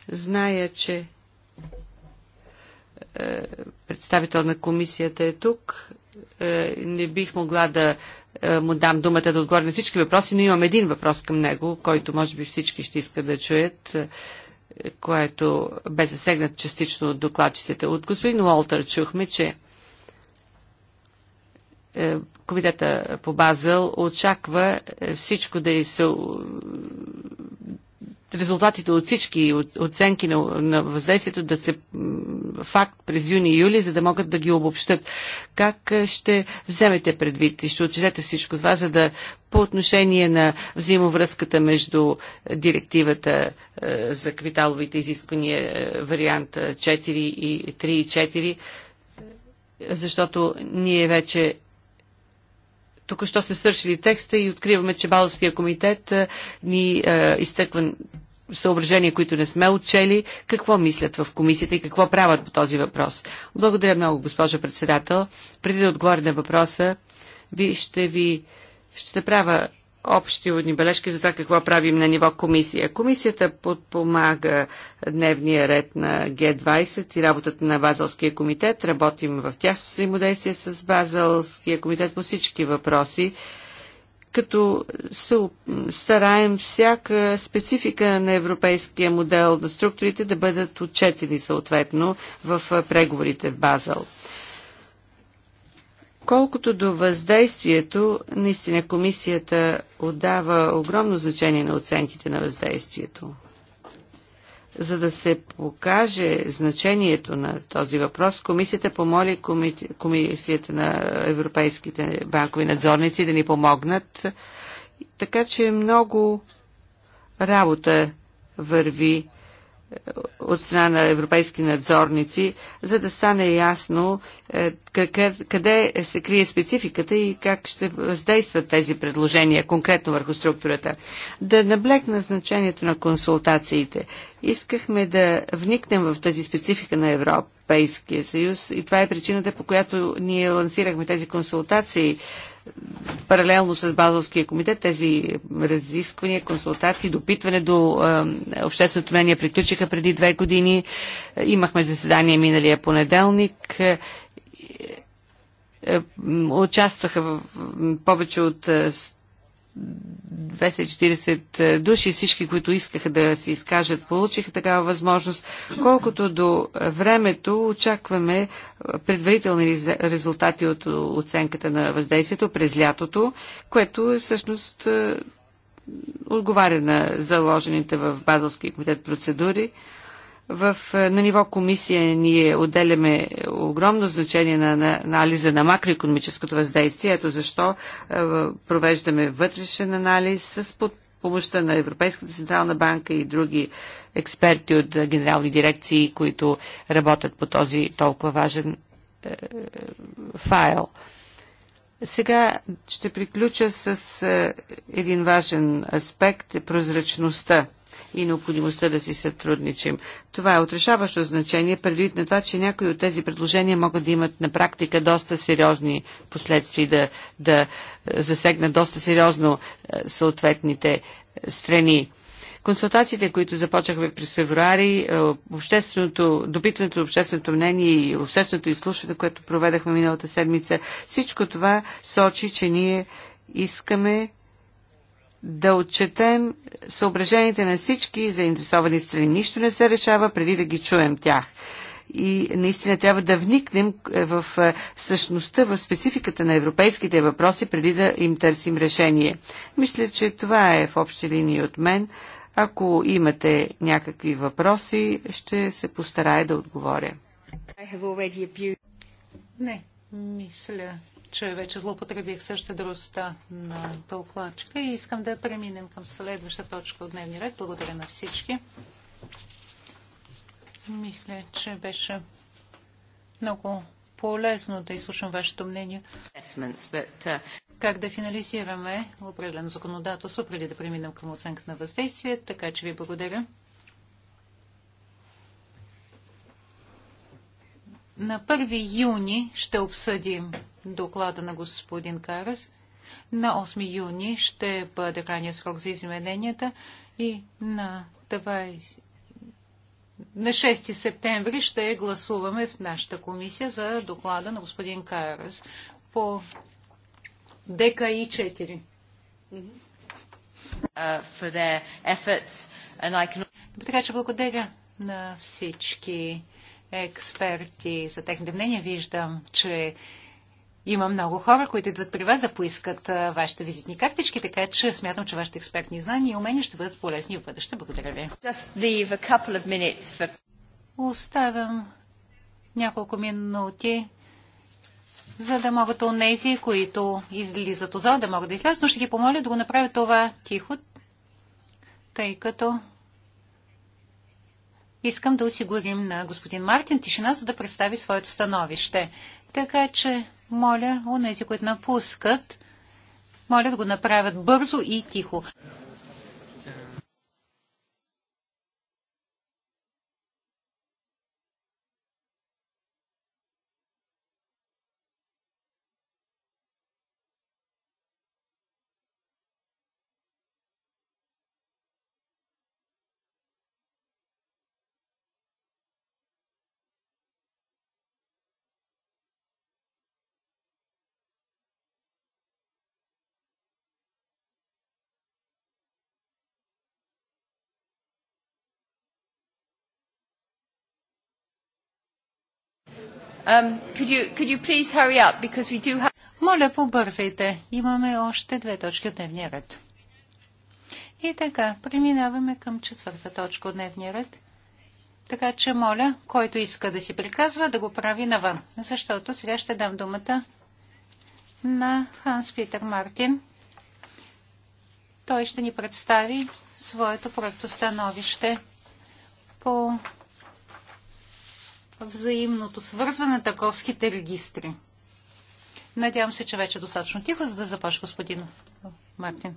Зная, че е, представител на комисията е тук. Е, не бих могла да е, му дам думата да отговоря на всички въпроси, но имам един въпрос към него, който може би всички ще искат да чуят, което бе засегнат частично от докладчиците. От господин Уолтер чухме, че Комитета по Базел очаква всичко да и се резултатите от всички оценки на, на въздействието да се факт през юни и юли, за да могат да ги обобщат. Как е, ще вземете предвид и ще отчетете всичко това, за да по отношение на взаимовръзката между директивата е, за капиталовите изисквания е, вариант 4 и 3 и 4, защото ние вече тук що сме свършили текста и откриваме, че Балския комитет ни е, изтъква съображения, които не сме отчели, какво мислят в комисията и какво правят по този въпрос. Благодаря много, госпожа председател. Преди да отговоря на въпроса, ви ще ви ще правя общи водни бележки за това какво правим на ниво комисия. Комисията подпомага дневния ред на Г20 и работата на Базалския комитет. Работим в тясно взаимодействие с Базалския комитет по всички въпроси като се стараем всяка специфика на европейския модел на структурите да бъдат отчетени съответно в преговорите в Базъл. Колкото до въздействието, наистина комисията отдава огромно значение на оценките на въздействието. За да се покаже значението на този въпрос, комисията помоли комисията на европейските банкови надзорници да ни помогнат. Така че много работа върви от страна на европейски надзорници, за да стане ясно е, къде се крие спецификата и как ще въздействат тези предложения конкретно върху структурата. Да наблекна значението на консултациите. Искахме да вникнем в тази специфика на Европейския съюз и това е причината, по която ние лансирахме тези консултации паралелно с Базовския комитет тези разисквания, консултации, допитване до е, общественото мнение приключиха преди две години. Имахме заседание миналия понеделник. Е, е, участваха в повече от е, 240 души, всички, които искаха да се изкажат, получиха такава възможност. Колкото до времето, очакваме предварителни резултати от оценката на въздействието през лятото, което е всъщност е, отговаря на заложените в Базълския комитет процедури. В, е, на ниво комисия ние отделяме огромно значение на, на анализа на макроекономическото въздействие. Ето защо е, провеждаме вътрешен анализ с под помощта на Европейската централна банка и други експерти от генерални дирекции, които работят по този толкова важен е, е файл. Сега ще приключа с е, един важен аспект – прозрачността и необходимостта да си сътрудничим. Това е отрешаващо значение, предвид на това, че някои от тези предложения могат да имат на практика доста сериозни последствия, да, да засегнат доста сериозно е, съответните е, страни. Консултациите, които започнахме през февруари, е, общественото, допитването общественото мнение и общественото изслушване, което проведахме миналата седмица, всичко това сочи, че ние искаме да отчетем съображенията на всички заинтересовани страни. Нищо не се решава преди да ги чуем тях. И наистина трябва да вникнем е, в е, същността, в спецификата на европейските въпроси, преди да им търсим решение. Мисля, че това е в общи линии от мен. Ако имате някакви въпроси, ще се постарая да отговоря. Не, мисля, че вече злоупотребих също щедростта на докладчика и искам да преминем към следваща точка от дневния ред. Благодаря на всички. Мисля, че беше много полезно да изслушам вашето мнение. Uh, как да финализираме определено законодателство, преди да преминем към оценка на въздействие, така че ви благодаря. На 1 юни ще обсъдим доклада на господин Карас. На 8 юни ще бъде крайния срок за измененията и на 20 на 6 септември ще гласуваме в нашата комисия за доклада на господин Карас по ДКИ 4. Uh, така че благодаря на всички експерти за техните мнения. Виждам, че има много хора, които идват при вас да поискат вашите визитни картички, така че смятам, че вашите експертни знания и умения ще бъдат полезни в бъдеще. Благодаря ви. For... Оставям няколко минути за да могат онези, които излизат от зала, да могат да излязат, но ще ги помоля да го направят това тихо, тъй като искам да осигурим на господин Мартин тишина, за да представи своето становище. Така че моля, онези, които напускат, моля да го направят бързо и тихо. Um, could you, could you please hurry up, because we do have... Моля, побързайте. Имаме още две точки от дневния ред. И така, преминаваме към четвърта точка от дневния ред. Така че, моля, който иска да си приказва, да го прави навън. Защото сега ще дам думата на Ханс Питер Мартин. Той ще ни представи своето проектостановище по взаимното свързване на търговските регистри. Надявам се, че вече е достатъчно тихо, за да започне господин Мартин.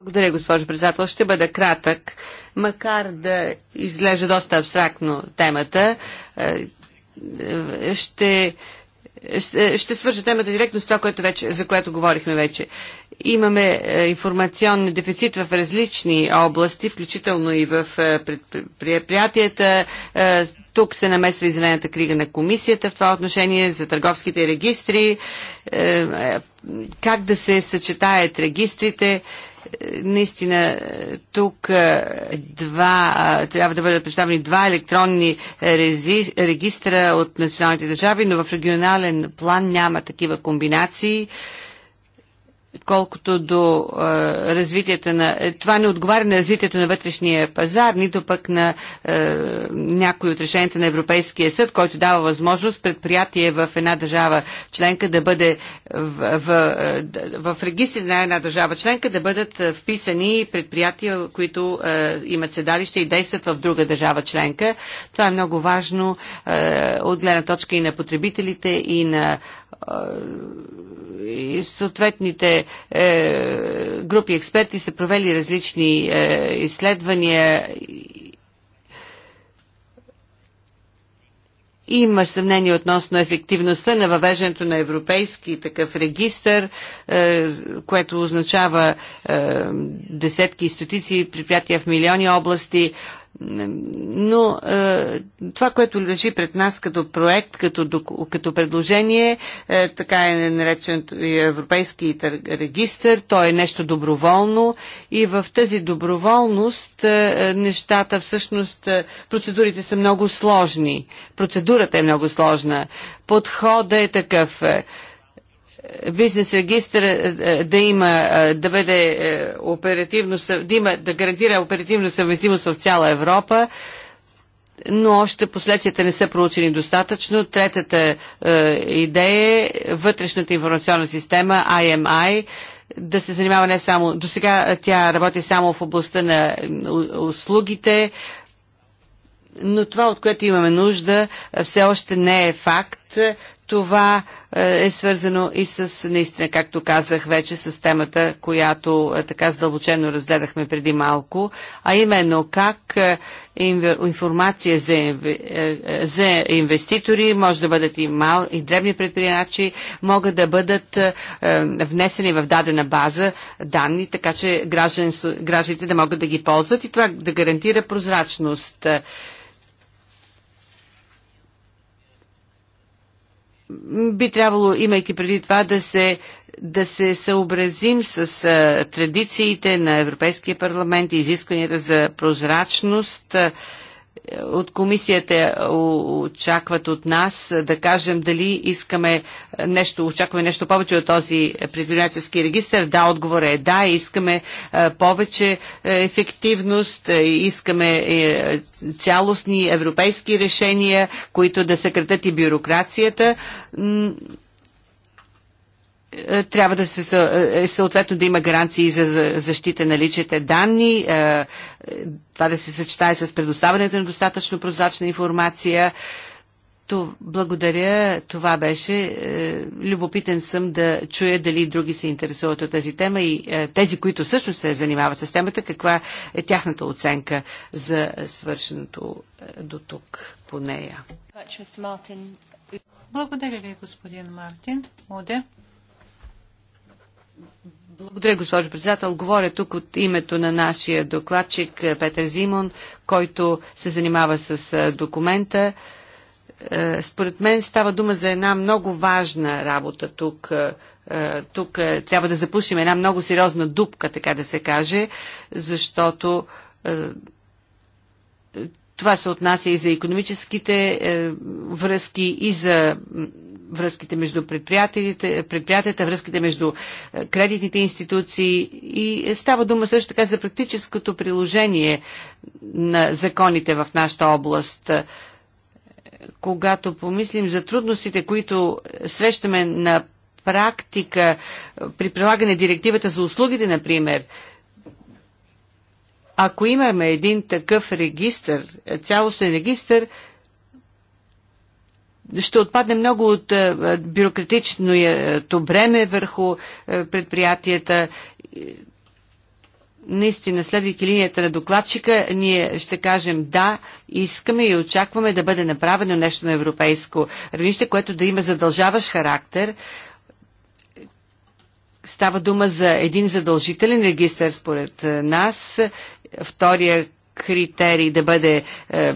Благодаря, госпожо председател. Ще бъда кратък, макар да изглежда доста абстрактно темата. Е, ще, ще, ще свържа темата директно с това, което вече, за което говорихме вече. Имаме е, информационен дефицит в различни области, включително и в е, предприятията. Е, тук се намесва и зелената крига на комисията в това отношение за търговските регистри. Как да се съчетаят регистрите? наистина тук два, трябва да бъдат представени два електронни регистра от националните държави, но в регионален план няма такива комбинации колкото до е, развитието на... Е, това не отговаря на развитието на вътрешния пазар, нито пък на е, някои от решенията на Европейския съд, който дава възможност предприятие в една държава членка да бъде в, в, в, регистри регистрите на една държава членка да бъдат вписани предприятия, които е, имат седалище и действат в друга държава членка. Това е много важно е, от гледна точка и на потребителите, и на е, и съответните е, групи експерти са провели различни е, изследвания. Има съмнение относно ефективността на въвеждането на европейски такъв регистр, е, което означава е, десетки и стотици предприятия в милиони области. Е, но е, това, което лежи пред нас като проект, като, като предложение, е, така е наречен Европейски регистр, то е нещо доброволно и в тази доброволност е, е, нещата всъщност, процедурите са много сложни. Процедурата е много сложна. Подходът е такъв. Е, бизнес регистър е, е, да има, е, да бъде оперативно, да, има, да гарантира оперативна съвместимост в цяла Европа, но още последствията не са проучени достатъчно. Третата идея е вътрешната информационна система IMI, да се занимава не само... До сега тя работи само в областта на услугите, но това, от което имаме нужда, все още не е факт. Това е, е свързано и с, наистина, както казах вече, с темата, която е, така задълбочено разгледахме преди малко, а именно как е, информация за, за инвеститори, може да бъдат и мал и дребни предприемачи, могат да бъдат внесени в дадена база данни, така че гражданите да могат да ги ползват и това да гарантира прозрачност. би трябвало, имайки преди това, да се, да се съобразим с а, традициите на Европейския парламент и изискванията за прозрачност. А, от комисията очакват от нас да кажем дали искаме нещо, очакваме нещо повече от този предпринимателски регистр. Да, отговор е да, искаме е, повече е, ефективност, е, искаме цялостни европейски решения, които да съкратят и бюрокрацията. Е, трябва да се е, е, съответно да има гаранции за защита на личните данни, това да се съчетае с предоставянето на достатъчно прозрачна информация. То, благодаря, това беше. Любопитен съм да чуя дали други се интересуват от тази тема и тези, които също се занимават с темата, каква е тяхната оценка за свършеното до тук по нея. Благодаря ви, господин Мартин. Моде. Благодаря, госпожо председател. Говоря тук от името на нашия докладчик е, Петър Зимон, който се занимава с е, документа. Е, според мен става дума за една много важна работа тук. Тук трябва да запушим една много сериозна дупка, така да се каже, защото това се отнася и за економическите връзки, и за връзките между предприятията, предприятията, връзките между е, кредитните институции и става дума също така за практическото приложение на законите в нашата област е, когато помислим за трудностите, които срещаме на практика е, при прилагане директивата за услугите, например, ако имаме един такъв регистр, цялостен регистр, ще отпадне много от е, е, бюрократичното бреме върху е, предприятията. Наистина, следвайки линията на докладчика, ние ще кажем да, искаме и очакваме да бъде направено нещо на европейско равнище, което да има задължаващ характер. Става дума за един задължителен регистр според нас. Втория критерий, да бъде е,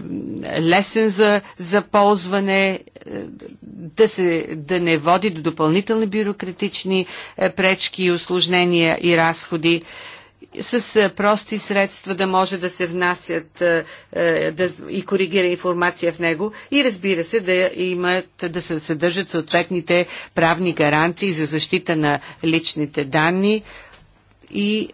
лесен за, за ползване, е, да, се, да не води до допълнителни бюрократични е, пречки, осложнения и разходи. С е, прости средства да може да се внасят е, е, да, и коригира информация в него и разбира се да имат, да се съдържат съответните правни гаранции за защита на личните данни и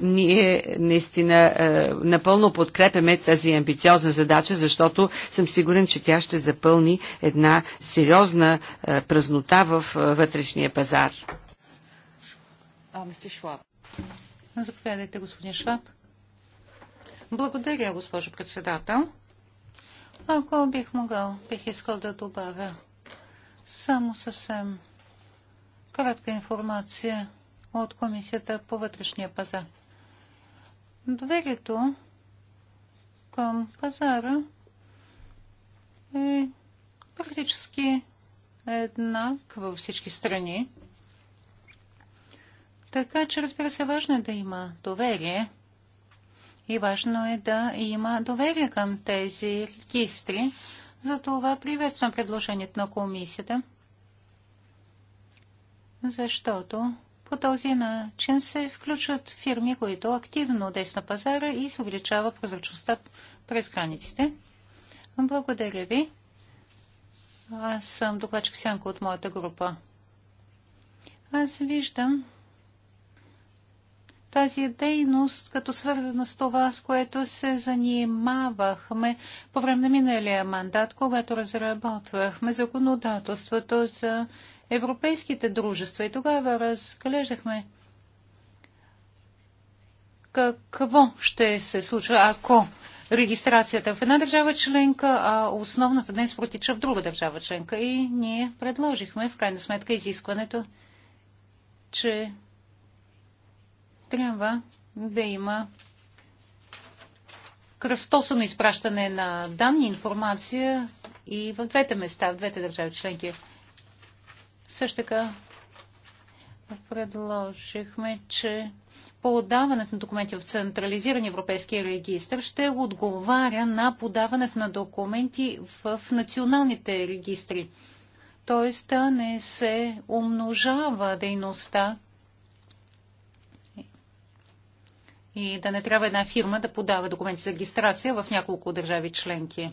ние наистина е, напълно подкрепяме тази амбициозна задача, защото съм сигурен, че тя ще запълни една сериозна е, празнота в е, вътрешния пазар. Заповядайте, господин Шваб. Благодаря, госпожо председател. Ако бих могъл, бих искал да добавя само съвсем кратка информация от Комисията по вътрешния пазар. Доверието към пазара е практически еднак във всички страни. Така че, разбира се, важно е да има доверие и важно е да има доверие към тези регистри. Затова приветствам предложението на комисията, защото по този начин се включват фирми, които активно действат на пазара и се увеличава прозрачността през границите. Благодаря ви. Аз съм докладчик Сянко от моята група. Аз виждам тази дейност като свързана с това, с което се занимавахме по време на миналия мандат, когато разработвахме законодателството за европейските дружества. И тогава разглеждахме какво ще се случва, ако регистрацията в една държава членка, а основната днес протича в друга държава членка. И ние предложихме, в крайна сметка, изискването, че трябва да има кръстосано изпращане на данни, информация и в двете места, в двете държави членки. Също така предложихме, че подаването на документи в централизиран европейски регистр ще отговаря на подаването на документи в националните регистри. Тоест да не се умножава дейността и да не трябва една фирма да подава документи за регистрация в няколко държави членки.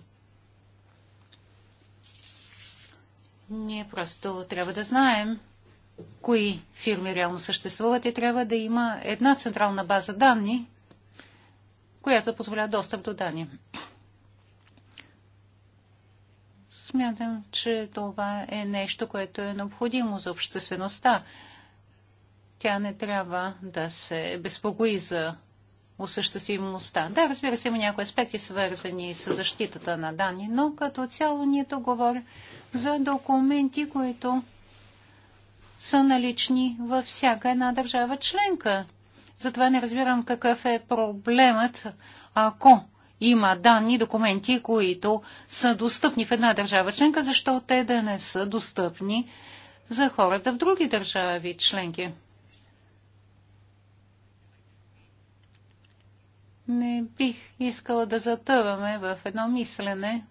Ние просто трябва да знаем кои фирми реално съществуват и трябва да има една централна база данни, която позволя достъп до данни. Смятам, че това е нещо, което е необходимо за обществеността. Тя не трябва да се безпокои за осъществимостта. Да, разбира се, има някои аспекти свързани с защитата на данни, но като цяло ние то говорим за документи, които са налични във всяка една държава членка. Затова не разбирам какъв е проблемът, ако има данни, документи, които са достъпни в една държава членка, защо те да не са достъпни за хората в други държави членки. Не бих искала да затъваме в едно мислене,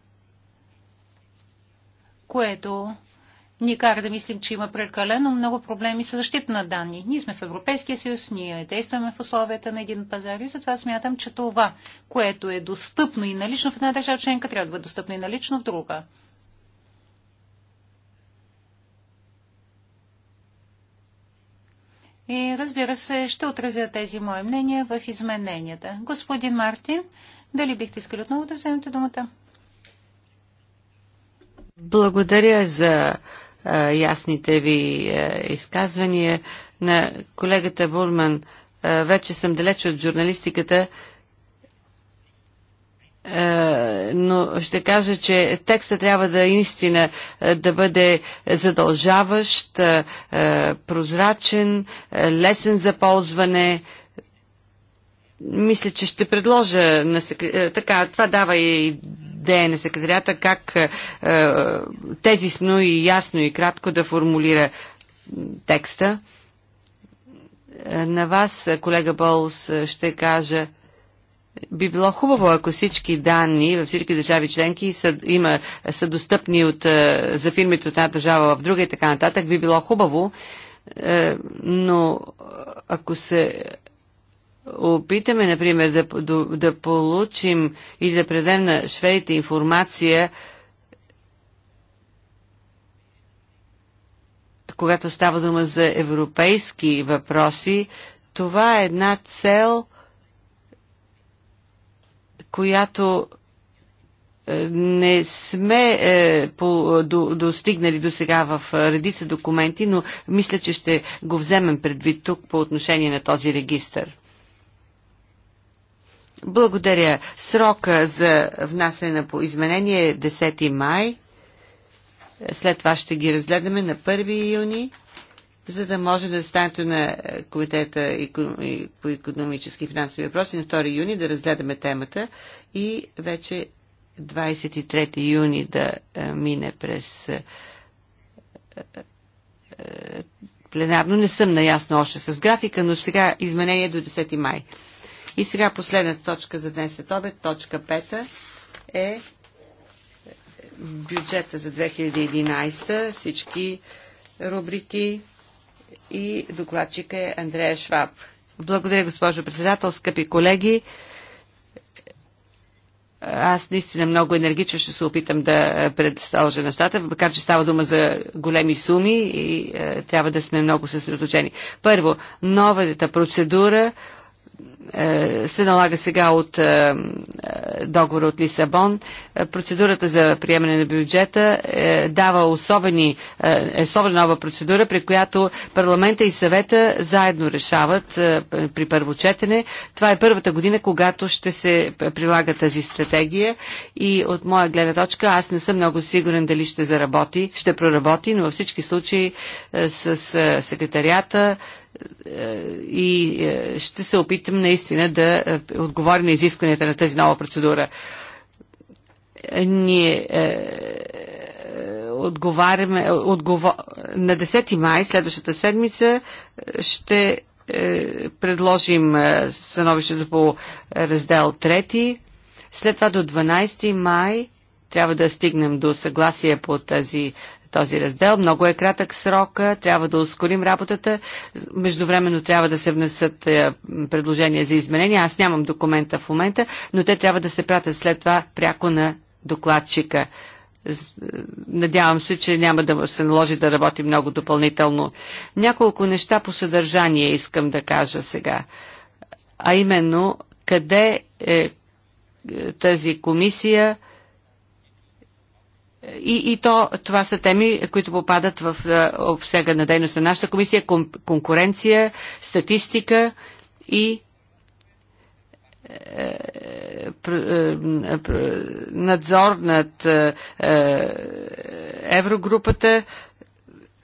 което ни кара да мислим, че има прекалено много проблеми с защита на данни. Ние сме в Европейския съюз, ние действаме в условията на един пазар и затова смятам, че това, което е достъпно и налично в една държава членка, трябва да бъде достъпно и налично в друга. И разбира се, ще отразя тези мои мнения в измененията. Господин Мартин, дали бихте искали отново да вземете думата? Благодаря за а, ясните ви а, изказвания. На колегата Бурман а, вече съм далеч от журналистиката е, но ще кажа, че текста трябва да истина е, да бъде задължаващ, е, прозрачен, лесен за ползване. Мисля, че ще предложа на секре... така, това дава и идея на секретарята как тезисно и ясно и кратко да формулира текста. На вас, колега Болс, ще кажа, би било хубаво, ако всички данни във всички държави членки са, има, са достъпни от, е, за фирмите от една държава в друга и така нататък, би било хубаво, е, но е, ако се опитаме, например, да, да, да получим или да предадем на шведите информация, когато става дума за европейски въпроси, това е една цел – която е, не сме е, по, до, достигнали до сега в е, редица документи, но мисля, че ще го вземем предвид тук по отношение на този регистр. Благодаря. Срока за внасяне на изменение е 10 май. След това ще ги разгледаме на 1 юни за да може да станете на Комитета по економически и финансови въпроси на 2 юни да разгледаме темата и вече 23 юни да е, мине през е, е, пленарно. Не съм наясно още с графика, но сега изменение до 10 май. И сега последната точка за днес след обед, точка 5 е бюджета за 2011, всички рубрики, и докладчик е Андрея Шваб. Благодаря, госпожо председател, скъпи колеги. Аз наистина много енергично ще се опитам да предстължа нещата, макар че става дума за големи суми и е, трябва да сме много съсредоточени. Първо, новата процедура е, се налага сега от е, договора от Лисабон. Е, процедурата за приемане на бюджета дава особени, особена нова процедура, при която парламента и съвета заедно решават при първо четене. Това е първата година, когато ще се прилага тази стратегия и от моя гледна точка аз не съм много сигурен дали ще заработи, ще проработи, но във всички случаи с секретарията и е, ще се опитам наистина да е, отговоря на изискванията на тази нова процедура. Ние е, отговаряме, отговор... на 10 май, следващата седмица, ще предложим становището по раздел 3. След това до 12 май трябва да стигнем до съгласие по тази този раздел. Много е кратък срок, трябва да ускорим работата. Междувременно трябва да се внесат е, предложения за изменения. Аз нямам документа в момента, но те трябва да се пратят след това пряко на докладчика. Е, надявам се, че няма да се наложи да работи много допълнително. Няколко неща по съдържание искам да кажа сега. А именно, къде е, е тази комисия, и, и то, това са теми, които попадат в е, обсега на дейност на нашата комисия. Конкуренция, статистика и е, е, надзор над еврогрупата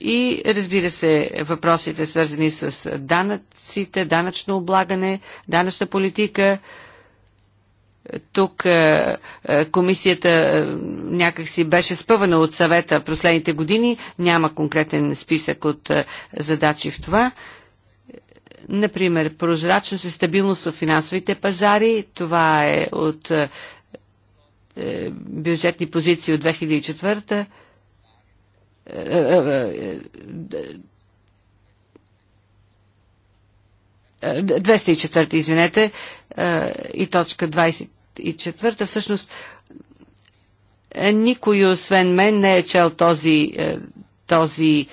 и разбира се въпросите свързани с данъците, данъчно облагане, данъчна политика, тук е, е, комисията е, някакси беше спъвана от съвета последните години. Няма конкретен списък от задачи в това. Например, прозрачност и стабилност в финансовите пазари. Това е от бюджетни позиции от 2004 204, извинете, и точка 24, всъщност е, никой освен мен не е чел този, е, този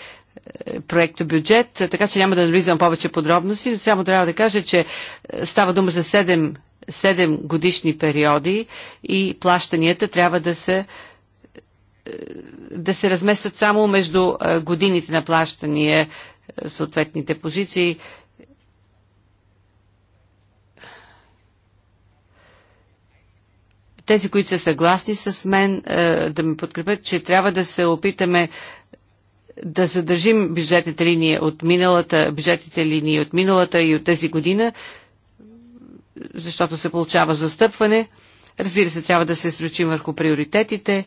е, проект бюджет, така че няма да навлизам повече подробности, но само трябва да кажа, че става дума за 7, 7 годишни периоди и плащанията трябва да се да се разместят само между годините на плащания съответните позиции тези, които са съгласни с мен, е, да ме подкрепят, че трябва да се опитаме да задържим бюджетните линии от миналата, бюджетните линии от миналата и от тази година, защото се получава застъпване. Разбира се, трябва да се сручим върху приоритетите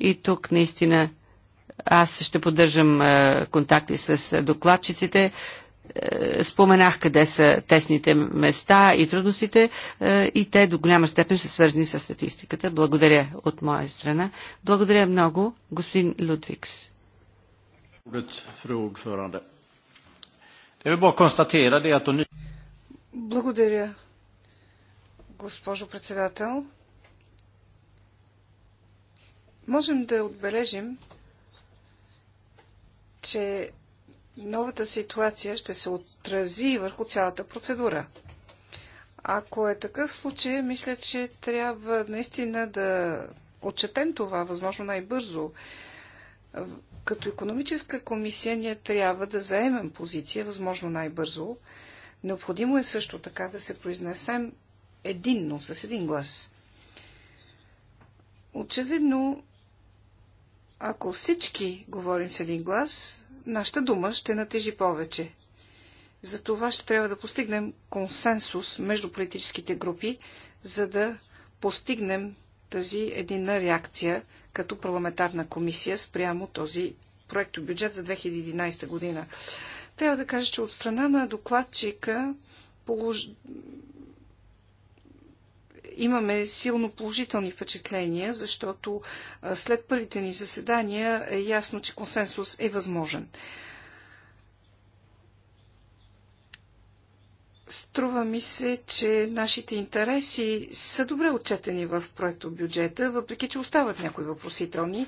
и тук наистина аз ще поддържам е, контакти с е, докладчиците. Е, споменах къде са тесните места и трудностите е, и те до голяма степен са свързани с статистиката. Благодаря от моя страна. Благодаря много, господин Лудвикс. Благодаря, госпожо председател. Можем да отбележим, че новата ситуация ще се отрази върху цялата процедура. Ако е такъв случай, мисля, че трябва наистина да отчетем това, възможно най-бързо. Като економическа комисия ние трябва да заемем позиция, възможно най-бързо. Необходимо е също така да се произнесем единно, с един глас. Очевидно, ако всички говорим с един глас, нашата дума ще натежи повече. За това ще трябва да постигнем консенсус между политическите групи, за да постигнем тази единна реакция като парламентарна комисия спрямо този проект бюджет за 2011 година. Трябва да кажа, че от страна на докладчика имаме силно положителни впечатления, защото след първите ни заседания е ясно, че консенсус е възможен. Струва ми се, че нашите интереси са добре отчетени в проекто бюджета, въпреки че остават някои въпросителни.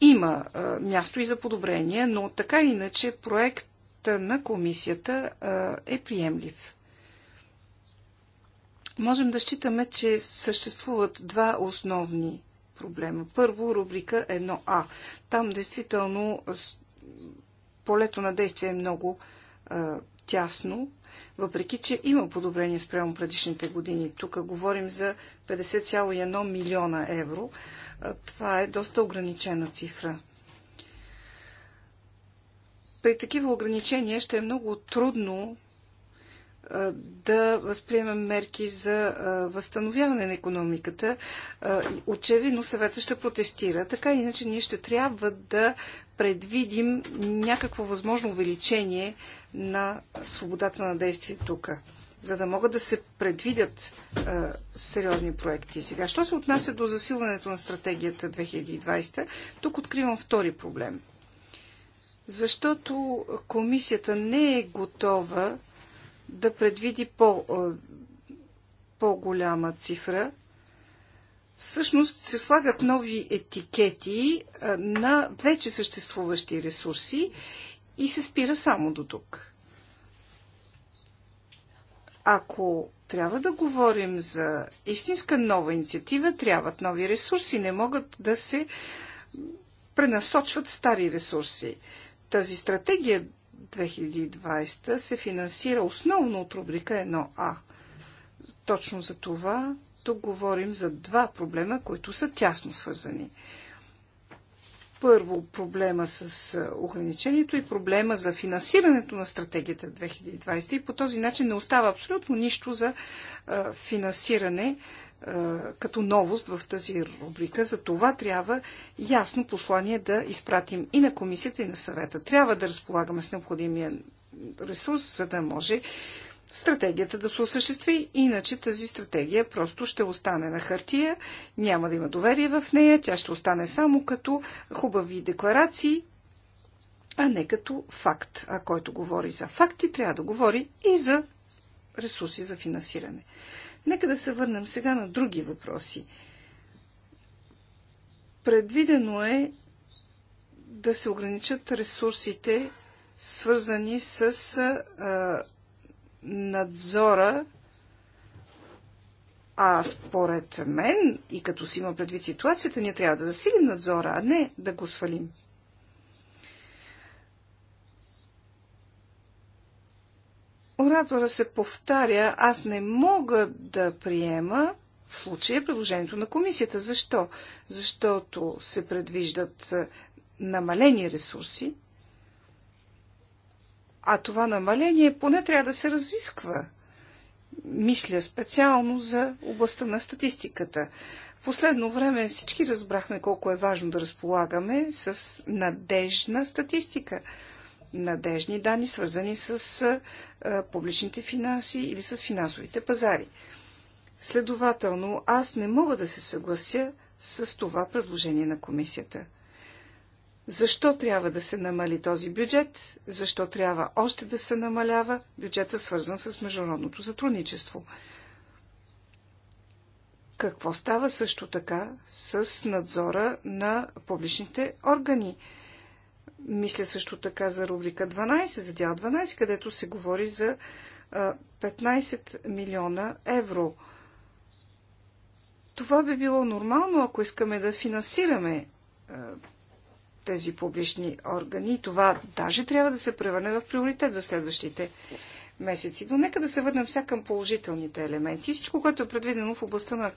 Има а, място и за подобрение, но така иначе проект на комисията а, е приемлив можем да считаме, че съществуват два основни проблема. Първо, рубрика 1А. Там действително полето на действие е много а, тясно, въпреки че има подобрение спрямо предишните години. Тук говорим за 50,1 милиона евро. А, това е доста ограничена цифра. При такива ограничения ще е много трудно да възприемем мерки за възстановяване на економиката. Очевидно съвета ще протестира. Така иначе ние ще трябва да предвидим някакво възможно увеличение на свободата на действие тук, за да могат да се предвидят сериозни проекти. Сега, що се отнася до засилването на стратегията 2020, тук откривам втори проблем. Защото комисията не е готова да предвиди по, е, по-голяма цифра. Всъщност се слагат нови етикети е, на вече съществуващи ресурси и се спира само до тук. Ако трябва да говорим за истинска нова инициатива, трябват нови ресурси. Не могат да се пренасочват стари ресурси. Тази стратегия 2020 се финансира основно от рубрика 1А. Точно за това тук говорим за два проблема, които са тясно свързани. Първо проблема с ограничението и проблема за финансирането на стратегията 2020 и по този начин не остава абсолютно нищо за финансиране е, като новост в тази рубрика. За това трябва ясно послание да изпратим и на комисията, и на съвета. Трябва да разполагаме с необходимия ресурс, за да може стратегията да се осъществи, иначе тази стратегия просто ще остане на хартия, няма да има доверие в нея, тя ще остане само като хубави декларации, а не като факт. А който говори за факти, трябва да говори и за ресурси за финансиране. Нека да се върнем сега на други въпроси. Предвидено е да се ограничат ресурсите, свързани с а, надзора, а според мен, и като си има предвид ситуацията, ние трябва да засилим надзора, а не да го свалим. Оратора се повтаря, аз не мога да приема в случая предложението на комисията. Защо? Защото се предвиждат е, намалени ресурси, а това намаление поне трябва да се разисква. Мисля специално за областта на статистиката. В последно време всички разбрахме колко е важно да разполагаме с надежна статистика – надежни данни, свързани с публичните финанси или с финансовите пазари. Следователно, аз не мога да се съглася с това предложение на комисията. Защо трябва да се намали този бюджет? Защо трябва още да се намалява бюджета, свързан с международното сътрудничество? Какво става също така с надзора на публичните органи? Мисля също така за рубрика 12, за дял 12, където се говори за 15 милиона евро. Това би било нормално, ако искаме да финансираме тези публични органи. И това даже трябва да се превърне в приоритет за следващите месеци. Но нека да се върнем сега към положителните елементи. Всичко, което е предвидено в областта на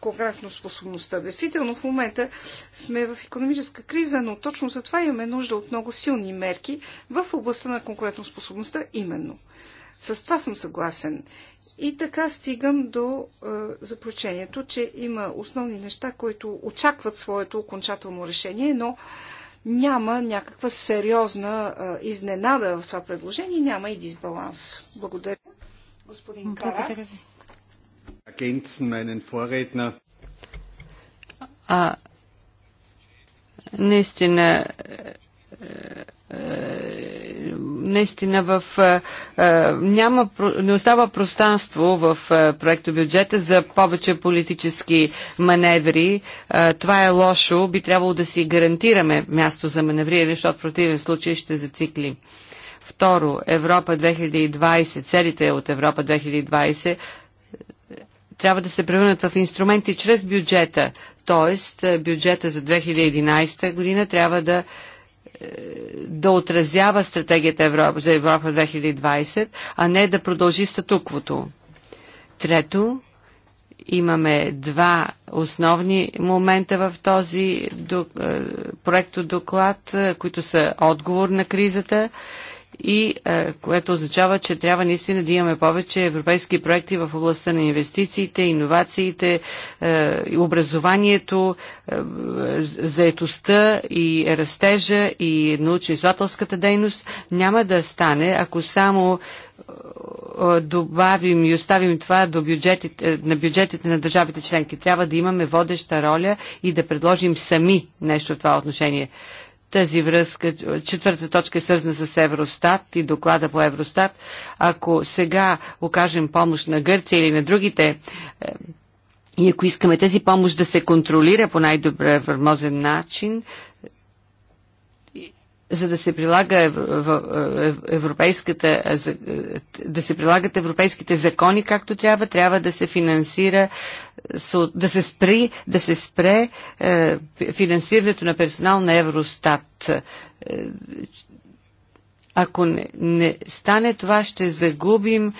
конкретно способността. Действително в момента сме в економическа криза, но точно за това имаме нужда от много силни мерки в областта на конкретно способността именно. С това съм съгласен. И така стигам до е, заключението, че има основни неща, които очакват своето окончателно решение, но няма някаква сериозна а, изненада в това предложение, няма и дисбаланс. Благодаря. Господин Карас. Благодаря. А, наистина е, е, наистина в, няма, не остава пространство в проекто бюджета за повече политически маневри. Това е лошо. Би трябвало да си гарантираме място за маневриране, защото в противен случай ще зацикли. Второ, Европа 2020, целите от Европа 2020 трябва да се превърнат в инструменти чрез бюджета. Тоест, бюджета за 2011 година трябва да да отразява стратегията Европа, за Европа 2020, а не да продължи статуквото. Трето, имаме два основни момента в този е, проекто доклад, е, които са отговор на кризата и е, което означава, че трябва наистина да имаме повече европейски проекти в областта на инвестициите, иновациите, е, образованието, е, заетостта и растежа и научно-изследователската дейност. Няма да стане, ако само добавим и оставим това до бюджетите, на бюджетите на държавите членки. Трябва да имаме водеща роля и да предложим сами нещо в това отношение тази връзка, четвърта точка е свързана с Евростат и доклада по Евростат. Ако сега окажем помощ на Гърция или на другите е, и ако искаме тази помощ да се контролира по най-добре възможен начин, за да се прилага европейската, да се прилагат европейските закони както трябва, трябва да се финансира, да се спре, да се спре финансирането на персонал на Евростат. Е, ако не, не стане това, ще загубим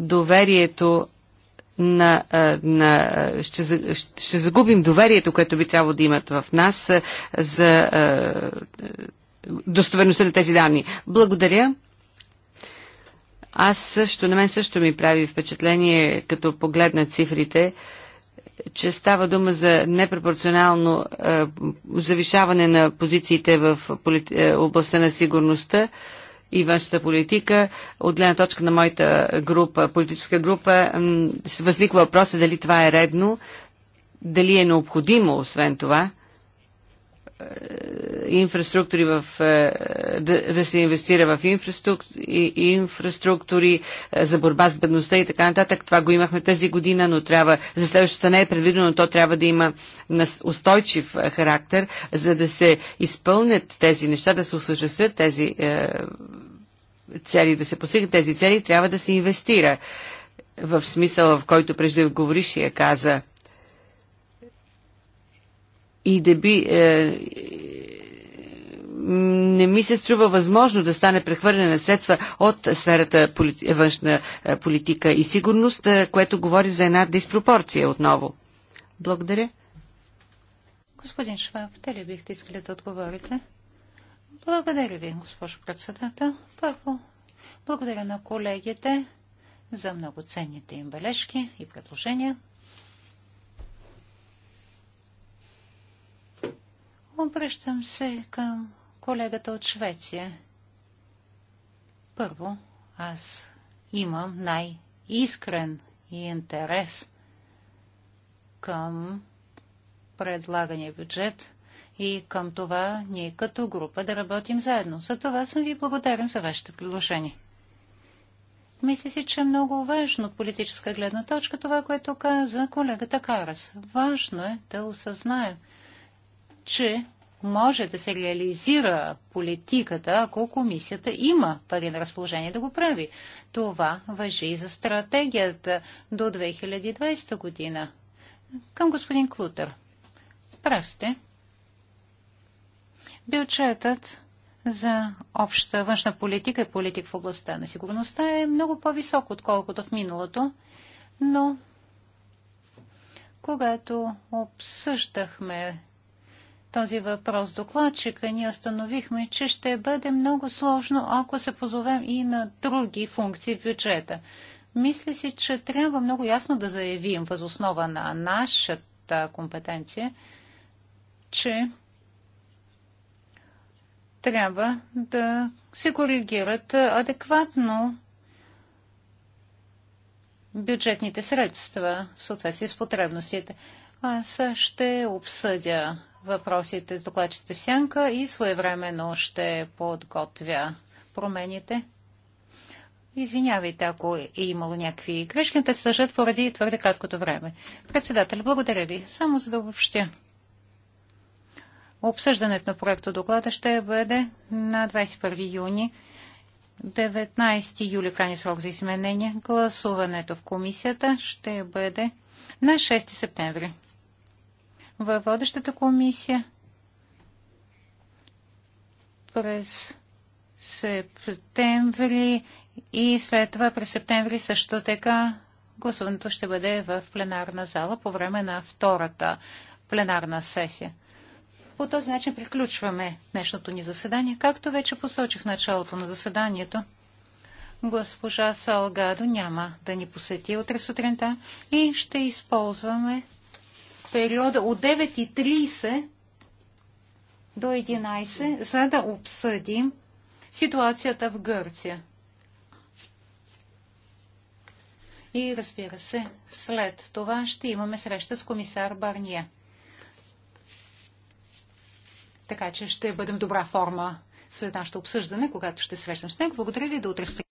доверието на, е, на, ще, ще загубим доверието, което би трябвало да имат в нас е, за достоверността на тези данни. Благодаря. Аз също, на мен също ми прави впечатление, като погледна цифрите, че става дума за непропорционално е, завишаване на позициите в полит... Е, областта на сигурността и външната политика. От гледна точка на моята група, политическа група, възниква въпроса дали това е редно, дали е необходимо, освен това е, инфраструктури в, е, да, да се инвестира в инфраструктури, инфраструктури е, за борба с бедността и така нататък. Това го имахме тази година, но трябва, за следващата не е предвидено, но то трябва да има устойчив характер, за да се изпълнят тези неща, да се осъществят тези цели, да се постигнат тези цели, трябва да се инвестира в смисъл, в който преждеговорившия каза – и да би е, не ми се струва възможно да стане прехвърляне на средства от сферата полит... външна е, политика и сигурност, е, което говори за една диспропорция отново. Благодаря. Господин Шваб, те ли бихте искали да отговорите? Благодаря ви, госпожо председател. Първо, благодаря на колегите за много ценните им бележки и предложения. Обръщам се към колегата от Швеция. Първо, аз имам най-искрен интерес към предлагания бюджет и към това ние като група да работим заедно. За това съм ви благодарен за вашето предложение. Мисля си, че е много важно от политическа гледна точка това, което каза колегата Карас. Важно е да осъзнаем, че може да се реализира политиката, ако комисията има пари на разположение да го прави. Това въжи и за стратегията до 2020 година. Към господин Клутър. Прав сте. Бюджетът за обща външна политика и политик в областта на сигурността е много по-висок, отколкото в миналото, но когато обсъждахме този въпрос докладчика, ние установихме, че ще бъде много сложно, ако се позовем и на други функции в бюджета. Мисля си, че трябва много ясно да заявим възоснова на нашата компетенция, че трябва да се коригират адекватно бюджетните средства в съответствие с потребностите. Аз ще обсъдя въпросите с докладчите в сянка и своевременно ще подготвя промените. Извинявайте, ако е имало някакви грешки, те се държат поради твърде краткото време. Председател, благодаря ви. Само за да обобщя. Обсъждането на проекто доклада ще бъде на 21 юни. 19 юли крайни срок за изменение. Гласуването в комисията ще бъде на 6 септември във водещата комисия през септември и след това през септември също така гласуването ще бъде в пленарна зала по време на втората пленарна сесия. По този начин приключваме днешното ни заседание. Както вече посочих в началото на заседанието, госпожа Салгадо няма да ни посети утре сутринта и ще използваме периода от 9.30 до 11, за да обсъдим ситуацията в Гърция. И разбира се, след това ще имаме среща с комисар Барния. Така че ще бъдем добра форма след нашето обсъждане, когато ще срещам с него. Благодаря ви до утре.